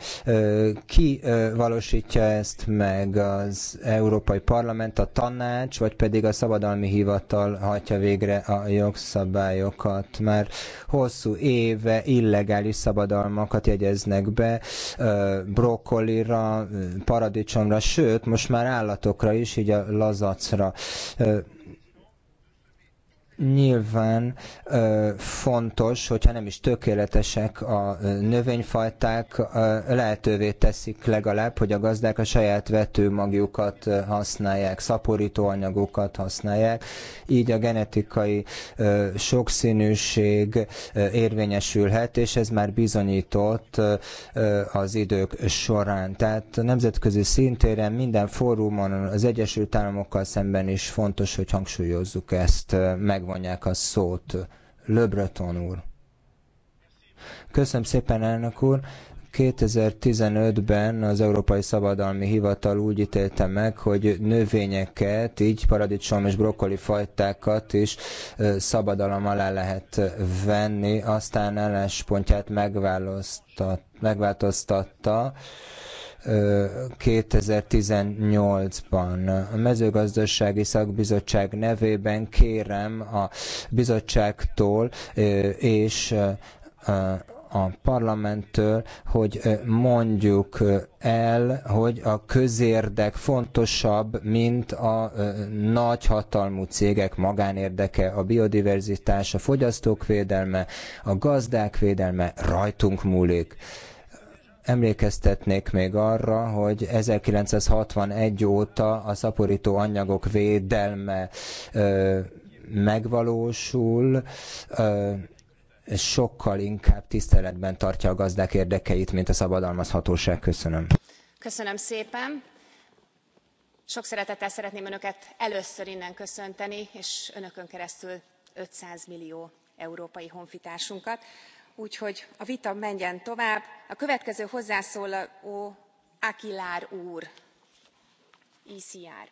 ki valósítja ezt meg az Európai Parlament, a tanács, vagy pedig a szabadalmi hivatal hagyja végre a jogszabályokat alatt már hosszú éve illegális szabadalmakat jegyeznek be, brokkolira, paradicsomra, sőt, most már állatokra is, így a lazacra. Nyilván fontos, hogyha nem is tökéletesek a növényfajták, lehetővé teszik legalább, hogy a gazdák a saját vetőmagjukat használják, szaporítóanyagokat használják, így a genetikai sokszínűség érvényesülhet, és ez már bizonyított az idők során. Tehát a nemzetközi szintéren, minden fórumon, az Egyesült Államokkal szemben is fontos, hogy hangsúlyozzuk ezt, meg megvonják a szót. löbreton úr. Köszönöm szépen, elnök úr. 2015-ben az Európai Szabadalmi Hivatal úgy ítélte meg, hogy növényeket, így paradicsom és brokkoli fajtákat is szabadalom alá lehet venni, aztán álláspontját megváltoztatta 2018-ban. A mezőgazdasági szakbizottság nevében kérem a bizottságtól és a parlamenttől, hogy mondjuk el, hogy a közérdek fontosabb, mint a nagyhatalmú cégek magánérdeke, a biodiverzitás, a fogyasztók védelme, a gazdák védelme rajtunk múlik. Emlékeztetnék még arra, hogy 1961 óta a szaporító anyagok védelme ö, megvalósul, ö, sokkal inkább tiszteletben tartja a gazdák érdekeit, mint a szabadalmazhatóság. Köszönöm. Köszönöm szépen. Sok szeretettel szeretném Önöket először innen köszönteni, és Önökön keresztül 500 millió európai honfitársunkat úgyhogy a vita menjen tovább. a következő hozzászóló aguilar úr ecr.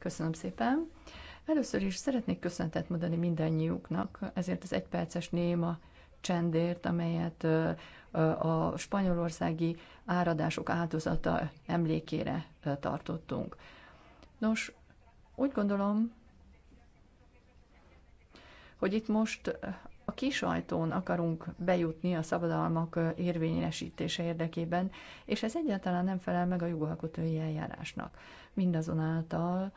Köszönöm szépen. Először is szeretnék köszöntet mondani mindannyiuknak ezért az egyperces néma csendért, amelyet a spanyolországi áradások áldozata emlékére tartottunk. Nos, úgy gondolom, hogy itt most a ajtón akarunk bejutni a szabadalmak érvényesítése érdekében, és ez egyáltalán nem felel meg a jogalkotói eljárásnak. Mindazonáltal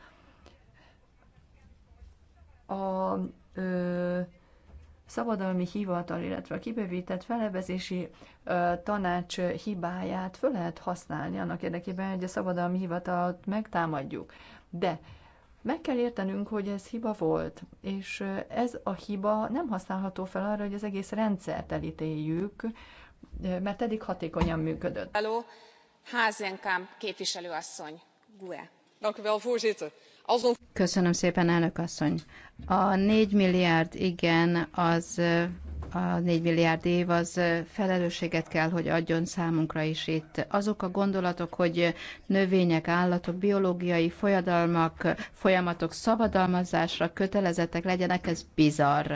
a ö, szabadalmi hivatal, illetve a kibővített felebezési ö, tanács hibáját föl lehet használni annak érdekében, hogy a szabadalmi hivatalt megtámadjuk. De meg kell értenünk, hogy ez hiba volt, és ez a hiba nem használható fel arra, hogy az egész rendszert elítéljük, mert eddig hatékonyan működött. Hello, házénkám képviselőasszony, GUE. Köszönöm szépen, elnök asszony. A 4 milliárd igen az a 4 milliárd év az felelősséget kell, hogy adjon számunkra is itt. Azok a gondolatok, hogy növények, állatok, biológiai folyadalmak, folyamatok szabadalmazásra kötelezettek legyenek, ez bizarr.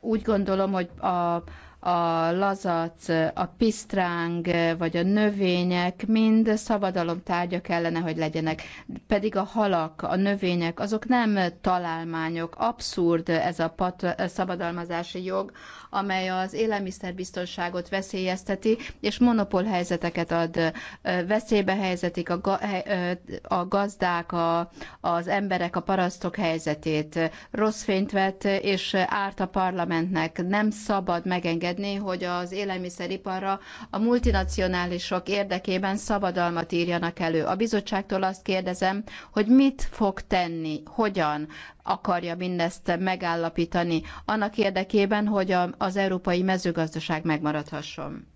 Úgy gondolom, hogy a, a lazac, a pisztráng vagy a növények mind szabadalom tárgya kellene, hogy legyenek. Pedig a halak, a növények, azok nem találmányok. Abszurd ez a pat- eh, szabadalmazási jog, amely az élelmiszerbiztonságot veszélyezteti, és monopól helyzeteket ad. Eh, veszélybe helyzetik a, ga- eh, a gazdák, a, az emberek, a parasztok helyzetét. Rossz fényt vett, és árt a parlamentnek. Nem szabad megengedni engedni, hogy az élelmiszeriparra a multinacionálisok érdekében szabadalmat írjanak elő. A bizottságtól azt kérdezem, hogy mit fog tenni, hogyan akarja mindezt megállapítani, annak érdekében, hogy a az európai mezőgazdaság megmaradhasson.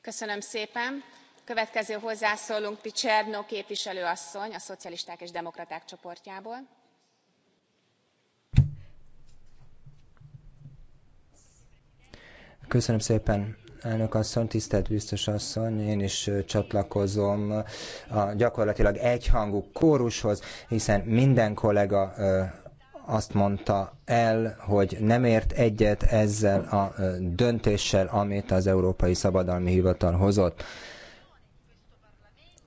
Köszönöm szépen. Következő hozzászólunk Picsernó képviselő asszony a Szocialisták és Demokraták csoportjából. Köszönöm szépen. Elnök asszony, tisztelt biztos asszony, én is csatlakozom a gyakorlatilag egyhangú kórushoz, hiszen minden kollega azt mondta el, hogy nem ért egyet ezzel a döntéssel, amit az Európai Szabadalmi Hivatal hozott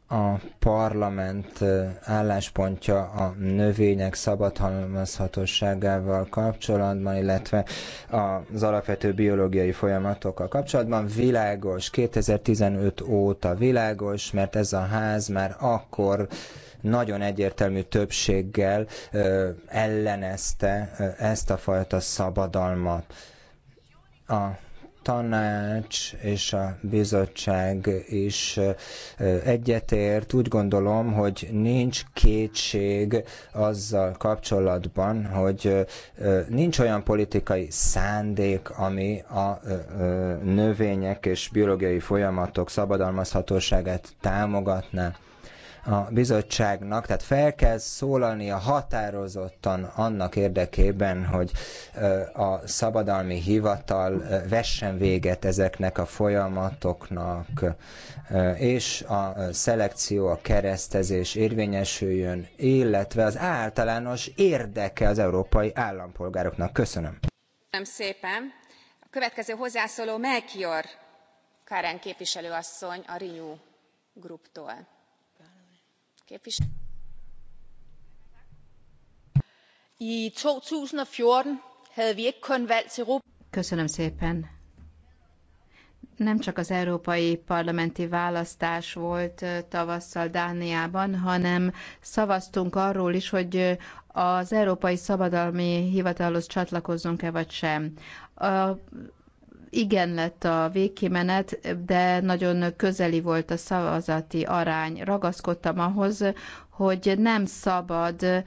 a parlament álláspontja a növények szabadhalmazhatóságával kapcsolatban, illetve az alapvető biológiai folyamatokkal kapcsolatban világos, 2015 óta világos, mert ez a ház már akkor nagyon egyértelmű többséggel ö, ellenezte ö, ezt a fajta szabadalmat. A tanács és a bizottság is egyetért. Úgy gondolom, hogy nincs kétség azzal kapcsolatban, hogy nincs olyan politikai szándék, ami a növények és biológiai folyamatok szabadalmazhatóságát támogatná a bizottságnak, tehát fel kell szólalnia határozottan annak érdekében, hogy a szabadalmi hivatal vessen véget ezeknek a folyamatoknak, és a szelekció, a keresztezés érvényesüljön, illetve az általános érdeke az európai állampolgároknak. Köszönöm. Köszönöm szépen. A következő hozzászóló Melchior Karen képviselőasszony a Renew Grouptól képviselő Köszönöm szépen. Nem csak az európai parlamenti választás volt tavasszal Dániában, hanem szavaztunk arról is, hogy az Európai Szabadalmi Hivatalhoz csatlakozzunk-e vagy sem. A igen lett a végkimenet, de nagyon közeli volt a szavazati arány. Ragaszkodtam ahhoz, hogy nem szabad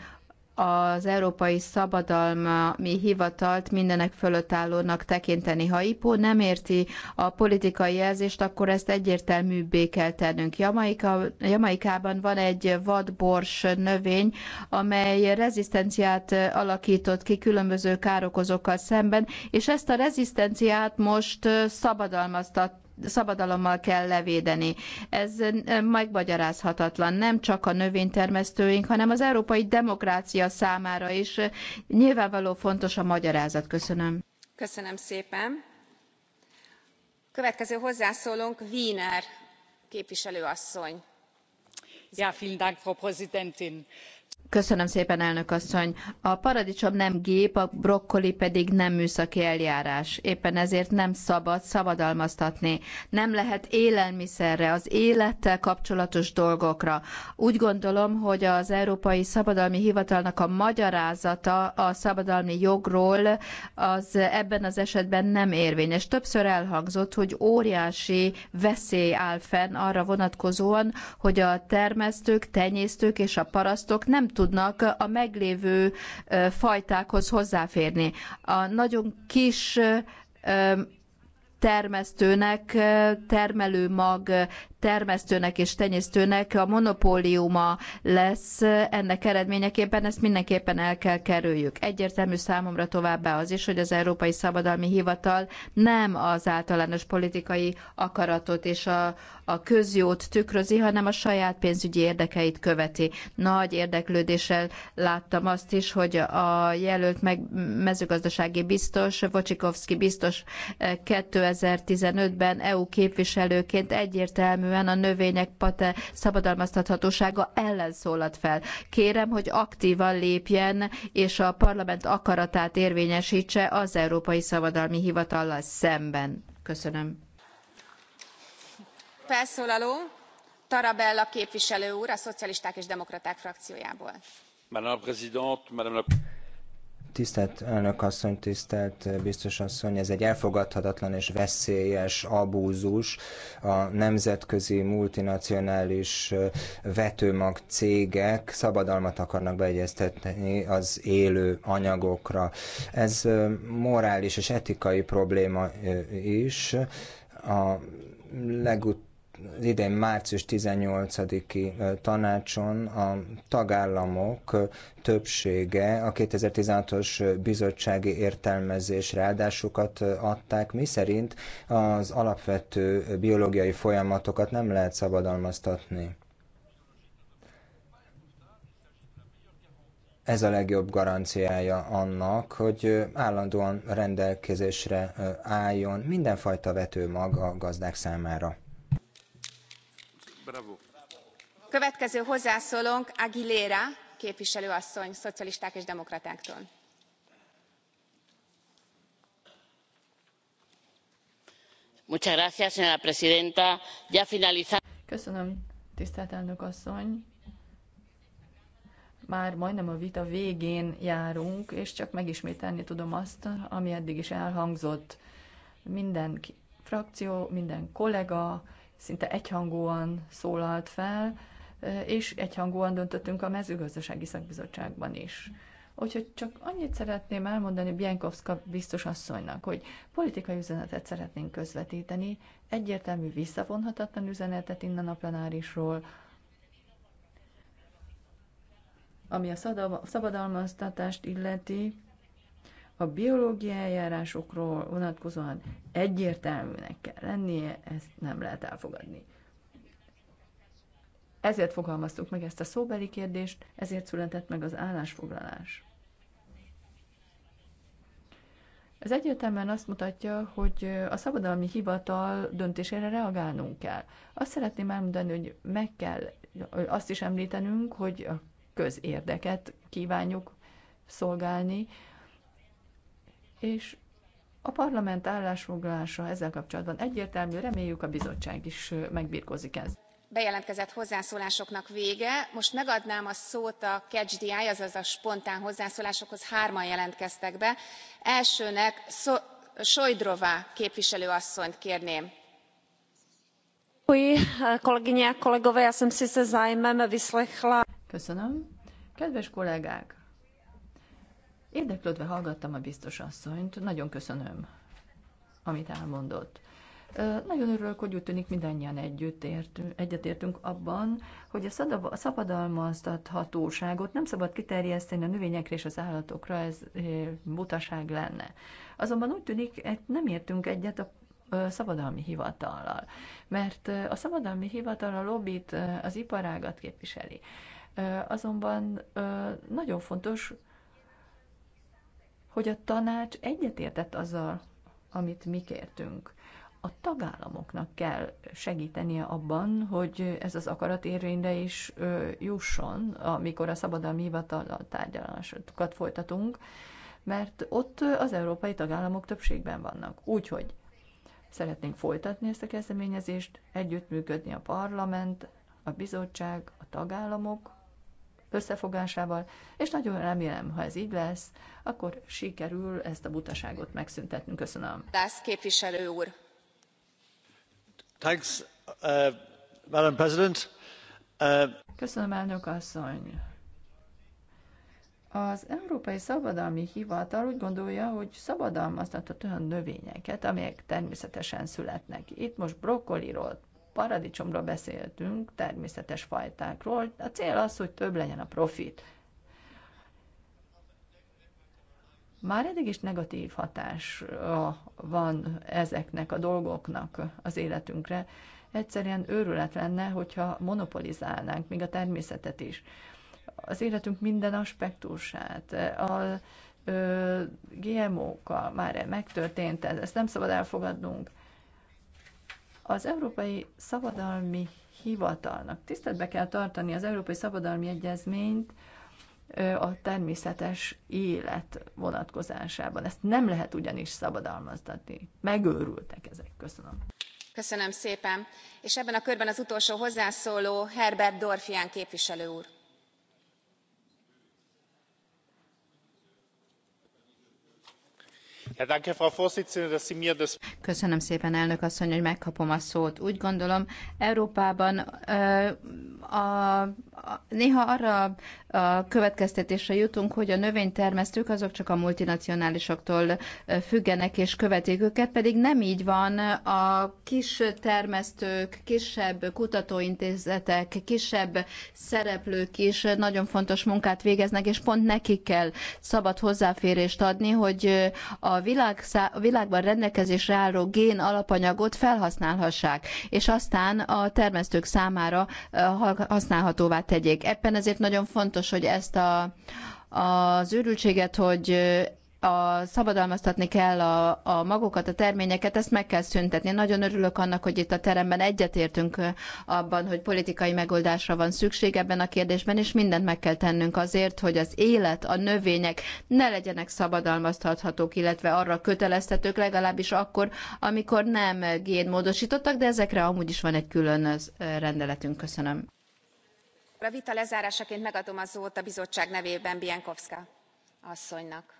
az Európai Szabadalmi Hivatalt mindenek fölött állónak tekinteni. Ha IPO nem érti a politikai jelzést, akkor ezt egyértelműbbé kell tennünk. Jamaika, Jamaikában van egy vadbors növény, amely rezisztenciát alakított ki különböző károkozókkal szemben, és ezt a rezisztenciát most szabadalmaztat szabadalommal kell levédeni. Ez megmagyarázhatatlan nem csak a növénytermesztőink, hanem az európai demokrácia számára is. Nyilvánvaló fontos a magyarázat. Köszönöm. Köszönöm szépen. Következő hozzászólónk Wiener képviselőasszony. Ja, vielen Dank, Frau Präsidentin Köszönöm szépen, elnök asszony. A paradicsom nem gép, a brokkoli pedig nem műszaki eljárás. Éppen ezért nem szabad szabadalmaztatni. Nem lehet élelmiszerre, az élettel kapcsolatos dolgokra. Úgy gondolom, hogy az Európai Szabadalmi Hivatalnak a magyarázata a szabadalmi jogról az ebben az esetben nem érvényes. Többször elhangzott, hogy óriási veszély áll fenn arra vonatkozóan, hogy a termesztők, tenyésztők és a parasztok nem tudnak a meglévő fajtákhoz hozzáférni. A nagyon kis termesztőnek termelőmag termesztőnek és tenyésztőnek a monopóliuma lesz ennek eredményeképpen, ezt mindenképpen el kell kerüljük. Egyértelmű számomra továbbá az is, hogy az Európai Szabadalmi Hivatal nem az általános politikai akaratot és a, a közjót tükrözi, hanem a saját pénzügyi érdekeit követi. Nagy érdeklődéssel láttam azt is, hogy a jelölt meg mezőgazdasági biztos, Vocsikovszki biztos 2015-ben eh, EU képviselőként egyértelmű egyértelműen a növények pate szabadalmaztathatósága ellen szólalt fel. Kérem, hogy aktívan lépjen, és a parlament akaratát érvényesítse az Európai Szabadalmi Hivatallal szemben. Köszönöm. Felszólaló Tarabella képviselő úr a Szocialisták és Demokraták frakciójából. Madame la Présidente, Madame la Tisztelt elnök asszony, tisztelt biztos asszony, ez egy elfogadhatatlan és veszélyes abúzus. A nemzetközi multinacionális vetőmag cégek szabadalmat akarnak beegyeztetni az élő anyagokra. Ez morális és etikai probléma is. A legut az idén március 18-i tanácson a tagállamok többsége a 2016-os bizottsági értelmezésre áldásukat adták, miszerint az alapvető biológiai folyamatokat nem lehet szabadalmaztatni. ez a legjobb garanciája annak, hogy állandóan rendelkezésre álljon mindenfajta vetőmag a gazdák számára következő hozzászólónk aguilera képviselő asszony szocialisták és demokratáktól. köszönöm tisztelt elnök asszony! már majdnem a vita végén járunk, és csak megismételni tudom azt, ami eddig is elhangzott. Minden frakció, minden kollega, szinte egyhangúan szólalt fel, és egyhangúan döntöttünk a mezőgazdasági szakbizottságban is. Úgyhogy csak annyit szeretném elmondani Bienkowska biztos asszonynak, hogy politikai üzenetet szeretnénk közvetíteni, egyértelmű visszavonhatatlan üzenetet innen a plenárisról, ami a szabadalmaztatást illeti, a biológiai eljárásokról vonatkozóan egyértelműnek kell lennie, ezt nem lehet elfogadni. Ezért fogalmaztuk meg ezt a szóbeli kérdést, ezért született meg az állásfoglalás. Ez egyértelműen azt mutatja, hogy a szabadalmi hivatal döntésére reagálnunk kell. Azt szeretném elmondani, hogy meg kell azt is említenünk, hogy a közérdeket kívánjuk szolgálni, és a parlament állásfoglalása ezzel kapcsolatban egyértelmű, reméljük a bizottság is megbírkozik ez. Bejelentkezett hozzászólásoknak vége. Most megadnám a szót a catch the eye, azaz a spontán hozzászólásokhoz hárman jelentkeztek be. Elsőnek Sojdrova Sojdrová képviselő asszonyt kérném Köszönöm. Kedves kollégák! Érdeklődve hallgattam a biztos asszonyt, nagyon köszönöm, amit elmondott. Nagyon örülök, hogy úgy tűnik mindannyian együtt értünk, egyetértünk abban, hogy a szabadalmaztathatóságot nem szabad kiterjeszteni a növényekre és az állatokra, ez butaság lenne. Azonban úgy tűnik, nem értünk egyet a szabadalmi hivatallal, mert a szabadalmi hivatal a lobbit, az iparágat képviseli. Azonban nagyon fontos, hogy a tanács egyetértett azzal, amit mi kértünk. A tagállamoknak kell segítenie abban, hogy ez az akarat érvényre is jusson, amikor a szabadalmi hivatallal tárgyalásokat folytatunk, mert ott az európai tagállamok többségben vannak. Úgyhogy szeretnénk folytatni ezt a kezdeményezést, együttműködni a parlament, a bizottság, a tagállamok, összefogásával, és nagyon remélem, ha ez így lesz, akkor sikerül ezt a butaságot megszüntetnünk. Köszönöm. Lász képviselő úr. Thanks, uh, Madam President. Uh... Köszönöm, elnök asszony. Az Európai Szabadalmi Hivatal úgy gondolja, hogy szabadalmaztatott olyan növényeket, amelyek természetesen születnek. Itt most brokkoliról, paradicsomról beszéltünk, természetes fajtákról. A cél az, hogy több legyen a profit. Már eddig is negatív hatás van ezeknek a dolgoknak az életünkre. Egyszerűen őrület lenne, hogyha monopolizálnánk még a természetet is. Az életünk minden aspektusát, a GMO-kkal már megtörtént ez, ezt nem szabad elfogadnunk az Európai Szabadalmi Hivatalnak tiszteletbe kell tartani az Európai Szabadalmi Egyezményt a természetes élet vonatkozásában. Ezt nem lehet ugyanis szabadalmaztatni. Megőrültek ezek. Köszönöm. Köszönöm szépen. És ebben a körben az utolsó hozzászóló Herbert Dorfián képviselő úr Köszönöm szépen, elnök asszony, hogy megkapom a szót. Úgy gondolom, Európában a, a, néha arra a következtetésre jutunk, hogy a növénytermesztők azok csak a multinacionálisoktól függenek és követik őket, pedig nem így van. A kis termesztők, kisebb kutatóintézetek, kisebb szereplők is nagyon fontos munkát végeznek, és pont nekik kell szabad hozzáférést adni, hogy a világ, világban rendelkezésre álló gén alapanyagot felhasználhassák, és aztán a termesztők számára használhatóvá tegyék. Ebben ezért nagyon fontos, hogy ezt a az őrültséget, hogy a, szabadalmaztatni kell a, a magokat, a terményeket, ezt meg kell szüntetni. nagyon örülök annak, hogy itt a teremben egyetértünk abban, hogy politikai megoldásra van szükség ebben a kérdésben, és mindent meg kell tennünk azért, hogy az élet, a növények ne legyenek szabadalmaztathatók, illetve arra köteleztetők, legalábbis akkor, amikor nem génmódosítottak, de ezekre amúgy is van egy külön rendeletünk. Köszönöm. A vita lezárásaként megadom a szót a bizottság nevében Bienkowska asszonynak.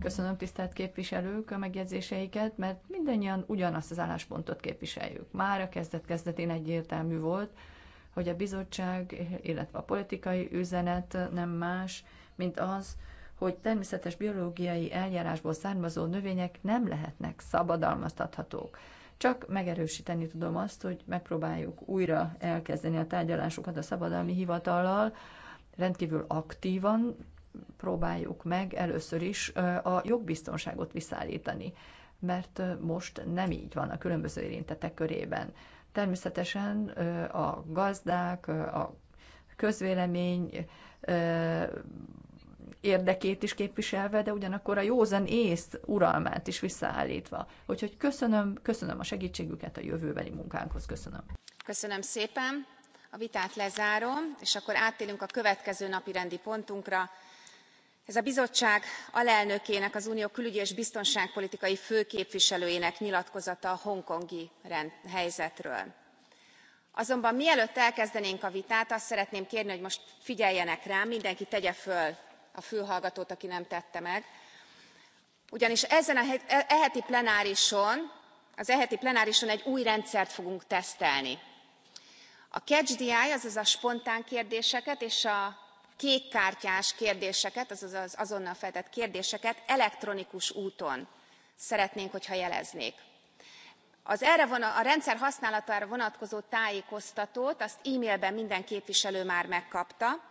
Köszönöm tisztelt képviselők a megjegyzéseiket, mert mindannyian ugyanazt az álláspontot képviseljük. Már a kezdet-kezdetén egyértelmű volt, hogy a bizottság, illetve a politikai üzenet nem más, mint az, hogy természetes biológiai eljárásból származó növények nem lehetnek szabadalmaztathatók. Csak megerősíteni tudom azt, hogy megpróbáljuk újra elkezdeni a tárgyalásokat a szabadalmi hivatallal, rendkívül aktívan próbáljuk meg először is a jogbiztonságot visszaállítani, mert most nem így van a különböző érintetek körében. Természetesen a gazdák, a közvélemény érdekét is képviselve, de ugyanakkor a józan ész uralmát is visszaállítva. Úgyhogy köszönöm, köszönöm a segítségüket a jövőbeli munkánkhoz, köszönöm. Köszönöm szépen. A vitát lezárom, és akkor áttérünk a következő napi rendi pontunkra. Ez a bizottság alelnökének, az Unió külügyi és biztonságpolitikai főképviselőjének nyilatkozata a hongkongi rend, helyzetről azonban mielőtt elkezdenénk a vitát azt szeretném kérni hogy most figyeljenek rám mindenki tegye föl a fülhallgatót aki nem tette meg ugyanis ezen e, e heti plenárison az e plenárison egy új rendszert fogunk tesztelni a catch the eye azaz a spontán kérdéseket és a kékkártyás kérdéseket azaz az azonnal feltett kérdéseket elektronikus úton szeretnénk hogyha jeleznék. a rendszer használatára vonatkozó tájékoztatót azt e mailben minden képviselő már megkapta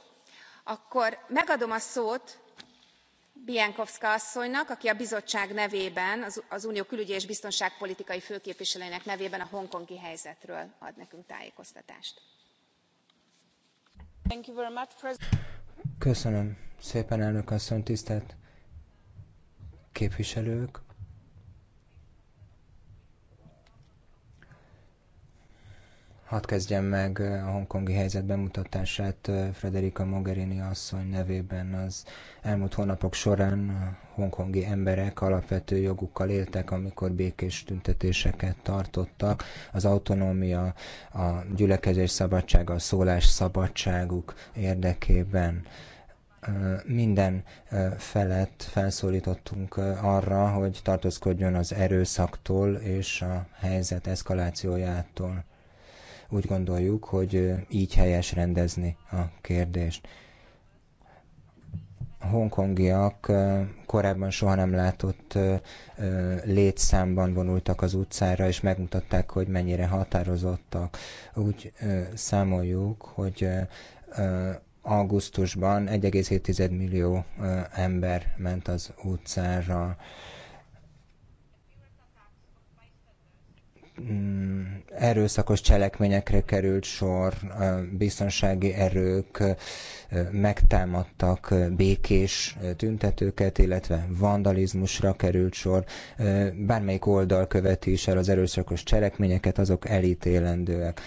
akkor megadom a szót biekowska asszonynak aki a bizottság nevében az unió külügyi és biztonságpolitikai főképviselőjének nevében a hongkongi helyzetről ad nekünk tájékoztatást. köszönöm szépen elnök asszony tisztelt képviselők! Hadd kezdjem meg a hongkongi helyzet bemutatását Frederica Mogherini asszony nevében. Az elmúlt hónapok során a hongkongi emberek alapvető jogukkal éltek, amikor békés tüntetéseket tartottak. Az autonómia, a gyülekezés szabadsága, a szólás szabadságuk érdekében minden felett felszólítottunk arra, hogy tartózkodjon az erőszaktól és a helyzet eszkalációjától úgy gondoljuk, hogy így helyes rendezni a kérdést. A hongkongiak korábban soha nem látott létszámban vonultak az utcára, és megmutatták, hogy mennyire határozottak. Úgy számoljuk, hogy augusztusban 1,7 millió ember ment az utcára. Mm, erőszakos cselekményekre került sor, biztonsági erők megtámadtak békés tüntetőket, illetve vandalizmusra került sor. Bármelyik oldal követi is el az erőszakos cselekményeket, azok elítélendőek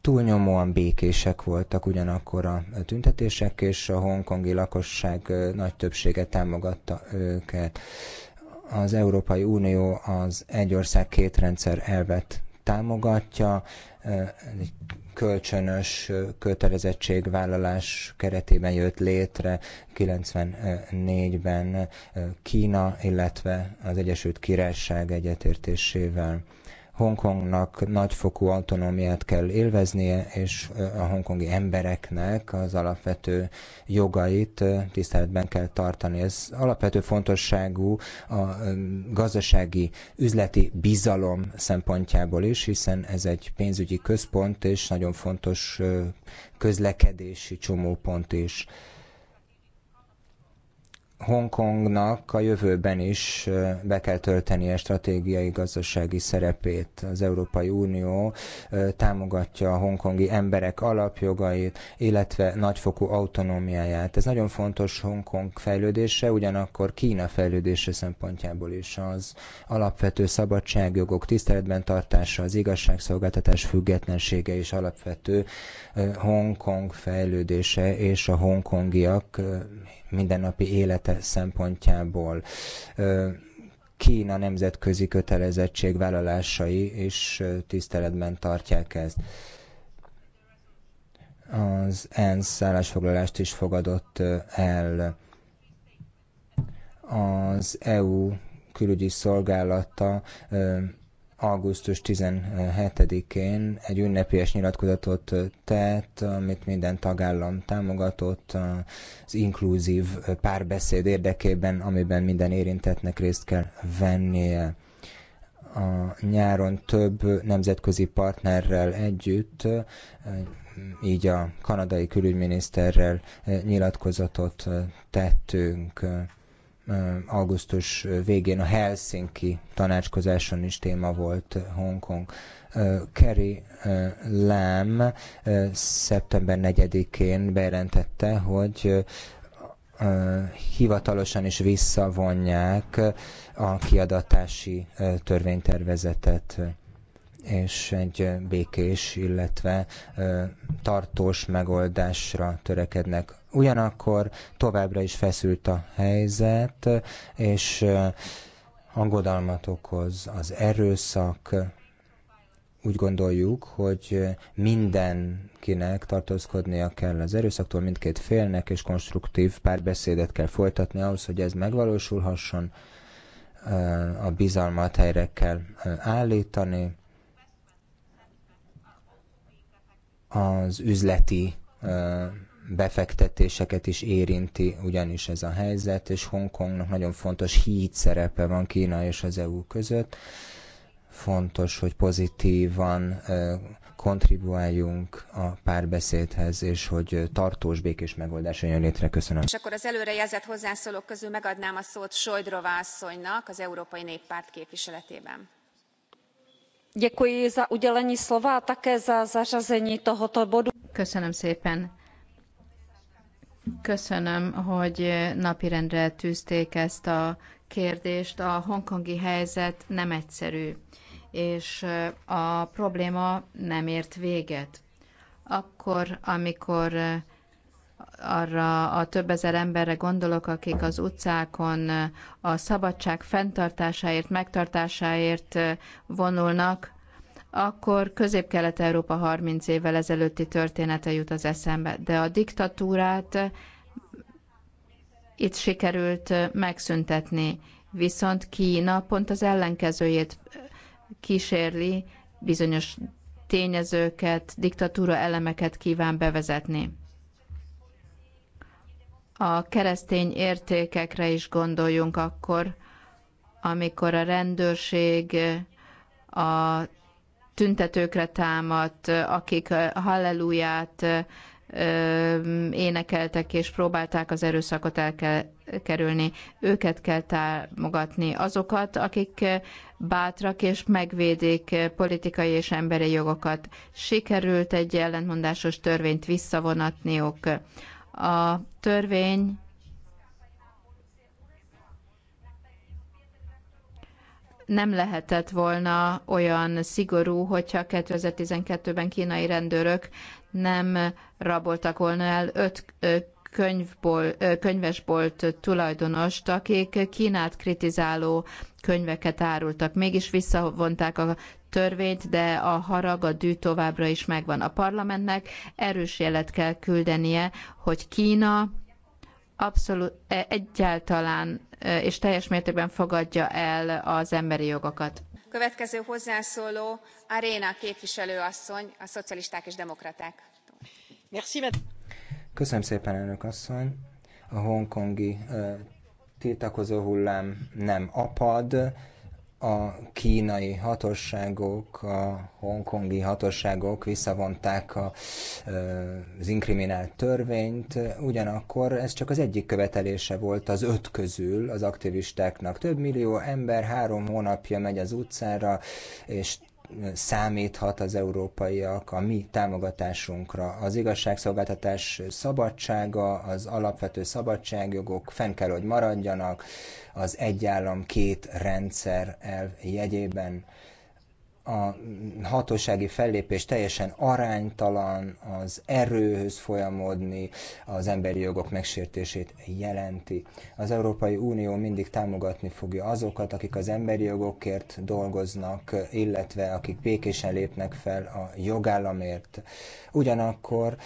túlnyomóan békések voltak ugyanakkor a tüntetések, és a hongkongi lakosság nagy többsége támogatta őket az Európai Unió az egy ország két rendszer elvet támogatja, egy kölcsönös kötelezettségvállalás keretében jött létre 94-ben Kína, illetve az Egyesült Királyság egyetértésével. Hongkongnak nagyfokú autonómiát kell élveznie, és a hongkongi embereknek az alapvető jogait tiszteletben kell tartani. Ez alapvető fontosságú a gazdasági, üzleti bizalom szempontjából is, hiszen ez egy pénzügyi központ, és nagyon fontos közlekedési csomópont is. Hongkongnak a jövőben is be kell töltenie stratégiai gazdasági szerepét. Az Európai Unió támogatja a hongkongi emberek alapjogait, illetve nagyfokú autonómiáját. Ez nagyon fontos Hongkong fejlődése, ugyanakkor Kína fejlődése szempontjából is az alapvető szabadságjogok tiszteletben tartása, az igazságszolgáltatás függetlensége és alapvető Hongkong fejlődése és a hongkongiak mindennapi élete szempontjából. Kína nemzetközi vállalásai is tiszteletben tartják ezt. Az ENSZ szállásfoglalást is fogadott el. Az EU külügyi szolgálata augusztus 17-én egy ünnepélyes nyilatkozatot tett, amit minden tagállam támogatott az inkluzív párbeszéd érdekében, amiben minden érintetnek részt kell vennie. A nyáron több nemzetközi partnerrel együtt, így a kanadai külügyminiszterrel nyilatkozatot tettünk augusztus végén a Helsinki tanácskozáson is téma volt Hongkong. Kerry Lam szeptember 4-én bejelentette, hogy hivatalosan is visszavonják a kiadatási törvénytervezetet és egy békés, illetve tartós megoldásra törekednek Ugyanakkor továbbra is feszült a helyzet, és aggodalmat okoz az erőszak, úgy gondoljuk, hogy mindenkinek tartózkodnia kell az erőszaktól, mindkét félnek, és konstruktív párbeszédet kell folytatni ahhoz, hogy ez megvalósulhasson, a bizalmat helyre kell állítani, az üzleti befektetéseket is érinti ugyanis ez a helyzet, és Hongkongnak nagyon fontos híd szerepe van Kína és az EU között. Fontos, hogy pozitívan kontribuáljunk a párbeszédhez, és hogy tartós békés megoldás jön létre. Köszönöm. És akkor az előrejelzett hozzászólók közül megadnám a szót Sojdrova asszonynak az Európai Néppárt képviseletében děkuji za udělení slova a také za zařazení tohoto bodu. köszönöm szépen Köszönöm, hogy napirendre tűzték ezt a kérdést. A hongkongi helyzet nem egyszerű, és a probléma nem ért véget. Akkor, amikor arra a több ezer emberre gondolok, akik az utcákon a szabadság fenntartásáért, megtartásáért vonulnak, akkor Közép-Kelet-Európa 30 évvel ezelőtti története jut az eszembe. De a diktatúrát eh, itt sikerült eh, megszüntetni, viszont Kína pont az ellenkezőjét eh, kísérli, bizonyos tényezőket, diktatúra elemeket kíván bevezetni. A keresztény értékekre is gondoljunk akkor, amikor a rendőrség, a tüntetőkre támadt, akik halleluját énekeltek és próbálták az erőszakot elkerülni. Őket kell támogatni. Azokat, akik bátrak és megvédik politikai és emberi jogokat. Sikerült egy ellentmondásos törvényt visszavonatniuk. A törvény nem lehetett volna olyan szigorú, hogyha 2012-ben kínai rendőrök nem raboltak volna el öt könyvból, könyvesbolt tulajdonost, akik Kínát kritizáló könyveket árultak. Mégis visszavonták a törvényt, de a harag, a dű továbbra is megvan a parlamentnek. Erős jelet kell küldenie, hogy Kína abszolút e, egyáltalán e, és teljes mértékben fogadja el az emberi jogokat. Következő hozzászóló Aréna képviselő asszony, a szocialisták és demokraták. Köszönöm szépen, elnök asszony. A hongkongi e, tiltakozó hullám nem apad, a kínai hatóságok, a hongkongi hatóságok visszavonták a, az inkriminált törvényt, ugyanakkor ez csak az egyik követelése volt az öt közül az aktivistáknak. Több millió ember három hónapja megy az utcára, és számíthat az európaiak a mi támogatásunkra. Az igazságszolgáltatás szabadsága, az alapvető szabadságjogok fenn kell, hogy maradjanak az egy állam két rendszer elv jegyében a hatósági fellépés teljesen aránytalan, az erőhöz folyamodni, az emberi jogok megsértését jelenti. Az Európai Unió mindig támogatni fogja azokat, akik az emberi jogokért dolgoznak, illetve akik békésen lépnek fel a jogállamért. Ugyanakkor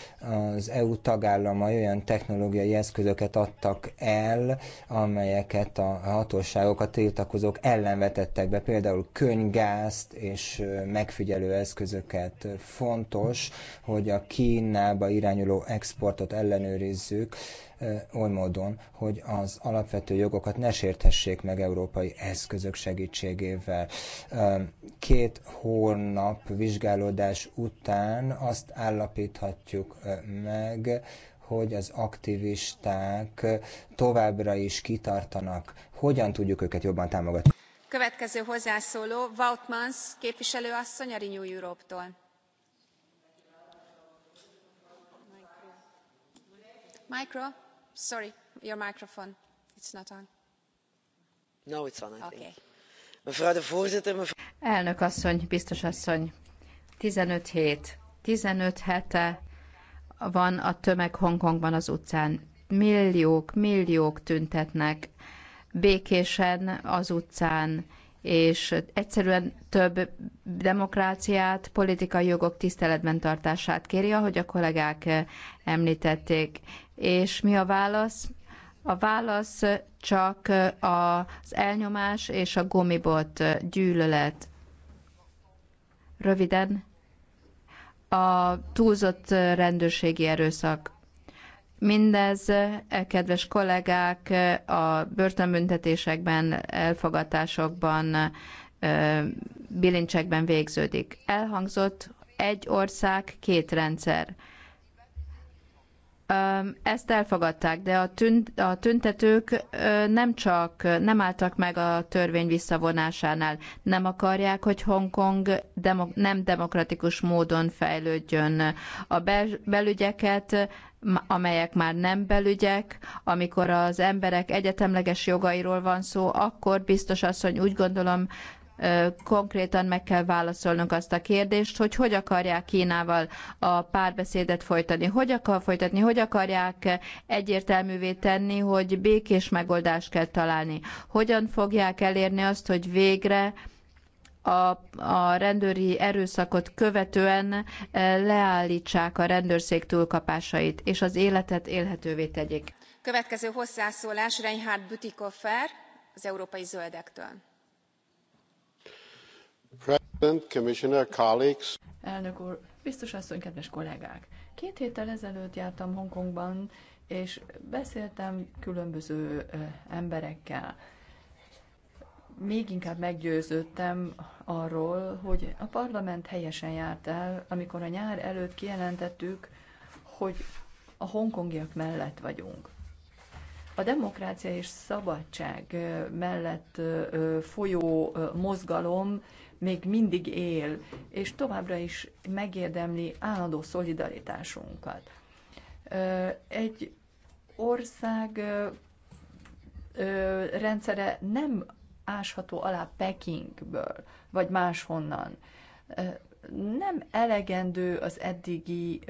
az EU tagállamai olyan technológiai eszközöket adtak el, amelyeket a hatóságok, a tiltakozók ellen vetettek be, például könygázt és megfigyelő eszközöket. Fontos, hogy a Kínába irányuló exportot ellenőrizzük, oly módon, hogy az alapvető jogokat ne sérthessék meg európai eszközök segítségével. Két hónap vizsgálódás után azt állapíthatjuk meg, hogy az aktivisták továbbra is kitartanak. Hogyan tudjuk őket jobban támogatni? Következő hozzászóló Vautmans képviselő asszony a Renew Europe-tól. Micro elnök asszony biztos asszony tizenöt hét tizenöt hete van a tömeg hongkongban az utcán milliók milliók tüntetnek békésen az utcán és egyszerűen több demokráciát, politikai jogok tiszteletben tartását kéri, ahogy a kollégák eh, említették. És mi a válasz? A válasz csak eh, az elnyomás és a gomibot eh, gyűlölet. Röviden, a túlzott rendőrségi erőszak. Mindez, eh, kedves kollégák, eh, a börtönbüntetésekben, elfogatásokban, eh, bilincsekben végződik. Elhangzott egy ország, két rendszer. Ezt elfogadták, de a, tünt, a tüntetők nem csak nem álltak meg a törvény visszavonásánál, nem akarják, hogy Hongkong nem demokratikus módon fejlődjön. A bel, belügyeket amelyek már nem belügyek, amikor az emberek egyetemleges jogairól van szó, akkor biztos asszony úgy gondolom, konkrétan meg kell válaszolnunk azt a kérdést, hogy hogy akarják Kínával a párbeszédet folytatni, hogy akar folytatni, hogy akarják egyértelművé tenni, hogy békés megoldást kell találni, hogyan fogják elérni azt, hogy végre a, a rendőri erőszakot követően eh, leállítsák a rendőrség túlkapásait, és az életet élhetővé tegyék. Következő hozzászólás Reinhard Bütikoffer az Európai Zöldektől. President, Commissioner, colleagues. Elnök úr, biztos asszony, kedves kollégák! Két héttel ezelőtt jártam Hongkongban, és beszéltem különböző eh, emberekkel még inkább meggyőződtem arról, hogy a parlament helyesen járt el, amikor a nyár előtt kijelentettük, hogy a hongkongiak mellett vagyunk. A demokrácia és szabadság mellett folyó mozgalom még mindig él, és továbbra is megérdemli állandó szolidaritásunkat. Egy ország rendszere nem ásható alá Pekingből, vagy máshonnan. Nem elegendő az eddigi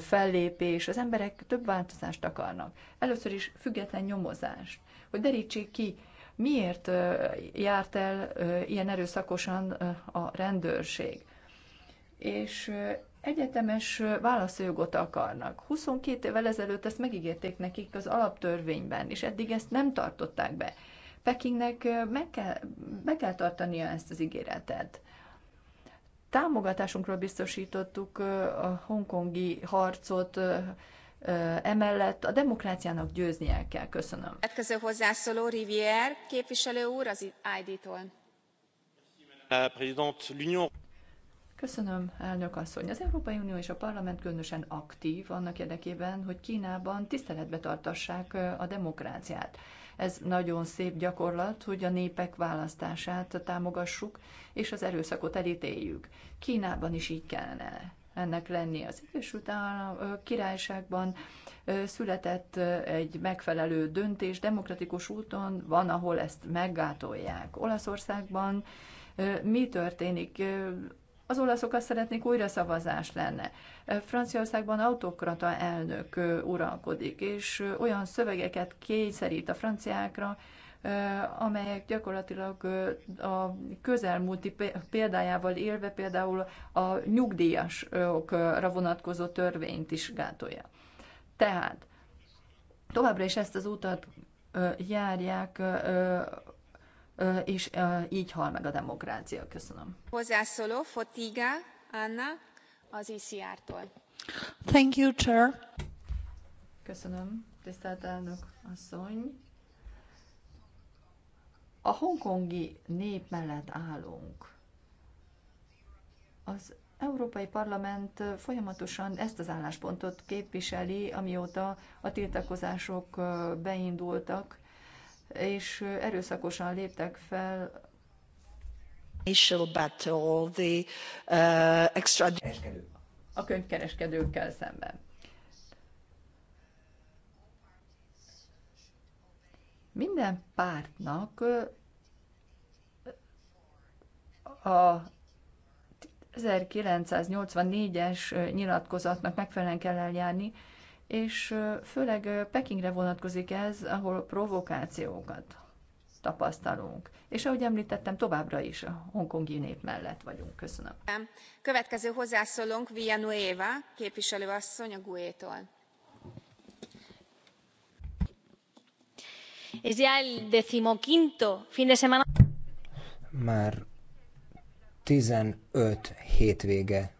fellépés, az emberek több változást akarnak. Először is független nyomozást, hogy derítsék ki, miért járt el ilyen erőszakosan a rendőrség. És egyetemes válaszjogot akarnak. 22 évvel ezelőtt ezt megígérték nekik az alaptörvényben, és eddig ezt nem tartották be. Pekingnek meg kell, meg kell tartania ezt az ígéretet. Támogatásunkról biztosítottuk a hongkongi harcot, emellett a demokráciának győznie kell. Köszönöm. Következő hozzászóló Rivière képviselő úr az ID-tól. Köszönöm, elnök asszony. Az Európai Unió és a Parlament különösen aktív annak érdekében, hogy Kínában tiszteletbe tartassák a demokráciát. Ez nagyon szép gyakorlat, hogy a népek választását támogassuk, és az erőszakot elítéljük. Kínában is így kellene ennek lenni. Az Egyesült Állam királyságban született egy megfelelő döntés demokratikus úton, van, ahol ezt meggátolják. Olaszországban mi történik? az olaszok azt szeretnék, újra szavazás lenne. Franciaországban autokrata elnök uralkodik, és olyan szövegeket kényszerít a franciákra, amelyek gyakorlatilag a közelmúlti példájával élve például a nyugdíjasokra vonatkozó törvényt is gátolja. Tehát továbbra is ezt az utat járják és így hal meg a demokrácia. Köszönöm. Hozzászóló Fotiga Anna az ICR-tól. Thank you, Chair. Köszönöm, tisztelt elnök asszony. A hongkongi nép mellett állunk. Az Európai Parlament folyamatosan ezt az álláspontot képviseli, amióta a tiltakozások beindultak és erőszakosan léptek fel uh, a könyvkereskedőkkel szemben. Minden pártnak uh, a 1984-es nyilatkozatnak megfelelően kell eljárni, és főleg Pekingre vonatkozik ez, ahol provokációkat tapasztalunk. És ahogy említettem, továbbra is a hongkongi nép mellett vagyunk. Köszönöm. Következő hozzászólónk Nueva, képviselőasszony a GUE-tól. Es ya el decimoquinto fin de semana. Már 15 hétvége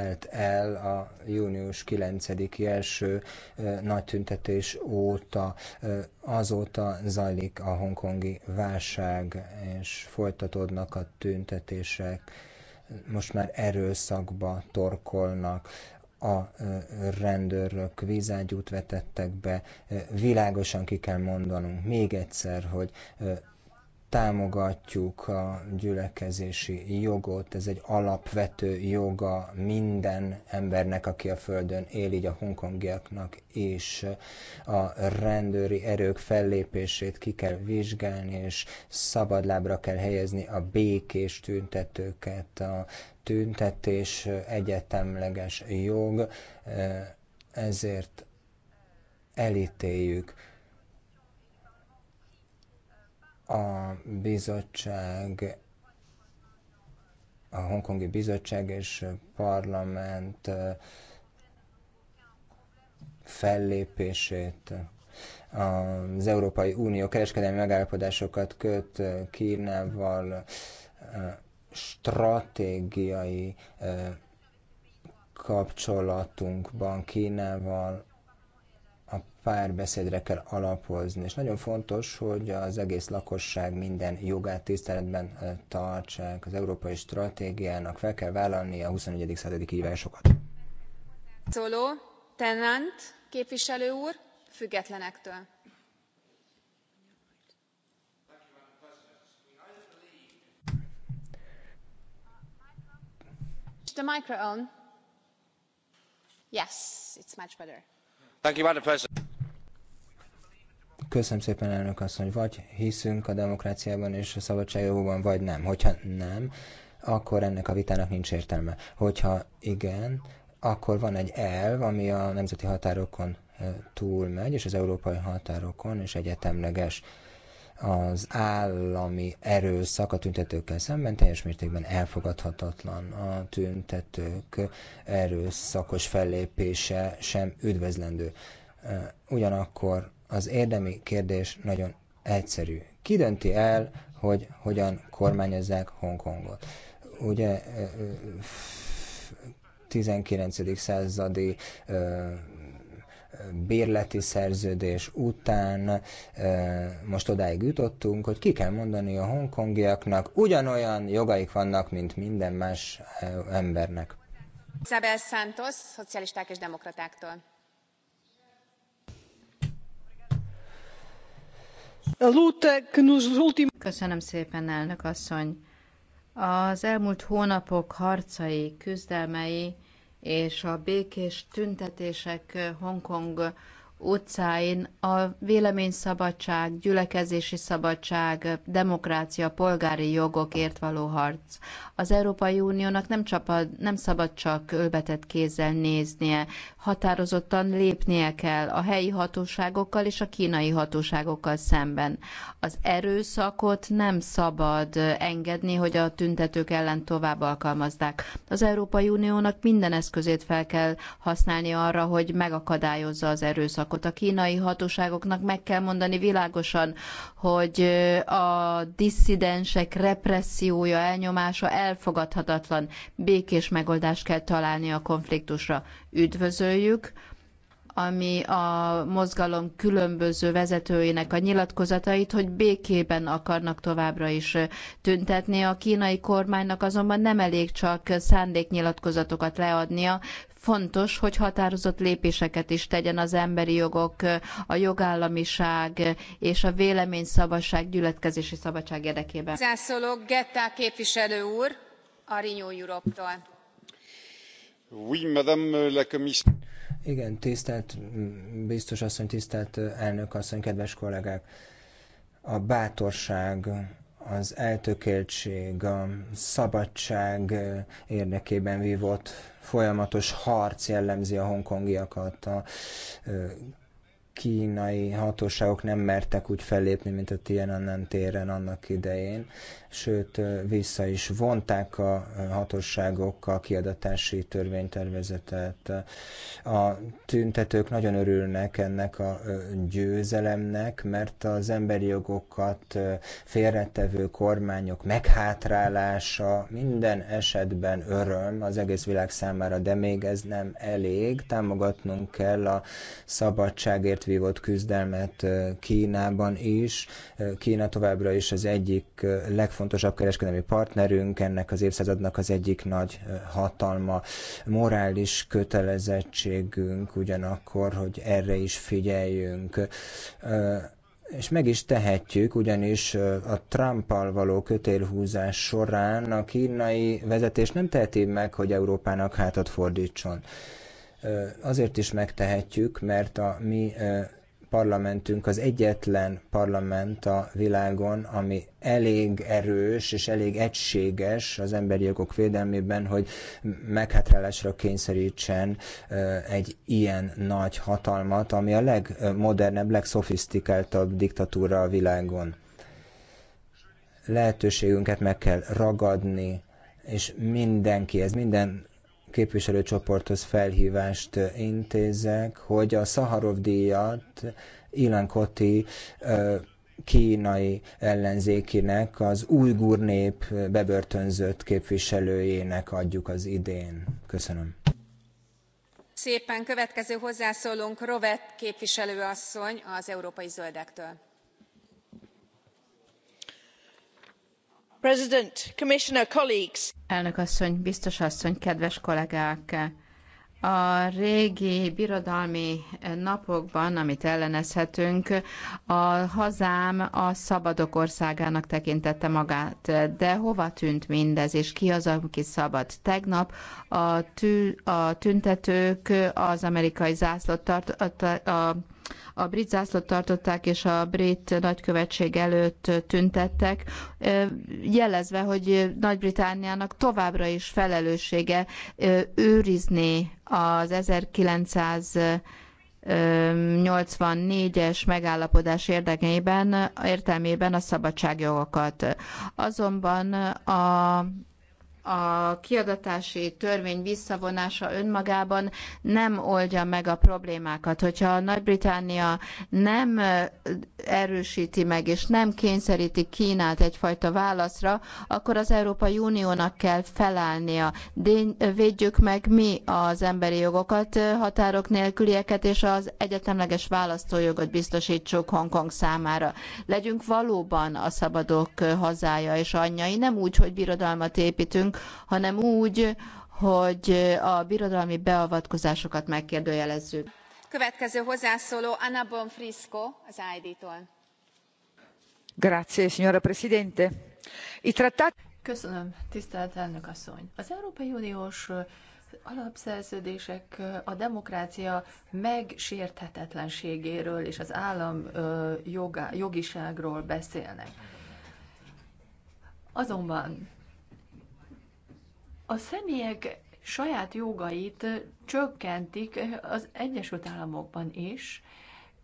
telt el a június 9-i első nagy tüntetés óta. Azóta zajlik a hongkongi válság, és folytatódnak a tüntetések. Most már erőszakba torkolnak a rendőrök vízágyút vetettek be. Világosan ki kell mondanunk még egyszer, hogy támogatjuk a gyülekezési jogot, ez egy alapvető joga minden embernek, aki a Földön él, így a hongkongiaknak is. A rendőri erők fellépését ki kell vizsgálni, és szabadlábra kell helyezni a békés tüntetőket, a tüntetés egyetemleges jog, ezért elítéljük a bizottság, a hongkongi bizottság és parlament fellépését az Európai Unió kereskedelmi megállapodásokat köt Kínával, stratégiai kapcsolatunkban Kínával a párbeszédre kell alapozni, és nagyon fontos, hogy az egész lakosság minden jogát tiszteletben eh, tartsák, az európai stratégiának fel kell vállalni a 21. századi kihívásokat. Szóló, Tennant képviselő úr, függetlenektől. The microphone. Yes, it's much better. Köszönöm szépen, elnök asszony. Vagy hiszünk a demokráciában és a szabadságjogokban, vagy nem. Hogyha nem, akkor ennek a vitának nincs értelme. Hogyha igen, akkor van egy elv, ami a nemzeti határokon eh, túlmegy, és az európai határokon, és egyetemleges az állami erőszak a tüntetőkkel szemben teljes mértékben elfogadhatatlan. A tüntetők erőszakos fellépése sem üdvözlendő. Ugyanakkor az érdemi kérdés nagyon egyszerű. Ki dönti el, hogy hogyan kormányozzák Hongkongot? Ugye 19. századi bérleti szerződés után most odáig jutottunk, hogy ki kell mondani a hongkongiaknak, ugyanolyan jogaik vannak, mint minden más embernek. Isabel Santos, szocialisták és demokratáktól. Köszönöm szépen, elnök asszony. Az elmúlt hónapok harcai, küzdelmei és a békés tüntetések Hongkong utcáin a véleményszabadság, gyülekezési szabadság, demokrácia, polgári jogokért való harc. Az Európai Uniónak nem, csapad, nem szabad csak ölbetett kézzel néznie, határozottan lépnie kell a helyi hatóságokkal és a kínai hatóságokkal szemben. Az erőszakot nem szabad engedni, hogy a tüntetők ellen tovább alkalmazzák. Az Európai Uniónak minden eszközét fel kell használni arra, hogy megakadályozza az erőszakot alkot. A kínai hatóságoknak meg kell mondani világosan, hogy a disszidensek repressziója, elnyomása elfogadhatatlan. Békés megoldást kell találni a konfliktusra. Üdvözöljük ami a mozgalom különböző vezetőinek a nyilatkozatait, hogy békében akarnak továbbra is tüntetni. A kínai kormánynak azonban nem elég csak szándéknyilatkozatokat leadnia, fontos, hogy határozott lépéseket is tegyen az emberi jogok, a jogállamiság és a véleményszabadság, gyülekezési szabadság érdekében. Zászolok Gettá képviselő úr, a Renew Europe-tól. Oui, madame la commissaire igen, tisztelt mm, biztos asszony, tisztelt elnök asszony, kedves kollégák. A bátorság, az eltökéltség, a szabadság érdekében vívott folyamatos harc jellemzi a hongkongiakat. A kínai hatóságok nem mertek úgy fellépni, mint a Tiananmen téren annak idején sőt vissza is vonták a hatóságok a kiadatási törvénytervezetet. A tüntetők nagyon örülnek ennek a győzelemnek, mert az emberi jogokat félretevő kormányok meghátrálása minden esetben öröm az egész világ számára, de még ez nem elég. Támogatnunk kell a szabadságért vívott küzdelmet Kínában is. Kína továbbra is az egyik legfontosabb legfontosabb kereskedelmi partnerünk, ennek az évszázadnak az egyik nagy hatalma. Morális kötelezettségünk ugyanakkor, hogy erre is figyeljünk és meg is tehetjük, ugyanis a Trumpal való kötélhúzás során a kínai vezetés nem teheti meg, hogy Európának hátat fordítson. Azért is megtehetjük, mert a mi parlamentünk az egyetlen parlament a világon, ami elég erős és elég egységes az emberi jogok védelmében, hogy meghátrálásra kényszerítsen egy ilyen nagy hatalmat, ami a legmodernebb, legszofisztikáltabb diktatúra a világon. Lehetőségünket meg kell ragadni, és mindenki ez minden képviselőcsoporthoz felhívást intézek, hogy a Szaharov díjat Ilan Koti kínai ellenzékinek, az újgur nép bebörtönzött képviselőjének adjuk az idén. Köszönöm. Szépen következő hozzászólunk, Rovet képviselő asszony az Európai Zöldektől Elnök asszony, biztos asszony, kedves kollégák! A régi birodalmi napokban, amit ellenezhetünk, a hazám a szabadok országának tekintette magát. De hova tűnt mindez, és ki az, aki szabad? Tegnap a, tű, a tüntetők az amerikai zászlót tartották. a, a, a a brit zászlót tartották, és a brit nagykövetség előtt tüntettek, jelezve, hogy Nagy-Britániának továbbra is felelőssége őrizni az 1900 84-es megállapodás érdekében, értelmében a szabadságjogokat. Azonban a a kiadatási törvény visszavonása önmagában nem oldja meg a problémákat. Hogyha a Nagy-Britannia nem erősíti meg és nem kényszeríti Kínát egyfajta válaszra, akkor az Európai Uniónak kell felállnia. Védjük meg mi az emberi jogokat, határok nélkülieket és az egyetemleges választójogot biztosítsuk Hongkong számára. Legyünk valóban a szabadok hazája és anyjai, nem úgy, hogy birodalmat építünk, tudunk, hanem úgy, hogy a birodalmi beavatkozásokat megkérdőjelezzük. Következő hozzászóló Anna Bonfrisco az ID-tól. Grazie, signora Presidente. I trattati... Köszönöm, tisztelt elnök asszony. Az Európai Uniós alapszerződések a demokrácia megsérthetetlenségéről és az állam jogiságról beszélnek. Azonban a személyek saját jogait csökkentik az Egyesült Államokban is,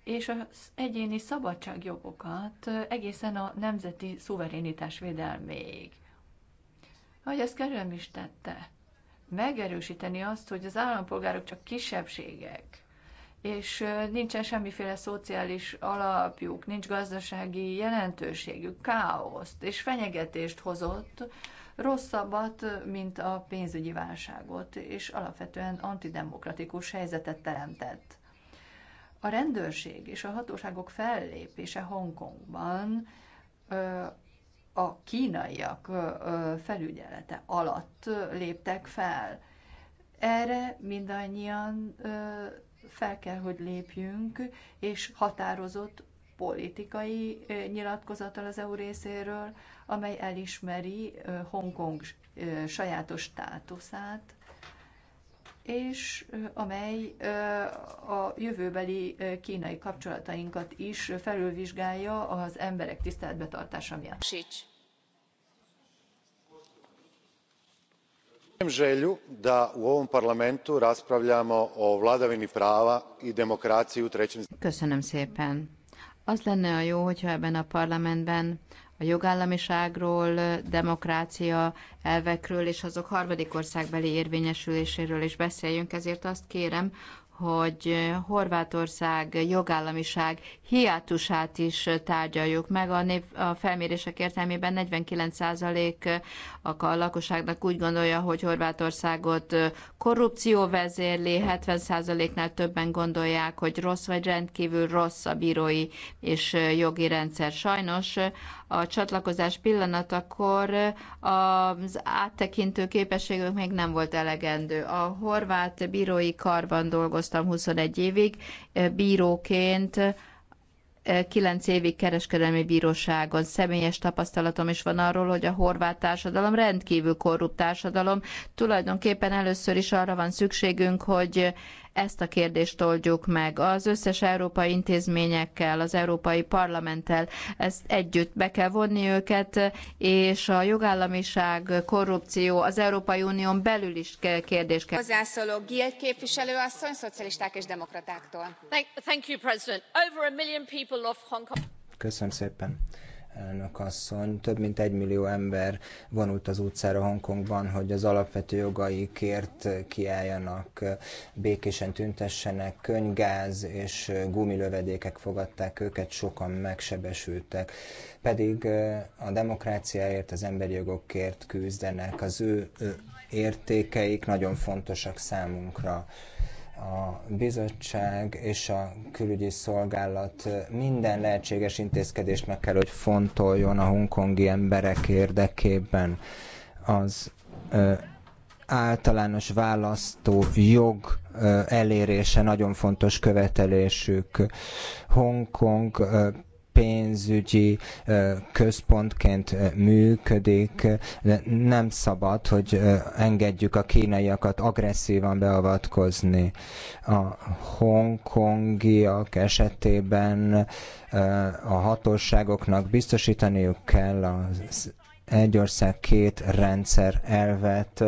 és az egyéni szabadságjogokat egészen a nemzeti szuverenitás védelméig. Hogy ezt kerülem is tette, megerősíteni azt, hogy az állampolgárok csak kisebbségek, és nincsen semmiféle szociális alapjuk, nincs gazdasági jelentőségük, káoszt és fenyegetést hozott rosszabbat, mint a pénzügyi válságot, és alapvetően antidemokratikus helyzetet teremtett. A rendőrség és a hatóságok fellépése Hongkongban a kínaiak felügyelete alatt léptek fel. Erre mindannyian fel kell, hogy lépjünk, és határozott politikai nyilatkozattal az EU részéről, amely elismeri Hongkong sajátos státuszát, és amely a jövőbeli kínai kapcsolatainkat is felülvizsgálja az emberek tartása miatt. Sics. imam želju da u ovom parlamentu raspravljamo o vladavini prava i demokraciji u trećim. Köszönöm szépen. Az lenne a jó, hogyha ebben a parlamentben a jogállamiságról, demokrácia elvekről és azok harmadik országbeli érvényesüléséről is beszéljünk, ezért azt kérem, hogy Horvátország jogállamiság hiátusát is tárgyaljuk meg. A, nép, a felmérések értelmében 49% a lakosságnak úgy gondolja, hogy Horvátországot korrupció vezérli, 70%-nál többen gondolják, hogy rossz vagy rendkívül rossz a bírói és jogi rendszer. Sajnos a csatlakozás pillanatakor az áttekintő képességünk még nem volt elegendő. A horvát bírói karban dolgoztam 21 évig, bíróként 9 eh, évig kereskedelmi bíróságon. Személyes tapasztalatom is van arról, hogy a horvát társadalom rendkívül korrupt társadalom. Tulajdonképpen először is arra van szükségünk, hogy ezt a kérdést oldjuk meg. Az összes európai intézményekkel, az Európai Parlamenttel ezt együtt be kell vonni őket, és a jogállamiság, korrupció az Európai Unión belül is kérdés kell. Hozzászóló Gill képviselő asszony, szocialisták és demokratáktól. Thank you, President. Over a million people Hong Kong. Köszönöm szépen elnök asszony. Több mint egy millió ember vonult az utcára Hongkongban, hogy az alapvető jogaikért kiálljanak, békésen tüntessenek, könygáz és gumilövedékek fogadták őket, sokan megsebesültek. Pedig a demokráciáért, az emberi jogokért küzdenek, az ő értékeik nagyon fontosak számunkra a bizottság és a külügyi szolgálat minden lehetséges intézkedést meg kell, hogy fontoljon a hongkongi emberek érdekében. Az ö, általános választó jog elérése nagyon fontos követelésük. Hongkong pénzügyi központként működik, nem szabad, hogy engedjük a kínaiakat agresszívan beavatkozni. A hongkongiak esetében a hatóságoknak biztosítaniuk kell az egy ország két rendszer elvet,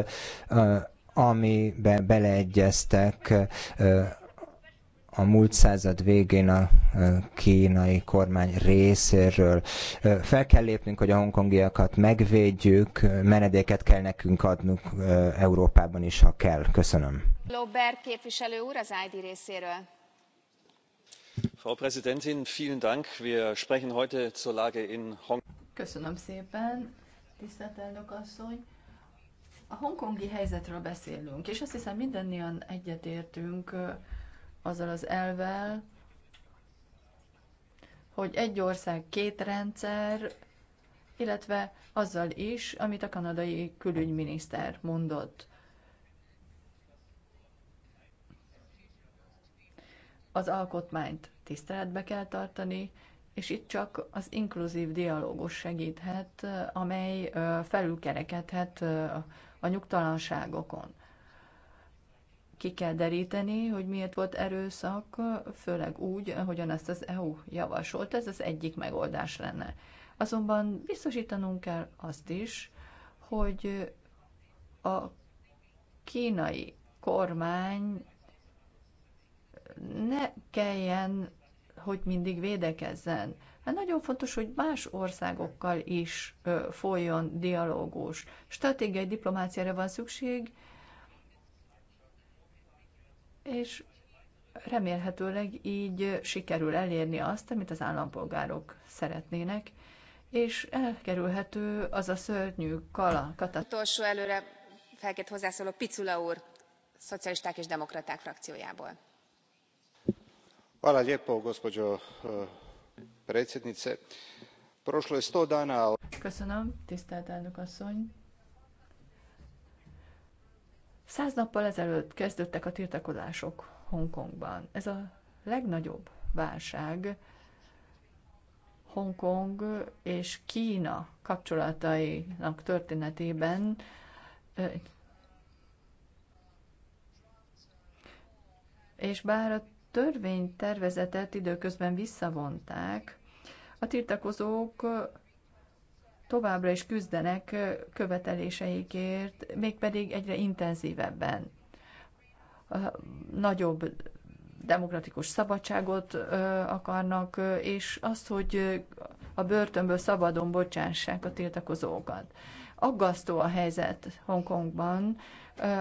amiben beleegyeztek a múlt század végén a kínai kormány részéről. Fel kell lépnünk, hogy a hongkongiakat megvédjük, menedéket kell nekünk adnunk Európában is, ha kell. Köszönöm. Lobber képviselő úr az ID részéről. Frau Präsidentin, vielen Dank. Wir sprechen heute zur Lage in Hong Köszönöm szépen, tisztelt elnök asszony. A hongkongi helyzetről beszélünk, és azt hiszem mindannyian egyetértünk, azzal az elvel, hogy egy ország, két rendszer, illetve azzal is, amit a kanadai külügyminiszter mondott. Az alkotmányt tiszteletbe kell tartani, és itt csak az inkluzív dialógus segíthet, amely felülkerekedhet a nyugtalanságokon. Ki kell deríteni, hogy miért volt erőszak, főleg úgy, ahogyan ezt az EU javasolt, ez az egyik megoldás lenne. Azonban biztosítanunk kell azt is, hogy a kínai kormány ne kelljen, hogy mindig védekezzen. Hát nagyon fontos, hogy más országokkal is folyjon dialógus. Stratégiai diplomáciára van szükség, és remélhetőleg így sikerül elérni azt, amit az állampolgárok szeretnének, és elkerülhető az a szörnyű kala. Kata... Utolsó előre felkért hozzászóló Picula úr, szocialisták és demokraták frakciójából. Hvala lijepo, gospođo eh, predsjednice. Prošlo je 100 dana... Köszönöm, tisztelt elnök asszony. Száz nappal ezelőtt kezdődtek a tiltakozások Hongkongban. Ez a legnagyobb válság Hongkong és Kína kapcsolatainak történetében és bár a törvénytervezetet időközben visszavonták, a tiltakozók továbbra is küzdenek követeléseikért, mégpedig egyre intenzívebben. Nagyobb demokratikus szabadságot akarnak, és azt, hogy a börtönből szabadon bocsássák a tiltakozókat. Aggasztó a helyzet Hongkongban.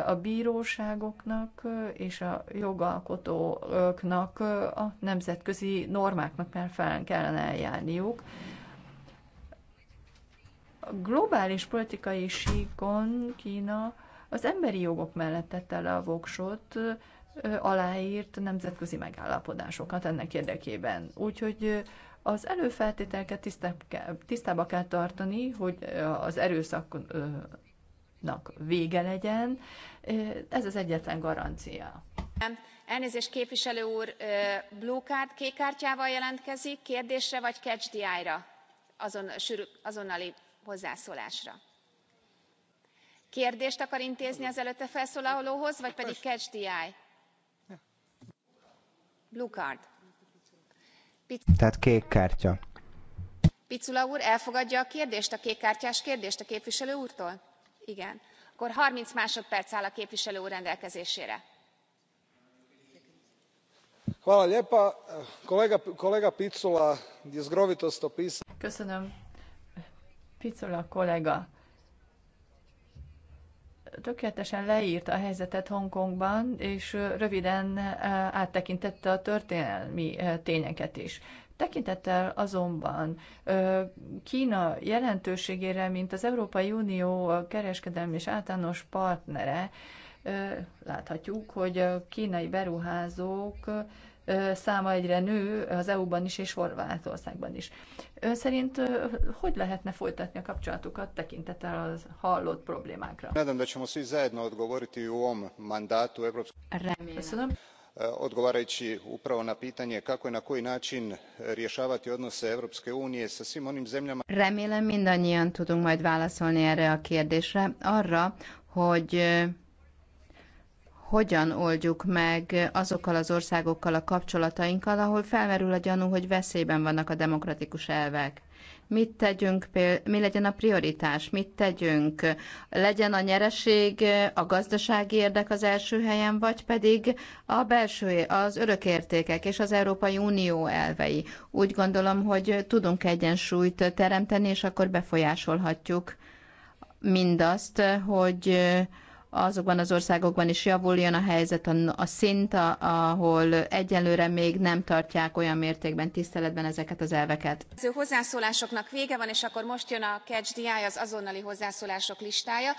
A bíróságoknak és a jogalkotóknak a nemzetközi normáknak már fel kellene eljárniuk a globális politikai síkon Kína az emberi jogok mellett tette le a voksot, aláírt nemzetközi megállapodásokat ennek érdekében. Úgyhogy az előfeltételeket tisztába kell tartani, hogy az erőszaknak vége legyen. Ez az egyetlen garancia. Elnézést, képviselő úr, blue card, kék kártyával jelentkezik, kérdésre vagy catch the eye-ra? Azon, sűrű, azonnali hozzászólásra. kérdést akar intézni az előtte felszólalóhoz vagy pedig catch the eye? blue card. Pic tehát kék kártya. picula úr elfogadja a kérdést a kék kártyás kérdést a képviselő úrtól? igen. akkor 30 másodperc áll a képviselő úr rendelkezésére. Köszönöm Picola kollega tökéletesen leírta a helyzetet Hongkongban, és röviden áttekintette a történelmi tényeket is. Tekintettel azonban Kína jelentőségére, mint az Európai Unió kereskedelmi és általános partnere, láthatjuk, hogy a kínai beruházók száma egyre nő az EU-ban is és Horvátországban is. Ön szerint hogy lehetne folytatni a kapcsolatukat tekintettel az hallott problémákra? Nadam da Remélem. E, odgovarajući upravo na pitanje kako i na koji način rješavati odnose Europske unije sa svim onim zemljama. Remélem mindannyian tudunk majd válaszolni erre a kérdésre, arra, hogy hogyan oldjuk meg azokkal az országokkal a kapcsolatainkkal, ahol felmerül a gyanú, hogy veszélyben vannak a demokratikus elvek. Mit tegyünk, mi legyen a prioritás, mit tegyünk, legyen a nyereség, a gazdasági érdek az első helyen, vagy pedig a belső, az örökértékek és az Európai Unió elvei. Úgy gondolom, hogy tudunk egyensúlyt teremteni, és akkor befolyásolhatjuk mindazt, hogy azokban az országokban is javuljon a helyzet, a, a szint, ahol egyelőre még nem tartják olyan mértékben tiszteletben ezeket az elveket. A hozzászólásoknak vége van, és akkor most jön a Catch the Eye, az azonnali hozzászólások listája.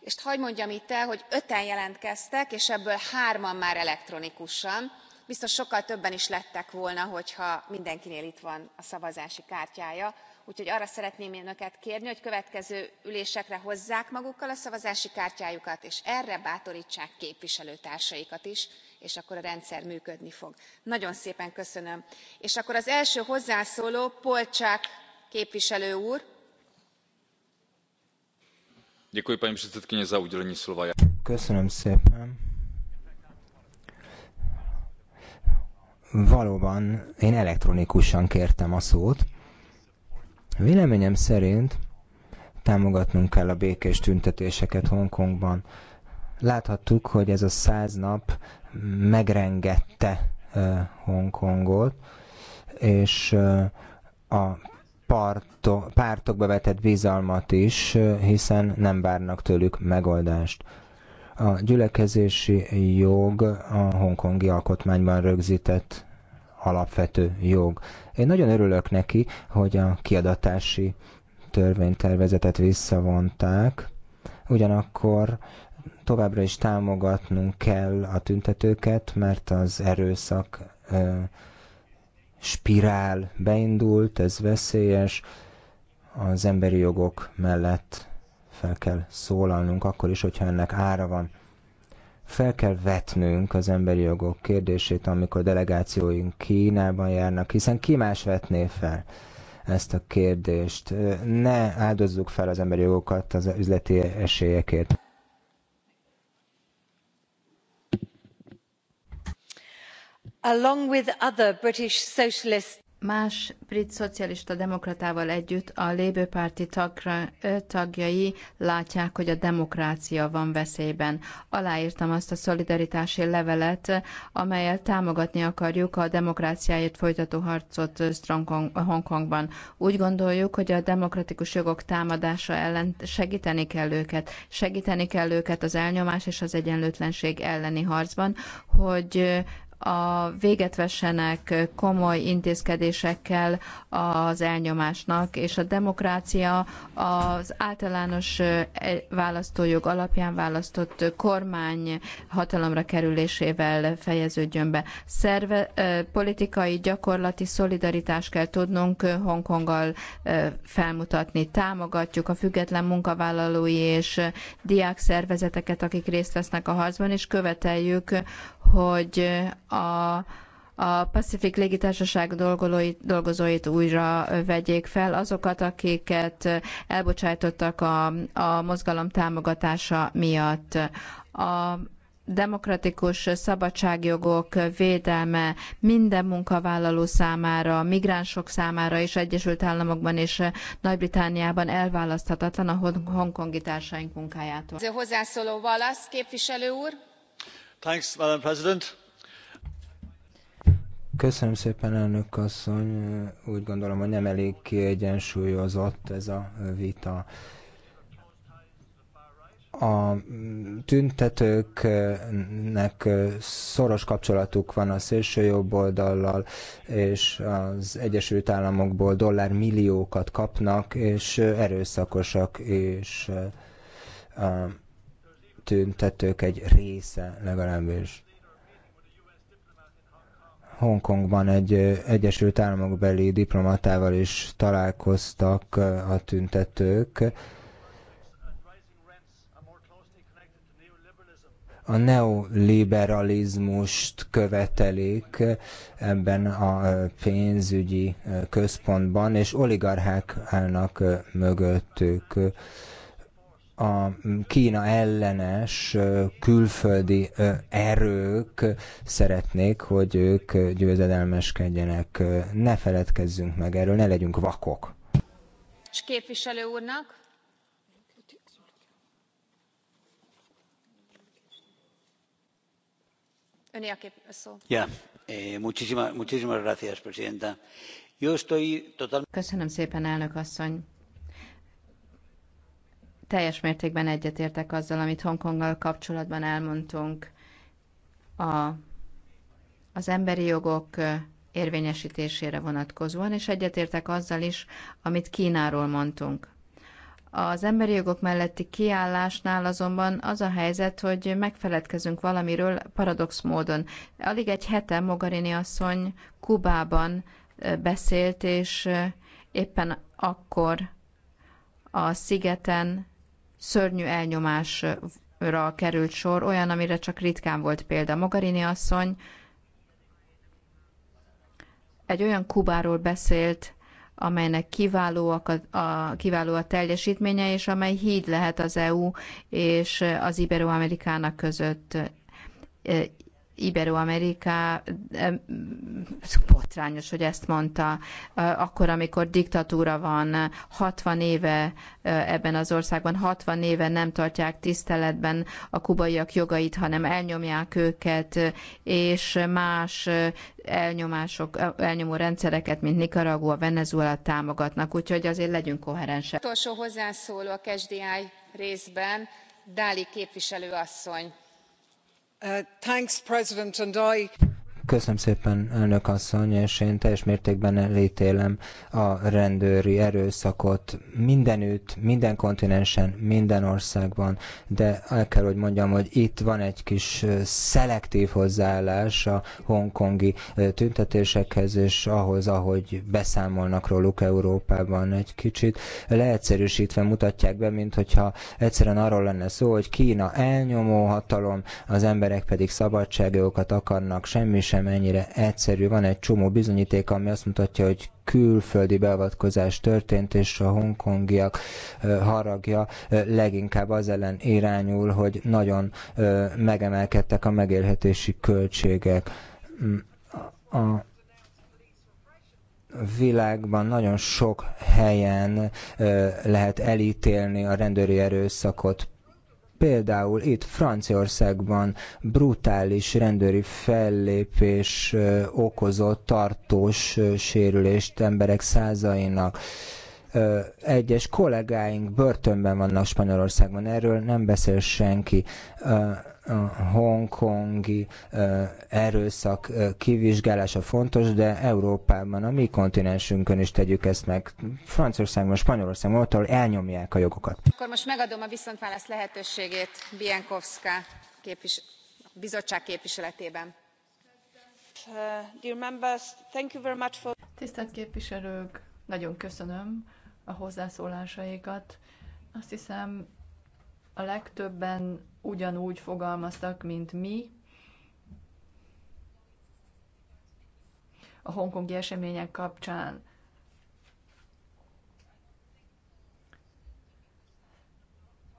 És hagyd mondjam itt el, hogy öten jelentkeztek, és ebből hárman már elektronikusan. Biztos sokkal többen is lettek volna, hogyha mindenkinél itt van a szavazási kártyája úgyhogy arra szeretném én önöket kérni hogy következő ülésekre hozzák magukkal a szavazási kártyájukat és erre bátortsák képviselőtársaikat is és akkor a rendszer működni fog. nagyon szépen köszönöm. és akkor az első hozzászóló polk képviselő úr. köszönöm szépen. valóban én elektronikusan kértem a szót Véleményem szerint támogatnunk kell a békés tüntetéseket Hongkongban. Láthattuk, hogy ez a száz nap megrengette Hongkongot, és a parto, pártokba vetett bizalmat is, hiszen nem várnak tőlük megoldást. A gyülekezési jog a hongkongi alkotmányban rögzített alapvető jog. Én nagyon örülök neki, hogy a kiadatási törvénytervezetet visszavonták, ugyanakkor továbbra is támogatnunk kell a tüntetőket, mert az erőszak ö, spirál beindult, ez veszélyes, az emberi jogok mellett fel kell szólalnunk, akkor is, hogyha ennek ára van fel kell vetnünk az emberi jogok kérdését, amikor delegációink Kínában járnak, hiszen ki más vetné fel ezt a kérdést? Ne áldozzuk fel az emberi jogokat az üzleti esélyekért. Along with other British socialist más brit szocialista demokratával együtt a lébőpárti párti tagra, tagjai látják, hogy a demokrácia van veszélyben. Aláírtam azt a szolidaritási levelet, amelyel támogatni akarjuk a demokráciáért folytató harcot Hongkongban. Úgy gondoljuk, hogy a demokratikus jogok támadása ellen segíteni kell őket. Segíteni kell őket az elnyomás és az egyenlőtlenség elleni harcban, hogy a véget vessenek komoly intézkedésekkel az elnyomásnak, és a demokrácia az általános e, választójog alapján választott kormány hatalomra kerülésével fejeződjön be. Szerve, politikai, gyakorlati szolidaritást kell tudnunk Hongkonggal felmutatni. Támogatjuk a független munkavállalói és diák szervezeteket, akik részt vesznek a harcban, és követeljük, hogy a, a Pacific légitársaság dolgozóit, dolgozóit újra vegyék fel, azokat, akiket elbocsájtottak a, a mozgalom támogatása miatt. A, demokratikus szabadságjogok védelme minden munkavállaló számára, migránsok számára és Egyesült Államokban és Nagy-Britániában elválaszthatatlan a hongkongi társaink munkájától. Hozzászóló válasz képviselő úr madam president Köszönöm szépen, elnök asszony. Úgy gondolom, hogy nem elég kiegyensúlyozott ez a vita. A tüntetőknek szoros kapcsolatuk van a szélső jobb oldallal, és az Egyesült Államokból dollármilliókat kapnak, és erőszakosak, és tüntetők egy része legalábbis. Hongkongban egy Egyesült Államok beli diplomatával is találkoztak a tüntetők. A neoliberalizmust követelik ebben a pénzügyi központban, és oligarchák állnak mögöttük a Kína ellenes külföldi erők szeretnék, hogy ők győzedelmeskedjenek. Ne feledkezzünk meg erről, ne legyünk vakok. És képviselő úrnak? Öné a kép szó. Yeah. Eh, muchísimas, muchísimas gracias, presidenta. Yo estoy total... Köszönöm szépen, elnök asszony teljes mértékben egyetértek azzal, amit Hongkonggal kapcsolatban elmondtunk. A, az emberi jogok érvényesítésére vonatkozóan, és egyetértek azzal is, amit Kínáról mondtunk. Az emberi jogok melletti kiállásnál azonban az a helyzet, hogy megfeledkezünk valamiről paradox módon. Alig egy hete Mogarini asszony Kubában beszélt, és éppen akkor a szigeten szörnyű elnyomásra került sor, olyan, amire csak ritkán volt példa. Mogherini asszony egy olyan Kubáról beszélt, amelynek kiválóak a, a, kiváló a teljesítménye, és amely híd lehet az EU és az Ibero-Amerikának között Iberoamerika botrányos, hogy ezt mondta, akkor, amikor diktatúra van, 60 éve ebben az országban, 60 éve nem tartják tiszteletben a kubaiak jogait, hanem elnyomják őket, és más elnyomások, elnyomó rendszereket, mint Nicaragua, Venezuela támogatnak, úgyhogy azért legyünk koherensek. Utolsó hozzászóló a KSDI részben, Dáli képviselő asszony madam uh, president i. Köszönöm szépen, elnök asszony, és én teljes mértékben elítélem a rendőri erőszakot mindenütt, minden kontinensen, minden országban, de el kell, hogy mondjam, hogy itt van egy kis szelektív hozzáállás a hongkongi tüntetésekhez, és ahhoz, ahogy beszámolnak róluk Európában egy kicsit, leegyszerűsítve mutatják be, mint hogyha egyszerűen arról lenne szó, hogy Kína elnyomó hatalom, az emberek pedig szabadságjogokat akarnak, semmi sem nem ennyire egyszerű. Van egy csomó bizonyíték, ami azt mutatja, hogy külföldi beavatkozás történt, és a hongkongiak haragja leginkább az ellen irányul, hogy nagyon megemelkedtek a megélhetési költségek. Mm, a világban nagyon sok helyen lehet elítélni a rendőri erőszakot, Például itt Franciaországban brutális rendőri fellépés okozott tartós sérülést emberek százainak egyes kollégáink börtönben vannak Spanyolországban, erről nem beszél senki hongkongi erőszak kivizsgálása fontos, de Európában, a mi kontinensünkön is tegyük ezt meg. Franciaországban, Spanyolországban, ott, ahol elnyomják a jogokat. Akkor most megadom a viszontválasz lehetőségét Bienkowska képvis- bizottság képviseletében. Uh, Tisztelt képviselők, nagyon köszönöm a hozzászólásaikat. Azt hiszem, a legtöbben ugyanúgy fogalmaztak, mint mi. A hongkongi események kapcsán.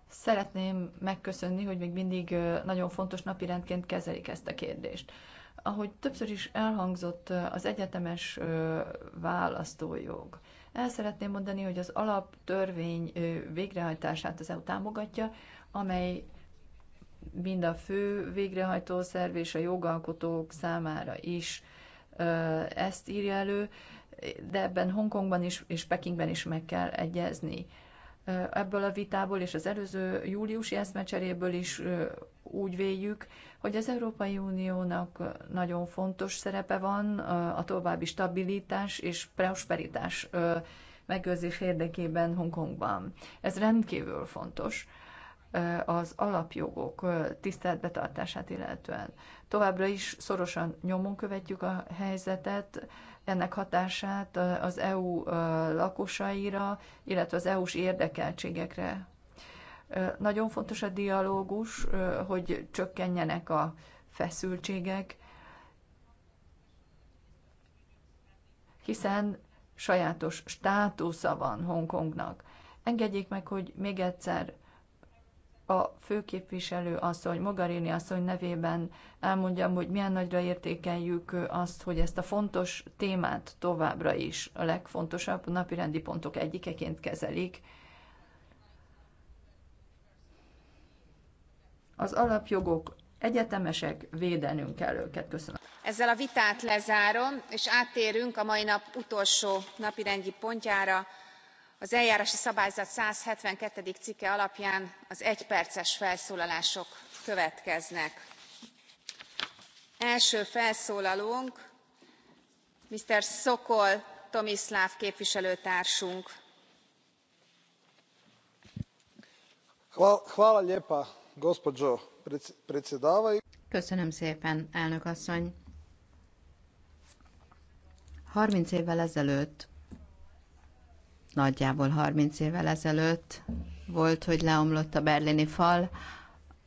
Szeretném megköszönni, hogy még mindig nagyon fontos napirendként kezelik ezt a kérdést ahogy többször is elhangzott, az egyetemes választójog. El szeretném mondani, hogy az alaptörvény végrehajtását az EU támogatja, amely mind a fő végrehajtó szerv és a jogalkotók számára is ezt írja elő, de ebben Hongkongban is és Pekingben is meg kell egyezni ebből a vitából és az előző júliusi eszmecseréből is úgy véljük, hogy az Európai Uniónak nagyon fontos szerepe van a további stabilitás és prosperitás megőrzés érdekében Hongkongban. Ez rendkívül fontos az alapjogok tisztelt betartását illetően. Továbbra is szorosan nyomon követjük a helyzetet, ennek hatását az EU lakosaira, illetve az EU-s érdekeltségekre. Nagyon fontos a dialógus, hogy csökkenjenek a feszültségek, hiszen sajátos státusza van Hongkongnak. Engedjék meg, hogy még egyszer a főképviselő asszony, Mogarini asszony nevében elmondjam, hogy milyen nagyra értékeljük azt, hogy ezt a fontos témát továbbra is a legfontosabb napirendi pontok egyikeként kezelik. Az alapjogok egyetemesek, védenünk kell őket. Köszönöm. Ezzel a vitát lezárom, és áttérünk a mai nap utolsó napirendi pontjára, az eljárási szabályzat one hundred and seventy two cikke alapján az egyperces felszólalások következnek. első felszólalónk mr sokol tomislav képviselőtársunk. gospođo predsjednice thirty évvel ezelőtt Nagyjából 30 évvel ezelőtt volt, hogy leomlott a berlini fal,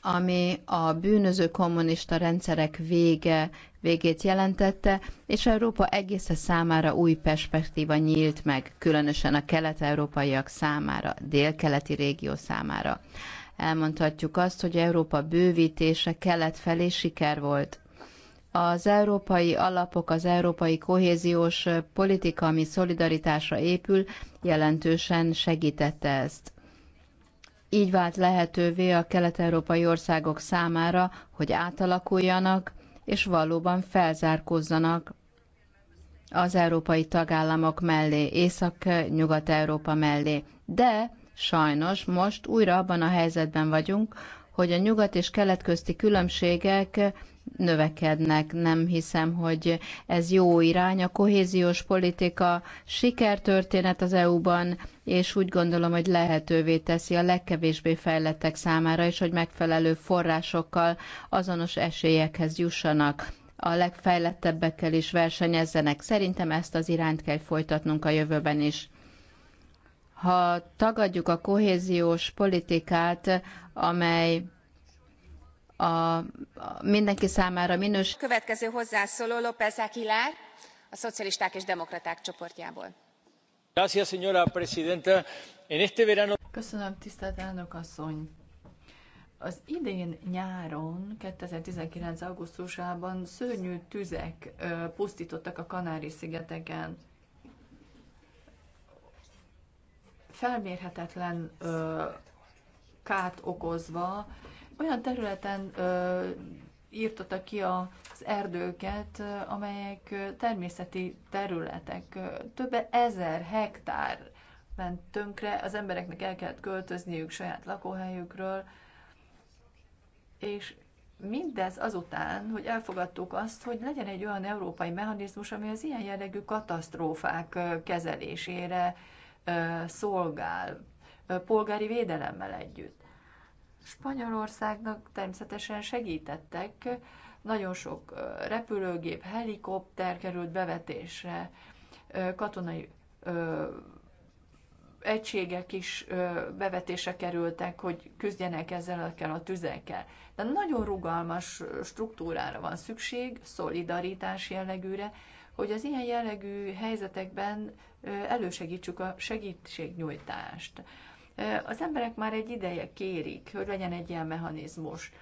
ami a bűnöző kommunista rendszerek vége, végét jelentette, és Európa egésze számára új perspektíva nyílt meg, különösen a kelet-európaiak számára, dél-keleti régió számára. Elmondhatjuk azt, hogy Európa bővítése kelet felé siker volt. Az európai alapok, az európai kohéziós politika, ami szolidaritásra épül, jelentősen segítette ezt. Így vált lehetővé a kelet-európai országok számára, hogy átalakuljanak és valóban felzárkózzanak az európai tagállamok mellé, Észak-Nyugat-Európa mellé. De sajnos most újra abban a helyzetben vagyunk, hogy a nyugat és kelet közti különbségek növekednek. Nem hiszem, hogy ez jó irány. A kohéziós politika sikertörténet az EU-ban, és úgy gondolom, hogy lehetővé teszi a legkevésbé fejlettek számára is, hogy megfelelő forrásokkal azonos esélyekhez jussanak a legfejlettebbekkel is versenyezzenek. Szerintem ezt az irányt kell folytatnunk a jövőben is. Ha tagadjuk a kohéziós politikát, amely a, mindenki számára minős. Következő hozzászóló López Aguilar, a szocialisták és demokraták csoportjából. Gracias, señora presidenta. En este verano... Köszönöm, tisztelt elnök asszony. Az idén nyáron, 2019. augusztusában szörnyű tüzek ö, pusztítottak a Kanári-szigeteken. Felmérhetetlen ö, kárt okozva, olyan területen ö, írtotta ki az erdőket, amelyek természeti területek. Több ezer hektár ment tönkre, az embereknek el kellett költözniük saját lakóhelyükről, és mindez azután, hogy elfogadtuk azt, hogy legyen egy olyan európai mechanizmus, ami az ilyen jellegű katasztrófák kezelésére szolgál, polgári védelemmel együtt. Spanyolországnak természetesen segítettek, nagyon sok repülőgép, helikopter került bevetésre, katonai egységek is bevetése kerültek, hogy küzdjenek kell a tüzekkel. De nagyon rugalmas struktúrára van szükség, szolidaritás jellegűre, hogy az ilyen jellegű helyzetekben elősegítsük a segítségnyújtást. Az emberek már egy ideje kérik, hogy legyen egy ilyen mechanizmus.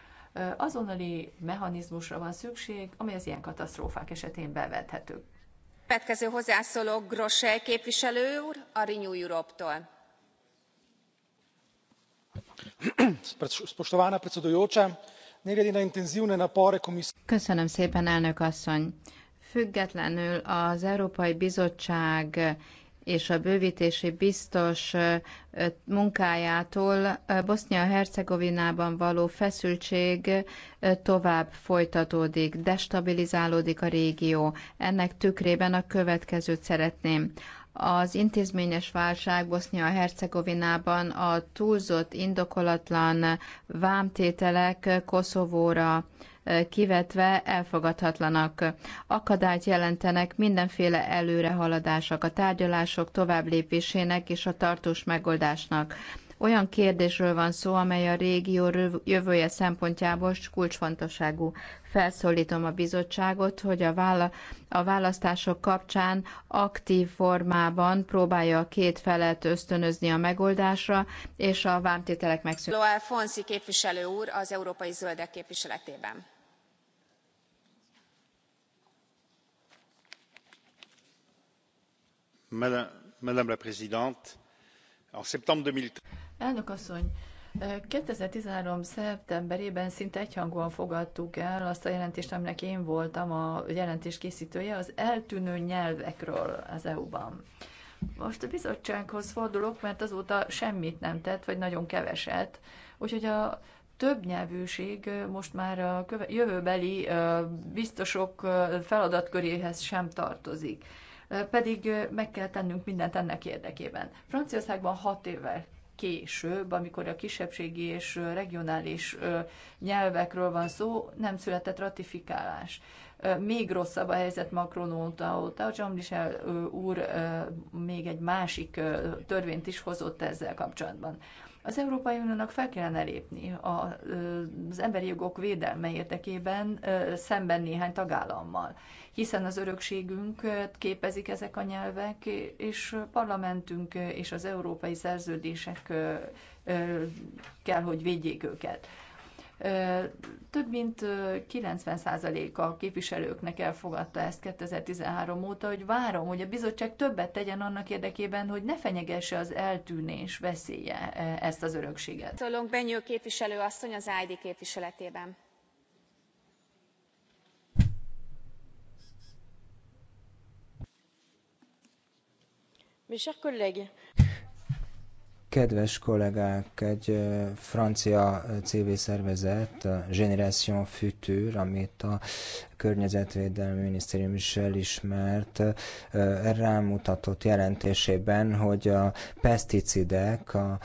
Azonnali mechanizmusra van szükség, amely az ilyen katasztrófák esetén bevethető. Petkező hozzászóló Grosse képviselő úr, a Renew Europe-tól. Spoštovana predsedujoča, Köszönöm szépen, elnök asszony. Függetlenül az Európai Bizottság és a bővítési biztos munkájától Bosznia-Hercegovinában való feszültség tovább folytatódik, destabilizálódik a régió. Ennek tükrében a következőt szeretném. Az intézményes válság Bosznia-Hercegovinában a túlzott, indokolatlan vámtételek Koszovóra, kivetve elfogadhatlanak. Akadályt jelentenek mindenféle előrehaladások a tárgyalások tovább lépésének és a tartós megoldásnak. Olyan kérdésről van szó, amely a régió jövője szempontjából kulcsfontosságú. Felszólítom a bizottságot, hogy a, vála- a választások kapcsán aktív formában próbálja a két felet ösztönözni a megoldásra, és a vámtételek megszűnésére. Loel Fonszi képviselő úr az Európai Zöldek képviseletében elnök asszony! two thousand and thirteen szeptemberében szinte egyhangúan fogadtuk el azt a jelentést aminek én voltam a jelentés késztője az eltűnő nyelvekről az eu ban. most a bizottsághoz fordulok mert azóta semmit nem tett vagy nagyon keveset úgyhogy a többnyelvűség most már a jövőbeli biztosok feladatköréhez sem tartozik pedig meg kell tennünk mindent ennek érdekében. Franciaországban hat évvel később, amikor a kisebbségi és regionális nyelvekről van szó, nem született ratifikálás. Még rosszabb a helyzet Macron óta, óta. jean úr még egy másik törvényt is hozott ezzel kapcsolatban. Az Európai Uniónak fel kellene lépni az emberi jogok védelme érdekében szemben néhány tagállammal, hiszen az örökségünket képezik ezek a nyelvek, és parlamentünk és az európai szerződések kell, hogy védjék őket. Több mint 90% a képviselőknek elfogadta ezt 2013 óta, hogy várom, hogy a bizottság többet tegyen annak érdekében, hogy ne fenyegesse az eltűnés veszélye ezt az örökséget. Szólunk Benyő képviselő asszony az ID képviseletében. Mes chers collègues, Kedves kollégák, egy francia civil szervezet, a Génération Future, amit a Környezetvédelmi Minisztérium is elismert, rámutatott jelentésében, hogy a peszticidek a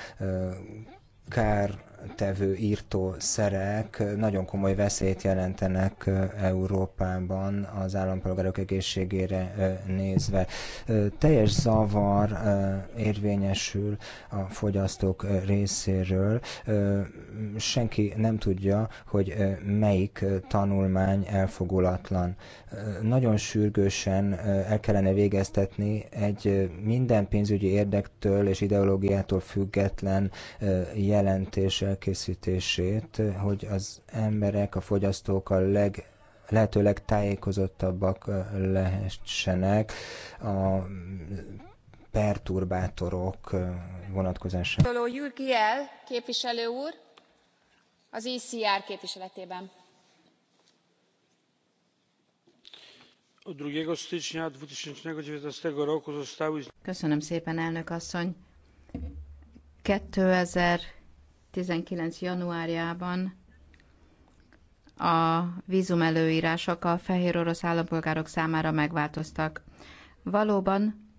kár tevő írtó szerek nagyon komoly veszélyt jelentenek Európában az állampolgárok egészségére nézve. Teljes zavar érvényesül a fogyasztók részéről. Senki nem tudja, hogy melyik tanulmány elfogulatlan. Nagyon sürgősen el kellene végeztetni egy minden pénzügyi érdektől és ideológiától független jelentés elkészítését, hogy az emberek, a fogyasztók a leg lehetőleg tájékozottabbak lehessenek a perturbátorok vonatkozásában. Szóló Jürgiel képviselő úr az ECR képviseletében. Köszönöm szépen, elnök asszony. 2000 2019. januárjában a vízum előírások a fehér orosz állampolgárok számára megváltoztak. Valóban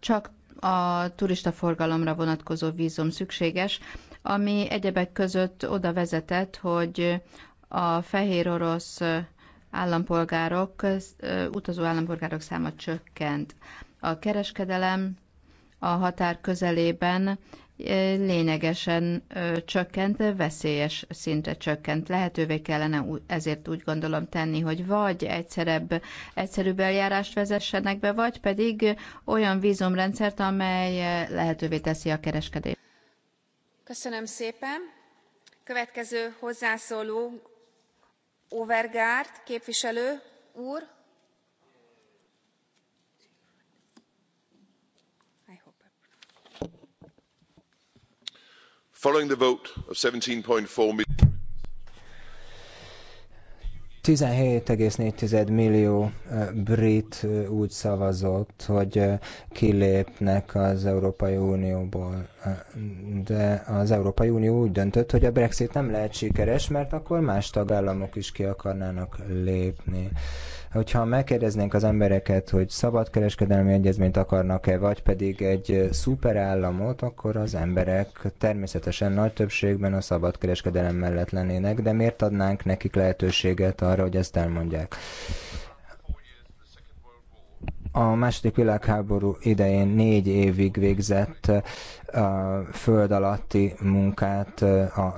csak a turistaforgalomra vonatkozó vízum szükséges, ami egyebek között oda vezetett, hogy a fehér orosz állampolgárok, utazó állampolgárok száma csökkent. A kereskedelem a határ közelében lényegesen csökkent, veszélyes szintre csökkent. Lehetővé kellene ezért úgy gondolom tenni, hogy vagy egyszerebb, egyszerűbb eljárást vezessenek be, vagy pedig olyan vízumrendszert, amely lehetővé teszi a kereskedést. Köszönöm szépen. Következő hozzászóló Overgaard képviselő úr following the vote of 17,4 millió brit úgy szavazott, hogy kilépnek az Európai Unióból. De az Európai Unió úgy döntött, hogy a Brexit nem lehet sikeres, mert akkor más tagállamok is ki akarnának lépni. Hogyha megkérdeznénk az embereket, hogy szabadkereskedelmi egyezményt akarnak-e, vagy pedig egy szuperállamot, akkor az emberek természetesen nagy többségben a szabadkereskedelem mellett lennének, de miért adnánk nekik lehetőséget arra, hogy ezt elmondják? a második világháború idején négy évig végzett a föld alatti munkát a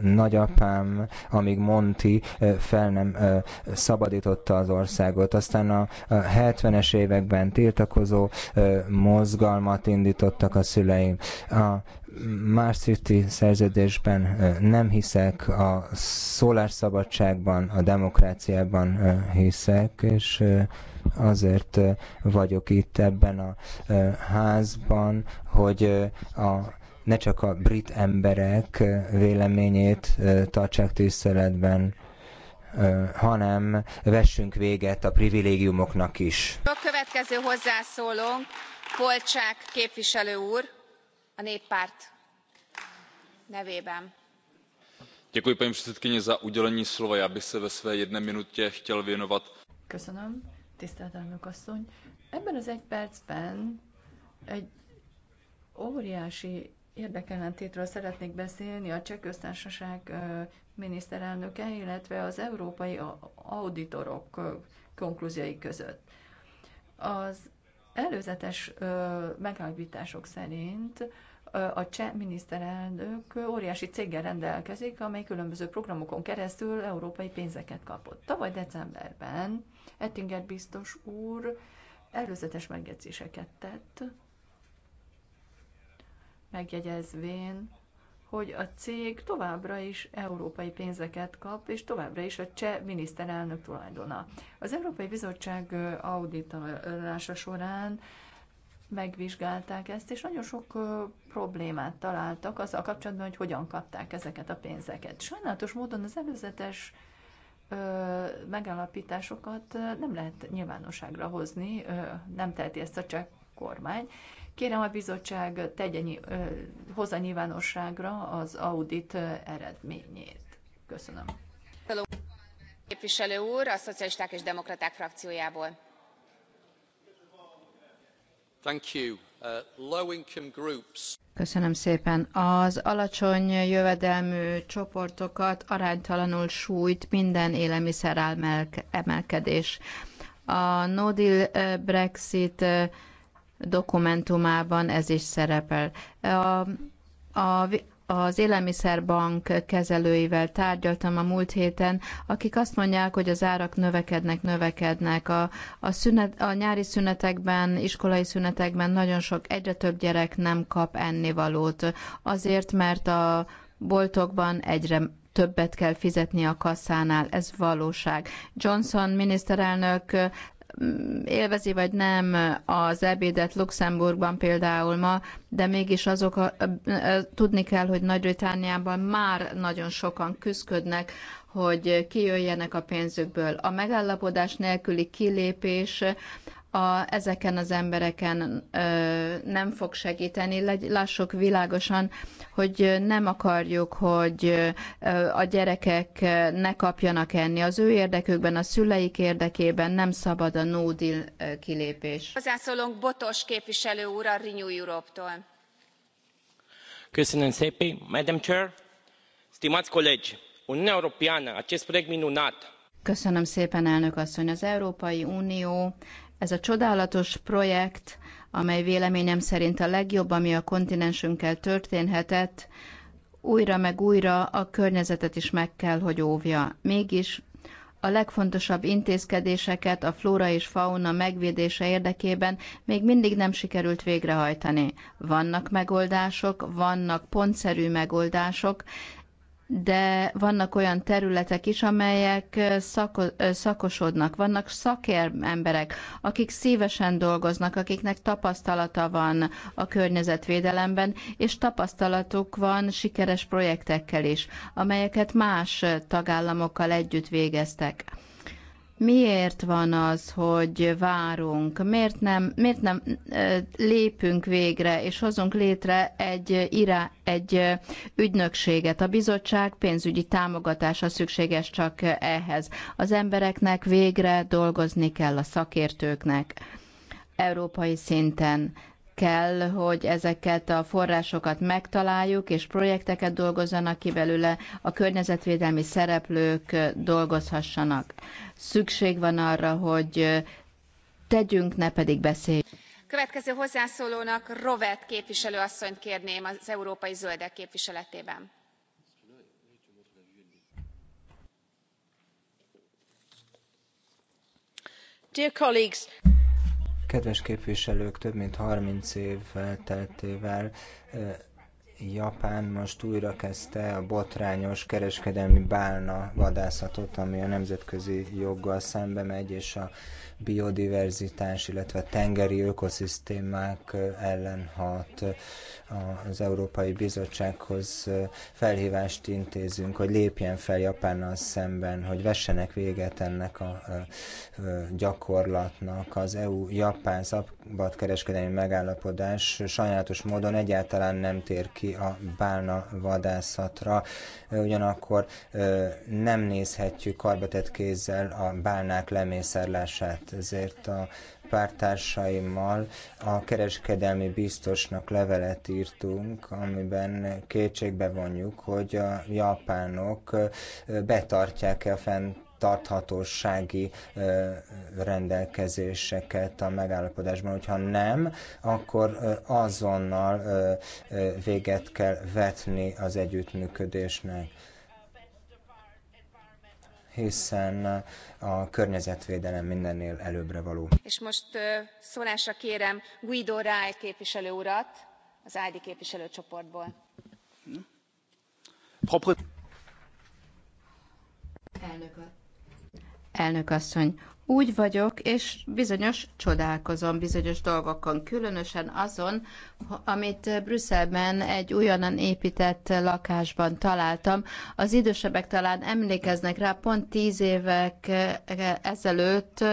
nagyapám, amíg Monti fel nem szabadította az országot. Aztán a 70-es években tiltakozó mozgalmat indítottak a szüleim. A Maastrichti szerződésben nem hiszek, a szólásszabadságban, a demokráciában hiszek, és azért vagyok itt ebben a házban, hogy a ne csak a brit emberek véleményét tartsák tiszteletben, hanem vessünk véget a privilégiumoknak is. A következő hozzászólónk Polcsák képviselő úr a néppárt nevében. paní předsedající já bych se ve své jedné minutě chtěl věnovat. köszönöm tisztelt elnök asszony! ebben az egy percben egy óriási érdekellentétről szeretnék beszélni a cseh köztársaság miniszterelnöke, illetve az európai auditorok konklúziói között. Az előzetes megállapítások szerint a cseh miniszterelnök óriási céggel rendelkezik, amely különböző programokon keresztül európai pénzeket kapott. Tavaly decemberben Ettinger biztos úr előzetes megjegyzéseket tett, megjegyezvén, hogy a cég továbbra is európai pénzeket kap, és továbbra is a cseh miniszterelnök tulajdona. Az Európai Bizottság auditálása során megvizsgálták ezt, és nagyon sok problémát találtak azzal kapcsolatban, hogy hogyan kapták ezeket a pénzeket. Sajnálatos módon az előzetes ö, megállapításokat nem lehet nyilvánosságra hozni, ö, nem teheti ezt a csak kormány. Kérem a bizottság tegye, ö, hozza nyilvánosságra az audit eredményét. Köszönöm. Hello. Képviselő úr, a Szocialisták és Demokraták frakciójából Uh, Köszönöm szépen. Az alacsony jövedelmű csoportokat aránytalanul sújt minden élelmiszer emelkedés. A no deal uh, Brexit uh, dokumentumában ez is szerepel. A, a az élelmiszerbank kezelőivel tárgyaltam a múlt héten, akik azt mondják, hogy az árak növekednek, növekednek. A, a, szünet, a nyári szünetekben, iskolai szünetekben nagyon sok, egyre több gyerek nem kap ennivalót. Azért, mert a boltokban egyre többet kell fizetni a kasszánál, ez valóság. Johnson miniszterelnök élvezi vagy nem az ebédet Luxemburgban például ma, de mégis azok a, tudni kell, hogy Nagy-Britániában már nagyon sokan küzdködnek, hogy kijöjjenek a pénzükből. A megállapodás nélküli kilépés a, ezeken az embereken ö, nem fog segíteni. Lássuk világosan, hogy nem akarjuk, hogy ö, a gyerekek ne kapjanak enni. Az ő érdekükben, a szüleik érdekében nem szabad a no deal kilépés. Hozzászólunk Botos képviselő úr a Renew Europe-tól. Köszönöm szépen, Madam Chair. Stimați colegi, Uniunea Europeană, acest proiect minunat. Köszönöm szépen, elnök asszony. Az Európai Unió ez a csodálatos projekt, amely véleményem szerint a legjobb, ami a kontinensünkkel történhetett, újra meg újra a környezetet is meg kell, hogy óvja. Mégis a legfontosabb intézkedéseket a flóra és fauna megvédése érdekében még mindig nem sikerült végrehajtani. Vannak megoldások, vannak pontszerű megoldások, de vannak olyan területek is, amelyek szako, szakosodnak, vannak szakemberek, akik szívesen dolgoznak, akiknek tapasztalata van a környezetvédelemben, és tapasztalatuk van sikeres projektekkel is, amelyeket más tagállamokkal együtt végeztek Miért van az, hogy várunk? Miért nem, miért nem lépünk végre, és hozunk létre egy, irá, egy ügynökséget? A bizottság pénzügyi támogatása szükséges csak ehhez. Az embereknek végre dolgozni kell, a szakértőknek európai szinten kell, hogy ezeket a forrásokat megtaláljuk, és projekteket dolgozzanak ki belőle, a környezetvédelmi szereplők dolgozhassanak. Szükség van arra, hogy tegyünk, ne pedig beszéljünk. Következő hozzászólónak Rovet képviselő asszonyt kérném az Európai Zöldek képviseletében. Dear colleagues, Kedves képviselők, több mint 30 év elteltével Japán most újra kezdte a botrányos kereskedelmi bálna vadászatot, ami a nemzetközi joggal szembe megy, és a biodiverzitás, illetve tengeri ökoszisztémák ellen hat az Európai Bizottsághoz felhívást intézünk, hogy lépjen fel Japánnal szemben, hogy vessenek véget ennek a gyakorlatnak. Az EU-Japán szabadkereskedelmi megállapodás sajnálatos módon egyáltalán nem tér ki a bálna vadászatra, ugyanakkor nem nézhetjük karbatett kézzel a bálnák lemészárlását, ezért a pártársaimmal a kereskedelmi biztosnak levelet írtunk, amiben kétségbe vonjuk, hogy a japánok betartják-e a fent tarthatósági rendelkezéseket a megállapodásban. Hogyha nem, akkor azonnal véget kell vetni az együttműködésnek hiszen a környezetvédelem mindennél előbbre való. És most szólásra kérem Guido reil képviselő urat az ID képviselőcsoportból. Elnök, elnök asszony, úgy vagyok, és bizonyos csodálkozom bizonyos dolgokon, különösen azon, amit Brüsszelben egy újonnan épített lakásban találtam. Az idősebbek talán emlékeznek rá, pont tíz évek eh, ezelőtt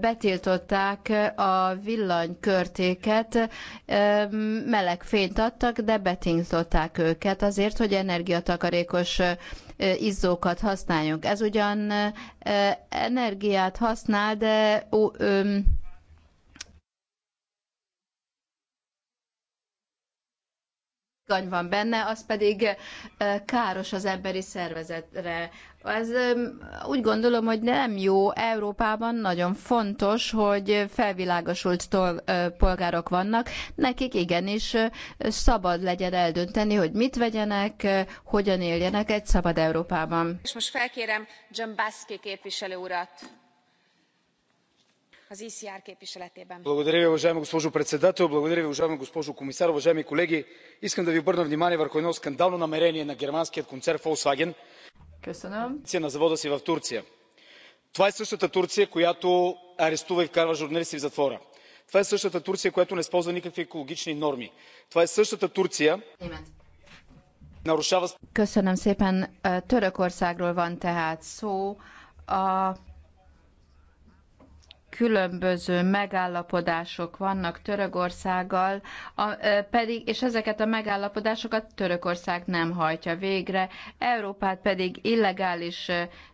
betiltották a villanykörtéket, meleg fényt adtak, de betiltották őket azért, hogy energiatakarékos izzókat használjunk. Ez ugyan energiát használ, de van benne, az pedig káros az emberi szervezetre. Ez úgy gondolom, hogy nem jó. Európában nagyon fontos, hogy felvilágosult polgárok vannak. Nekik igenis szabad legyen eldönteni, hogy mit vegyenek, hogyan éljenek egy szabad Európában. És most felkérem John Baszki képviselő urat az ecr képviseletében. Благодаря ви, уважаема госпожо председател. Благодаря ви, уважаема госпожо комисар. Уважаеми колеги, искам да ви обърна внимание върху едно скандално намерение на германският концерт Volkswagen Köszönöm. На завода си в Турция. Това е същата Турция, която арестува и вкарва журналисти в затвора. Това е същата Турция, която не спазва никакви екологични норми. Това е същата Турция. Köszönöm szépen. Törökországról van tehát szó. A különböző megállapodások vannak Törökországgal, a, pedig, és ezeket a megállapodásokat Törökország nem hajtja végre, Európát pedig illegális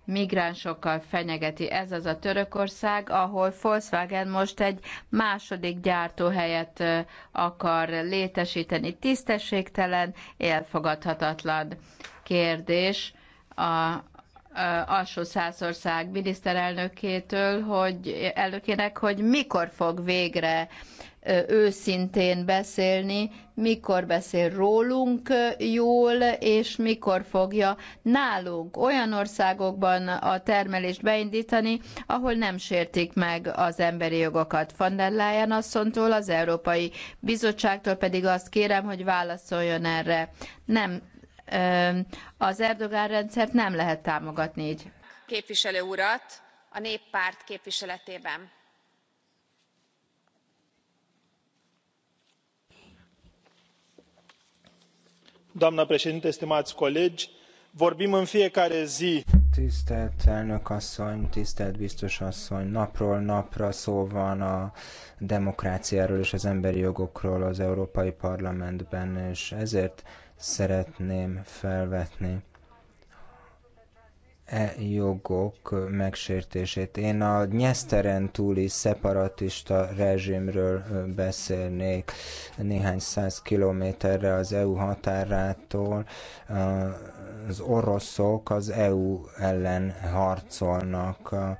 migránsokkal fenyegeti. Ez az a Törökország, ahol Volkswagen most egy második gyártóhelyet akar létesíteni. Tisztességtelen, elfogadhatatlan kérdés. A, alsó százország miniszterelnökétől, hogy elnökének, hogy mikor fog végre őszintén beszélni, mikor beszél rólunk jól, és mikor fogja nálunk olyan országokban a termelést beindítani, ahol nem sértik meg az emberi jogokat. Van der Leyen asszonytól, az Európai Bizottságtól pedig azt kérem, hogy válaszoljon erre. Nem az erdogan rendszert nem lehet támogatni gy. Képviselő urat a néppárt képviseletében. Doamnă președintă, stimați colegi, vorbim în fiecare zi. Tisztelt elnök asszony, tisztelt biztos asszony, napról napra szó van a demokráciáról és az emberi jogokról az Európai Parlamentben, és ezért szeretném felvetni e jogok megsértését. Én a nyeszteren túli szeparatista rezsimről beszélnék néhány száz kilométerre az EU határától. Az oroszok az EU ellen harcolnak a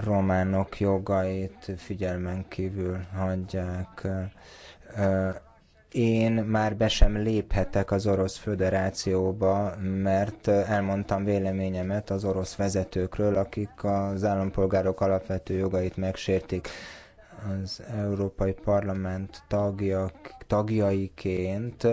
románok jogait figyelmen kívül hagyják én már be sem léphetek az Orosz Föderációba, mert elmondtam véleményemet az orosz vezetőkről, akik az állampolgárok alapvető jogait megsértik. Az Európai Parlament tagja, tagjaiként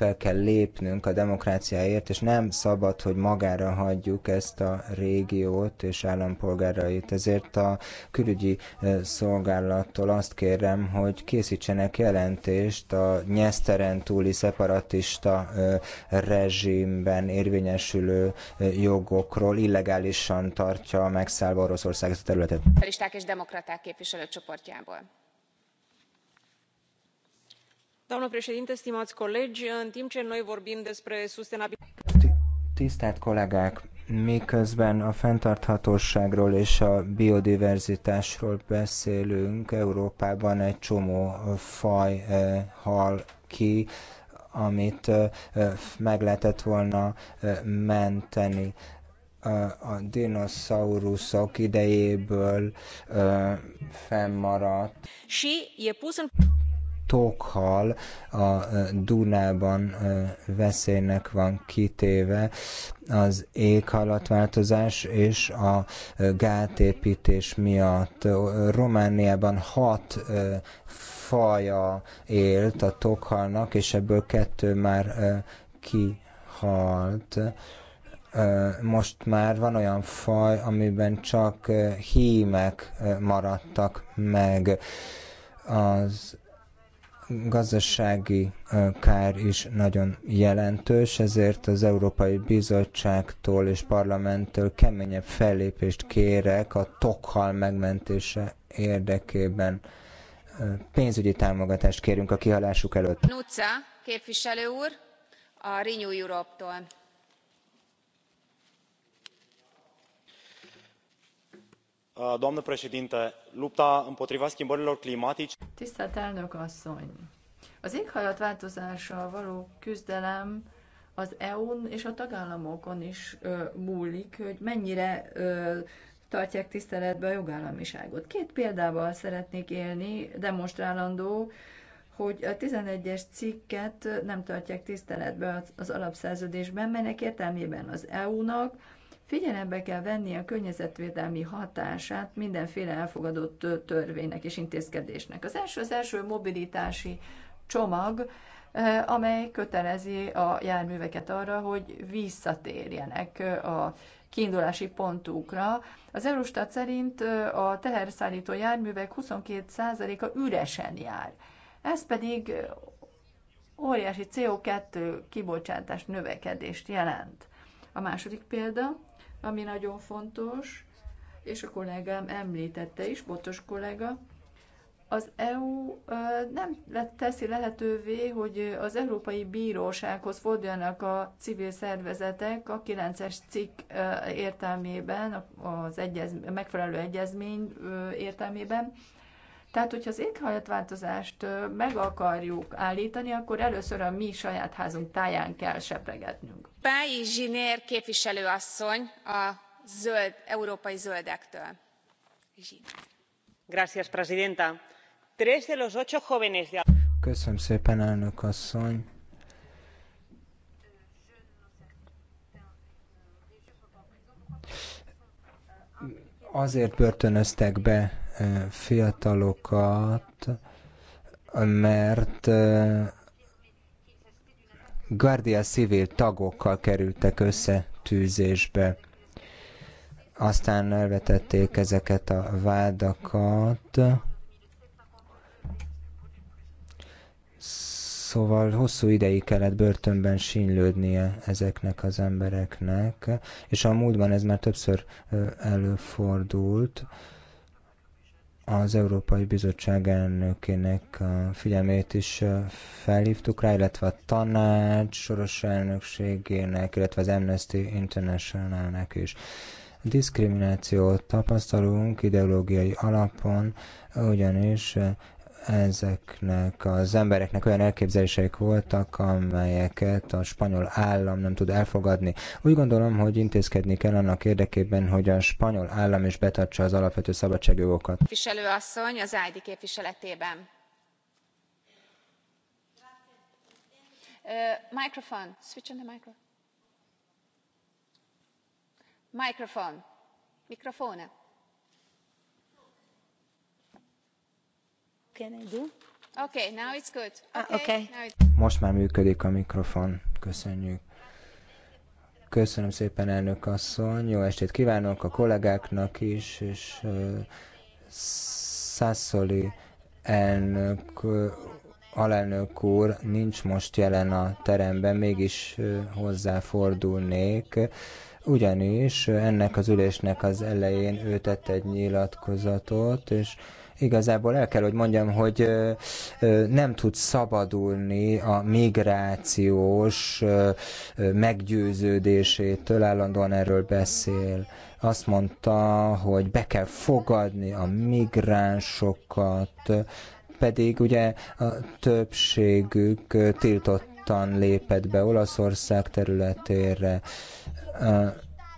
fel kell lépnünk a demokráciáért, és nem szabad, hogy magára hagyjuk ezt a régiót és állampolgárait. Ezért a külügyi eh, szolgálattól azt kérem, hogy készítsenek jelentést a nyeszteren túli szeparatista eh, rezsimben érvényesülő eh, jogokról, illegálisan tartja megszállva Oroszország ezt a területet. Felisták és demokraták képviselőcsoportjából doamnă președintă stimați colegi în timp ce noi vorbim despre sustenabilitate. tisztelt kollégák! miközben a fenntarthatóságról és a biodiverzitásról beszélünk, Európában egy csomó faj hal ki, amit meg lehetett volna menteni. A dinoszauruszok idejéből fennmaradt. Și e pus în tókhal a Dunában veszélynek van kitéve az éghajlatváltozás és a gátépítés miatt. Romániában hat faja élt a tokhalnak, és ebből kettő már kihalt most már van olyan faj, amiben csak hímek maradtak meg. Az gazdasági kár is nagyon jelentős, ezért az Európai Bizottságtól és Parlamenttől keményebb fellépést kérek a tokhal megmentése érdekében. Pénzügyi támogatást kérünk a kihalásuk előtt. Nuca képviselő úr, a Renew Europe-tól. Uh, doamnă președintă lupta împotriva schimbărilor climatice. tisztelt elnök asszony! az éghajlatváltozással való küzdelem az EU-n és a tagállamokon is ö, múlik, hogy mennyire ö, tartják tiszteletbe a jogállamiságot. Két példával szeretnék élni, demonstrálandó, hogy a 11-es cikket nem tartják tiszteletbe az, az alapszerződésben, melynek értelmében az EU-nak, Figyelembe kell venni a környezetvédelmi hatását mindenféle elfogadott törvénynek és intézkedésnek. Az első az első mobilitási csomag, eh, amely kötelezi a járműveket arra, hogy visszatérjenek eh, a kiindulási pontukra. Az Eurostat szerint eh, a teherszállító járművek 22%-a üresen jár. Ez pedig óriási CO2 kibocsátás növekedést jelent. A második példa, ami nagyon fontos, és a kollégám említette is, Botos kollega, az EU nem teszi lehetővé, hogy az Európai Bírósághoz forduljanak a civil szervezetek a 9-es cikk értelmében, az egyezmény, megfelelő egyezmény értelmében, tehát, hogyha az éghajlatváltozást meg akarjuk állítani, akkor először a mi saját házunk táján kell sepregetnünk. Pályi Zsinér képviselőasszony a zöld, európai zöldektől. Gracias, presidenta. Tres de los ocho jóvenes de... Köszönöm szépen, elnök asszony. Azért börtönöztek be fiatalokat, mert Guardia civil tagokkal kerültek tűzésbe. Aztán elvetették ezeket a vádakat. Szóval hosszú ideig kellett börtönben sínylődnie ezeknek az embereknek, és a múltban ez már többször előfordult az Európai Bizottság elnökének a figyelmét is felhívtuk rá, illetve a tanács soros elnökségének, illetve az Amnesty International-nek is. Diszkriminációt tapasztalunk ideológiai alapon, ugyanis ezeknek az embereknek olyan elképzeléseik voltak, amelyeket a spanyol állam nem tud elfogadni. Úgy gondolom, hogy intézkedni kell annak érdekében, hogy a spanyol állam is betartsa az alapvető szabadságjogokat. Képviselőasszony az ID képviseletében. Uh, microphone. Switch on the micro. Microphone. Mikrofone Okay, now it's good. Ah, okay, Most már működik a mikrofon. Köszönjük. Köszönöm szépen, elnök asszony. Jó estét kívánok a kollégáknak is, és uh, Szászoli elnök uh, alelnök úr nincs most jelen a teremben, mégis hozzáfordulnék, ugyanis ennek az ülésnek az elején ő tett egy nyilatkozatot, és igazából el kell, hogy mondjam, hogy nem tud szabadulni a migrációs meggyőződésétől, állandóan erről beszél. Azt mondta, hogy be kell fogadni a migránsokat, pedig ugye a többségük tiltottan lépett be Olaszország területére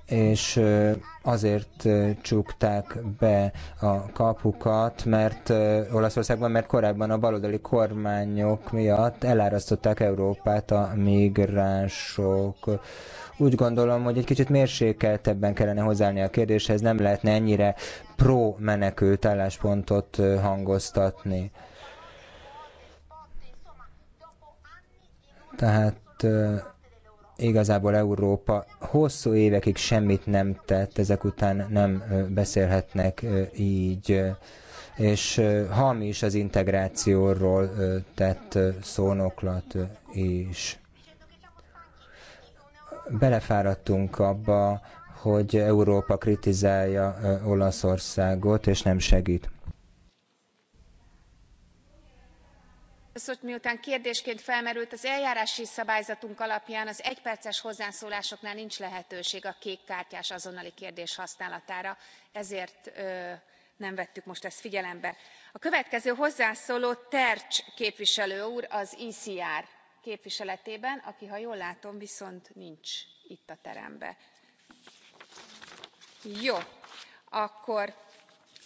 és azért csukták be a kapukat, mert Olaszországban, mert korábban a baloldali kormányok miatt elárasztották Európát a migránsok. Úgy gondolom, hogy egy kicsit mérsékeltebben kellene hozzáállni a kérdéshez, nem lehetne ennyire pro-menekült álláspontot hangoztatni. Tehát igazából Európa hosszú évekig semmit nem tett, ezek után nem beszélhetnek így, és hamis az integrációról tett szónoklat is. Belefáradtunk abba, hogy Európa kritizálja Olaszországot, és nem segít. elnök asszony miután kérdésként felmerült az eljárási szabályzatunk alapján az egyperces hozzászólásoknál nincs lehetőség a kékkártyás azonnali kérdés használatára ezért nem vettük most ezt figyelembe. a következő hozzászóló tertsch képviselő úr az ecr képviseletében aki ha jól látom viszont nincs itt a teremben. jó akkor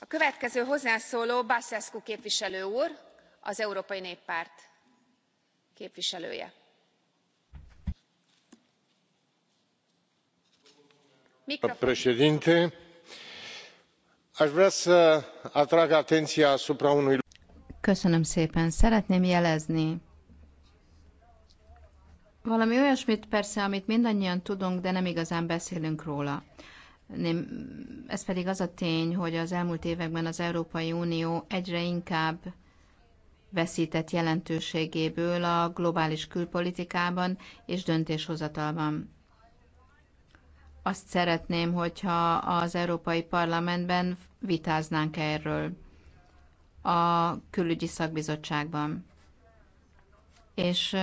a következő hozzászóló basescu képviselő úr az európai néppárt képviselője. doamnă președintă aș vrea să atrag atenția asupra unui. köszönöm szépen szeretném jelezni valami olyasmit persze, amit mindannyian tudunk, de nem igazán beszélünk róla. Nem, ez pedig az a tény, hogy az elmúlt években az Európai Unió egyre inkább veszített jelentőségéből a globális külpolitikában és döntéshozatalban. Azt szeretném, hogyha az Európai Parlamentben vitáznánk erről a külügyi szakbizottságban. És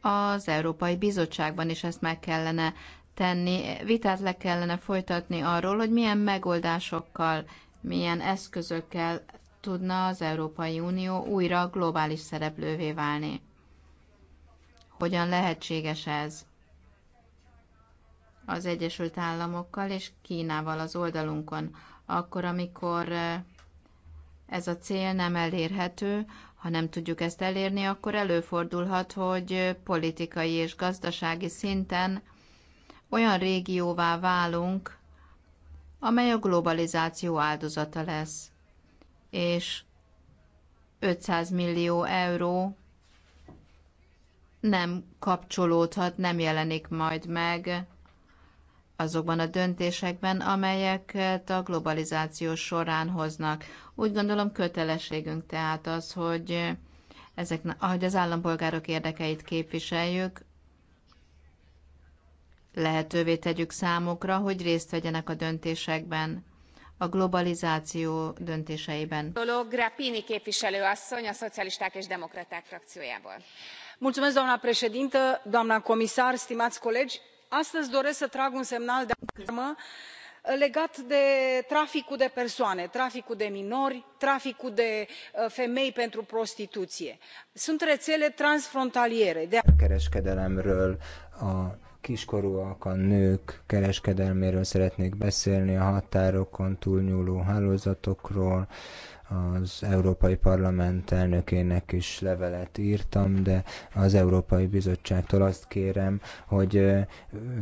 az Európai Bizottságban is ezt meg kellene tenni, vitát le kellene folytatni arról, hogy milyen megoldásokkal, milyen eszközökkel tudna az Európai Unió újra globális szereplővé válni. Hogyan lehetséges ez? Az Egyesült Államokkal és Kínával az oldalunkon, akkor, amikor eh, ez a cél nem elérhető, ha nem tudjuk ezt elérni, akkor előfordulhat, hogy politikai és gazdasági szinten olyan régióvá válunk, amely a globalizáció áldozata lesz és 500 millió euró nem kapcsolódhat, nem jelenik majd meg azokban a döntésekben, amelyeket a globalizáció során hoznak. Úgy gondolom kötelességünk tehát az, hogy ezek, ahogy az állampolgárok érdekeit képviseljük, lehetővé tegyük számukra, hogy részt vegyenek a döntésekben a globalizáció döntéseiben. Grapini képviselő asszony a Szocialisták és Demokraták frakciójából. Mulțumesc, doamna președintă, doamna comisar, stimați colegi. Astăzi doresc să trag un semnal de alarmă legat de traficul de persoane traficul de minori traficul de uh, femei pentru prostituție. sunt rețele transfrontaliere. De a kiskorúak, a nők kereskedelméről szeretnék beszélni, a határokon túlnyúló hálózatokról, az Európai Parlament elnökének is levelet írtam, de az Európai Bizottságtól azt kérem, hogy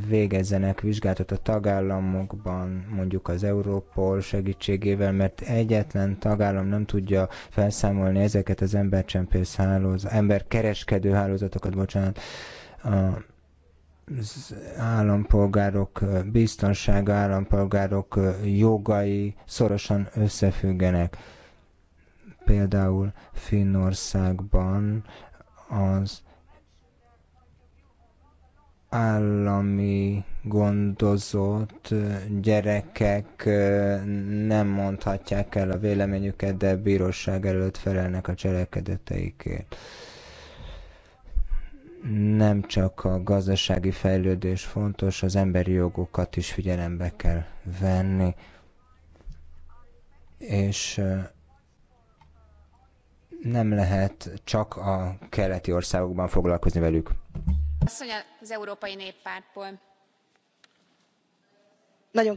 végezzenek vizsgálatot a tagállamokban, mondjuk az Európol segítségével, mert egyetlen tagállam nem tudja felszámolni ezeket az embercsempész hálóz, emberkereskedő hálózatokat, bocsánat, az állampolgárok biztonsága, állampolgárok jogai szorosan összefüggenek. Például Finnországban az állami gondozott gyerekek nem mondhatják el a véleményüket, de bíróság előtt felelnek a cselekedeteikért nem csak a gazdasági fejlődés fontos, az emberi jogokat is figyelembe kell venni. És nem lehet csak a keleti országokban foglalkozni velük. mondja az Európai Néppártból. Nagyon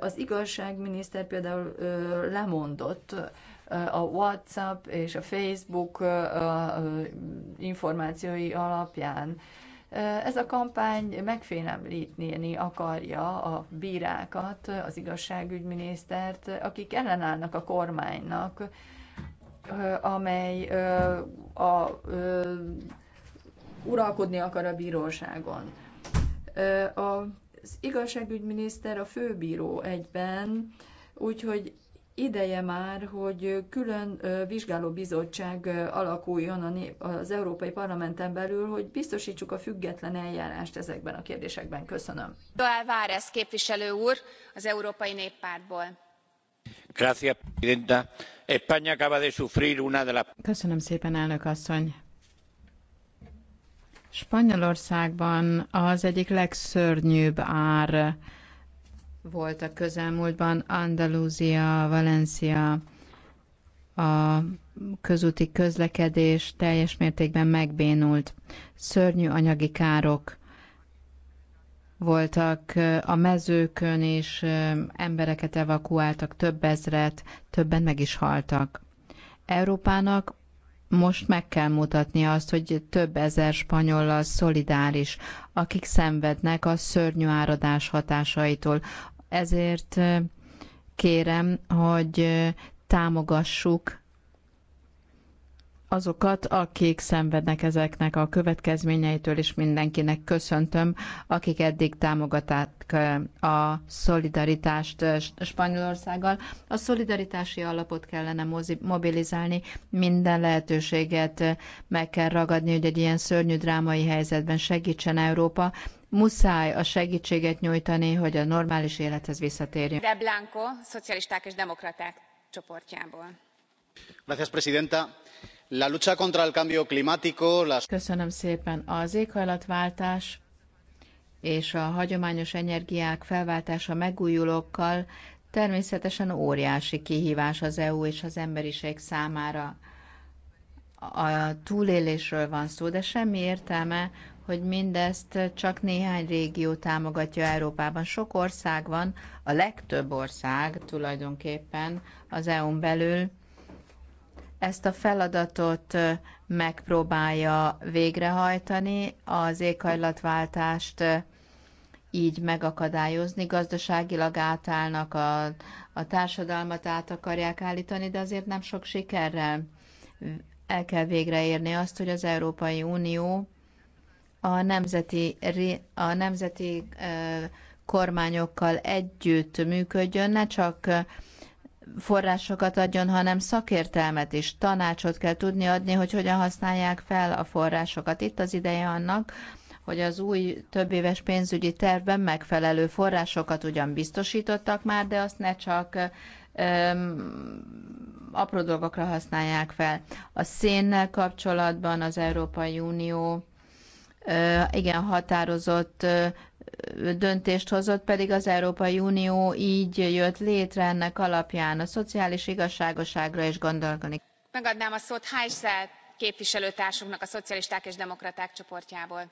Az igazságminiszter például lemondott a WhatsApp és a Facebook információi alapján. Ez a kampány megfélemlíteni akarja a bírákat, az igazságügyminisztert, akik ellenállnak a kormánynak, amely a, a, uralkodni akar a bíróságon. A az igazságügyminiszter a főbíró egyben, úgyhogy ideje már, hogy külön vizsgálóbizottság alakuljon az Európai Parlamenten belül, hogy biztosítsuk a független eljárást ezekben a kérdésekben. Köszönöm. Doál Várez képviselő úr az Európai Néppártból. Köszönöm szépen, elnök asszony. Spanyolországban az egyik legszörnyűbb ár volt a közelmúltban Andalúzia, Valencia, a közúti közlekedés teljes mértékben megbénult. Szörnyű anyagi károk voltak a mezőkön, és embereket evakuáltak, több ezret, többen meg is haltak. Európának most meg kell mutatni azt, hogy több ezer spanyollal szolidáris, akik szenvednek a szörnyű áradás hatásaitól. Ezért eh, kérem, hogy eh, támogassuk azokat, akik szenvednek ezeknek a következményeitől, és mindenkinek köszöntöm, akik eddig támogatták eh, a szolidaritást eh, Spanyolországgal. A szolidaritási alapot kellene mobilizálni, minden lehetőséget eh, meg kell ragadni, hogy egy ilyen szörnyű drámai helyzetben segítsen Európa, muszáj a segítséget nyújtani, hogy a normális élethez visszatérjünk. De Blanco, szocialisták és demokraták csoportjából. Gracias, presidenta La lucha contra el cambio climático, las... Köszönöm szépen. Az éghajlatváltás és a hagyományos energiák felváltása megújulókkal természetesen óriási kihívás az EU és az emberiség számára. A túlélésről van szó, de semmi értelme, hogy mindezt csak néhány régió támogatja Európában. Sok ország van, a legtöbb ország tulajdonképpen az EU-n belül, ezt a feladatot megpróbálja végrehajtani, az éghajlatváltást így megakadályozni. Gazdaságilag átállnak, a, a társadalmat át akarják állítani, de azért nem sok sikerrel el kell végreérni azt, hogy az Európai Unió a nemzeti, a nemzeti kormányokkal együtt működjön, ne csak forrásokat adjon, hanem szakértelmet is, tanácsot kell tudni adni, hogy hogyan használják fel a forrásokat. Itt az ideje annak, hogy az új többéves pénzügyi tervben megfelelő forrásokat ugyan biztosítottak már, de azt ne csak öm, apró dolgokra használják fel. A szénnel kapcsolatban az Európai Unió ö, igen határozott ö, döntést hozott, pedig az Európai Unió így jött létre ennek alapján a szociális igazságoságra is gondolkodni. Megadnám a szót Heisel képviselőtársunknak a Szocialisták és Demokraták csoportjából.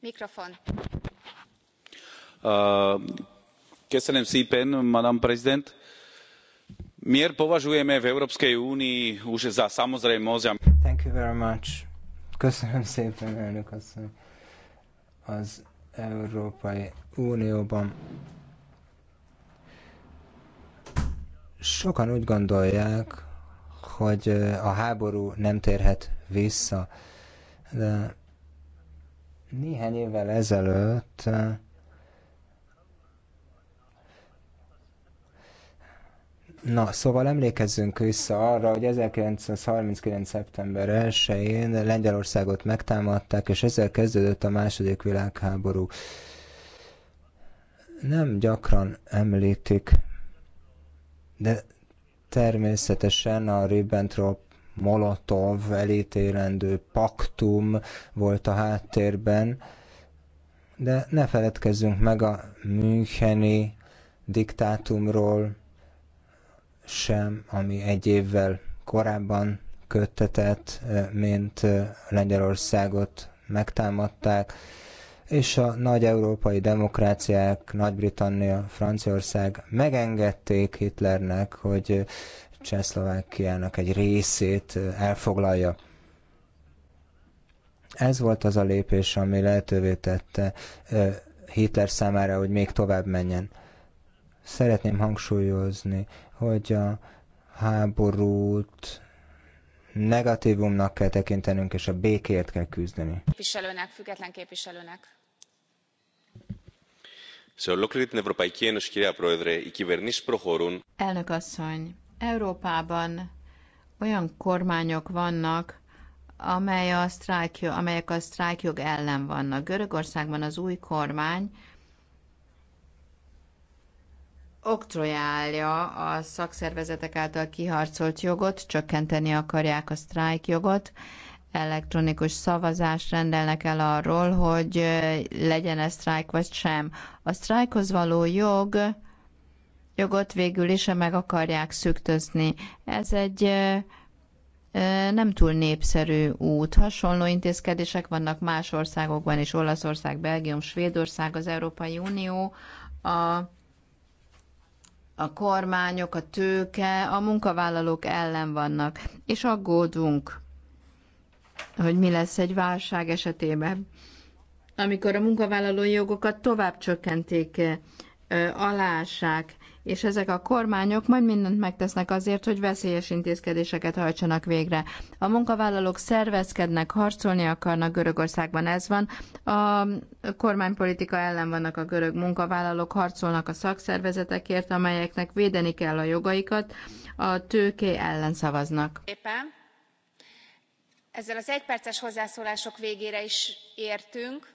Mikrofon. Köszönöm szépen, Madame President. Mier považujeme v Európskej únii už za samozrejmosť. Thank you very much. Köszönöm szépen, elnök asszony az Európai Unióban. Sokan úgy gondolják, hogy eh, a háború nem térhet vissza, de néhány évvel ezelőtt eh, Na, szóval emlékezzünk vissza arra, hogy 1939. szeptember 1-én Lengyelországot megtámadták, és ezzel kezdődött a második világháború. Nem gyakran említik, de természetesen a Ribbentrop Molotov elítélendő paktum volt a háttérben, de ne feledkezzünk meg a Müncheni diktátumról, sem, ami egy évvel korábban köttetett, mint Lengyelországot megtámadták, és a nagy európai demokráciák, Nagy-Britannia, Franciaország megengedték Hitlernek, hogy Csehszlovákiának egy részét elfoglalja. Ez volt az a lépés, ami lehetővé tette Hitler számára, hogy még tovább menjen. Szeretném hangsúlyozni, hogy a háborút negatívumnak kell tekintenünk, és a békért kell küzdeni. Képviselőnek, független képviselőnek. Elnök asszony, Európában olyan kormányok vannak, amely a sztrájk, amelyek a sztrájkjog ellen vannak. Görögországban az új kormány oktrojálja a szakszervezetek által kiharcolt jogot, csökkenteni akarják a sztrájk jogot, elektronikus szavazást rendelnek el arról, hogy legyen-e sztrájk vagy sem. A sztrájkhoz való jog jogot végül is meg akarják szüktözni. Ez egy nem túl népszerű út. Hasonló intézkedések vannak más országokban is, Olaszország, Belgium, Svédország, az Európai Unió a a kormányok, a tőke, a munkavállalók ellen vannak, és aggódunk, hogy mi lesz egy válság esetében, amikor a munkavállalói jogokat tovább csökkenték, alássák, és ezek a kormányok majd mindent megtesznek azért, hogy veszélyes intézkedéseket hajtsanak végre. A munkavállalók szervezkednek, harcolni akarnak Görögországban, ez van. A kormánypolitika ellen vannak a görög munkavállalók, harcolnak a szakszervezetekért, amelyeknek védeni kell a jogaikat, a tőké ellen szavaznak. Éppen. Ezzel az egyperces hozzászólások végére is értünk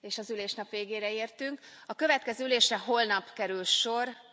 és az ülésnap végére értünk. a következő ülésre holnap kerül sor.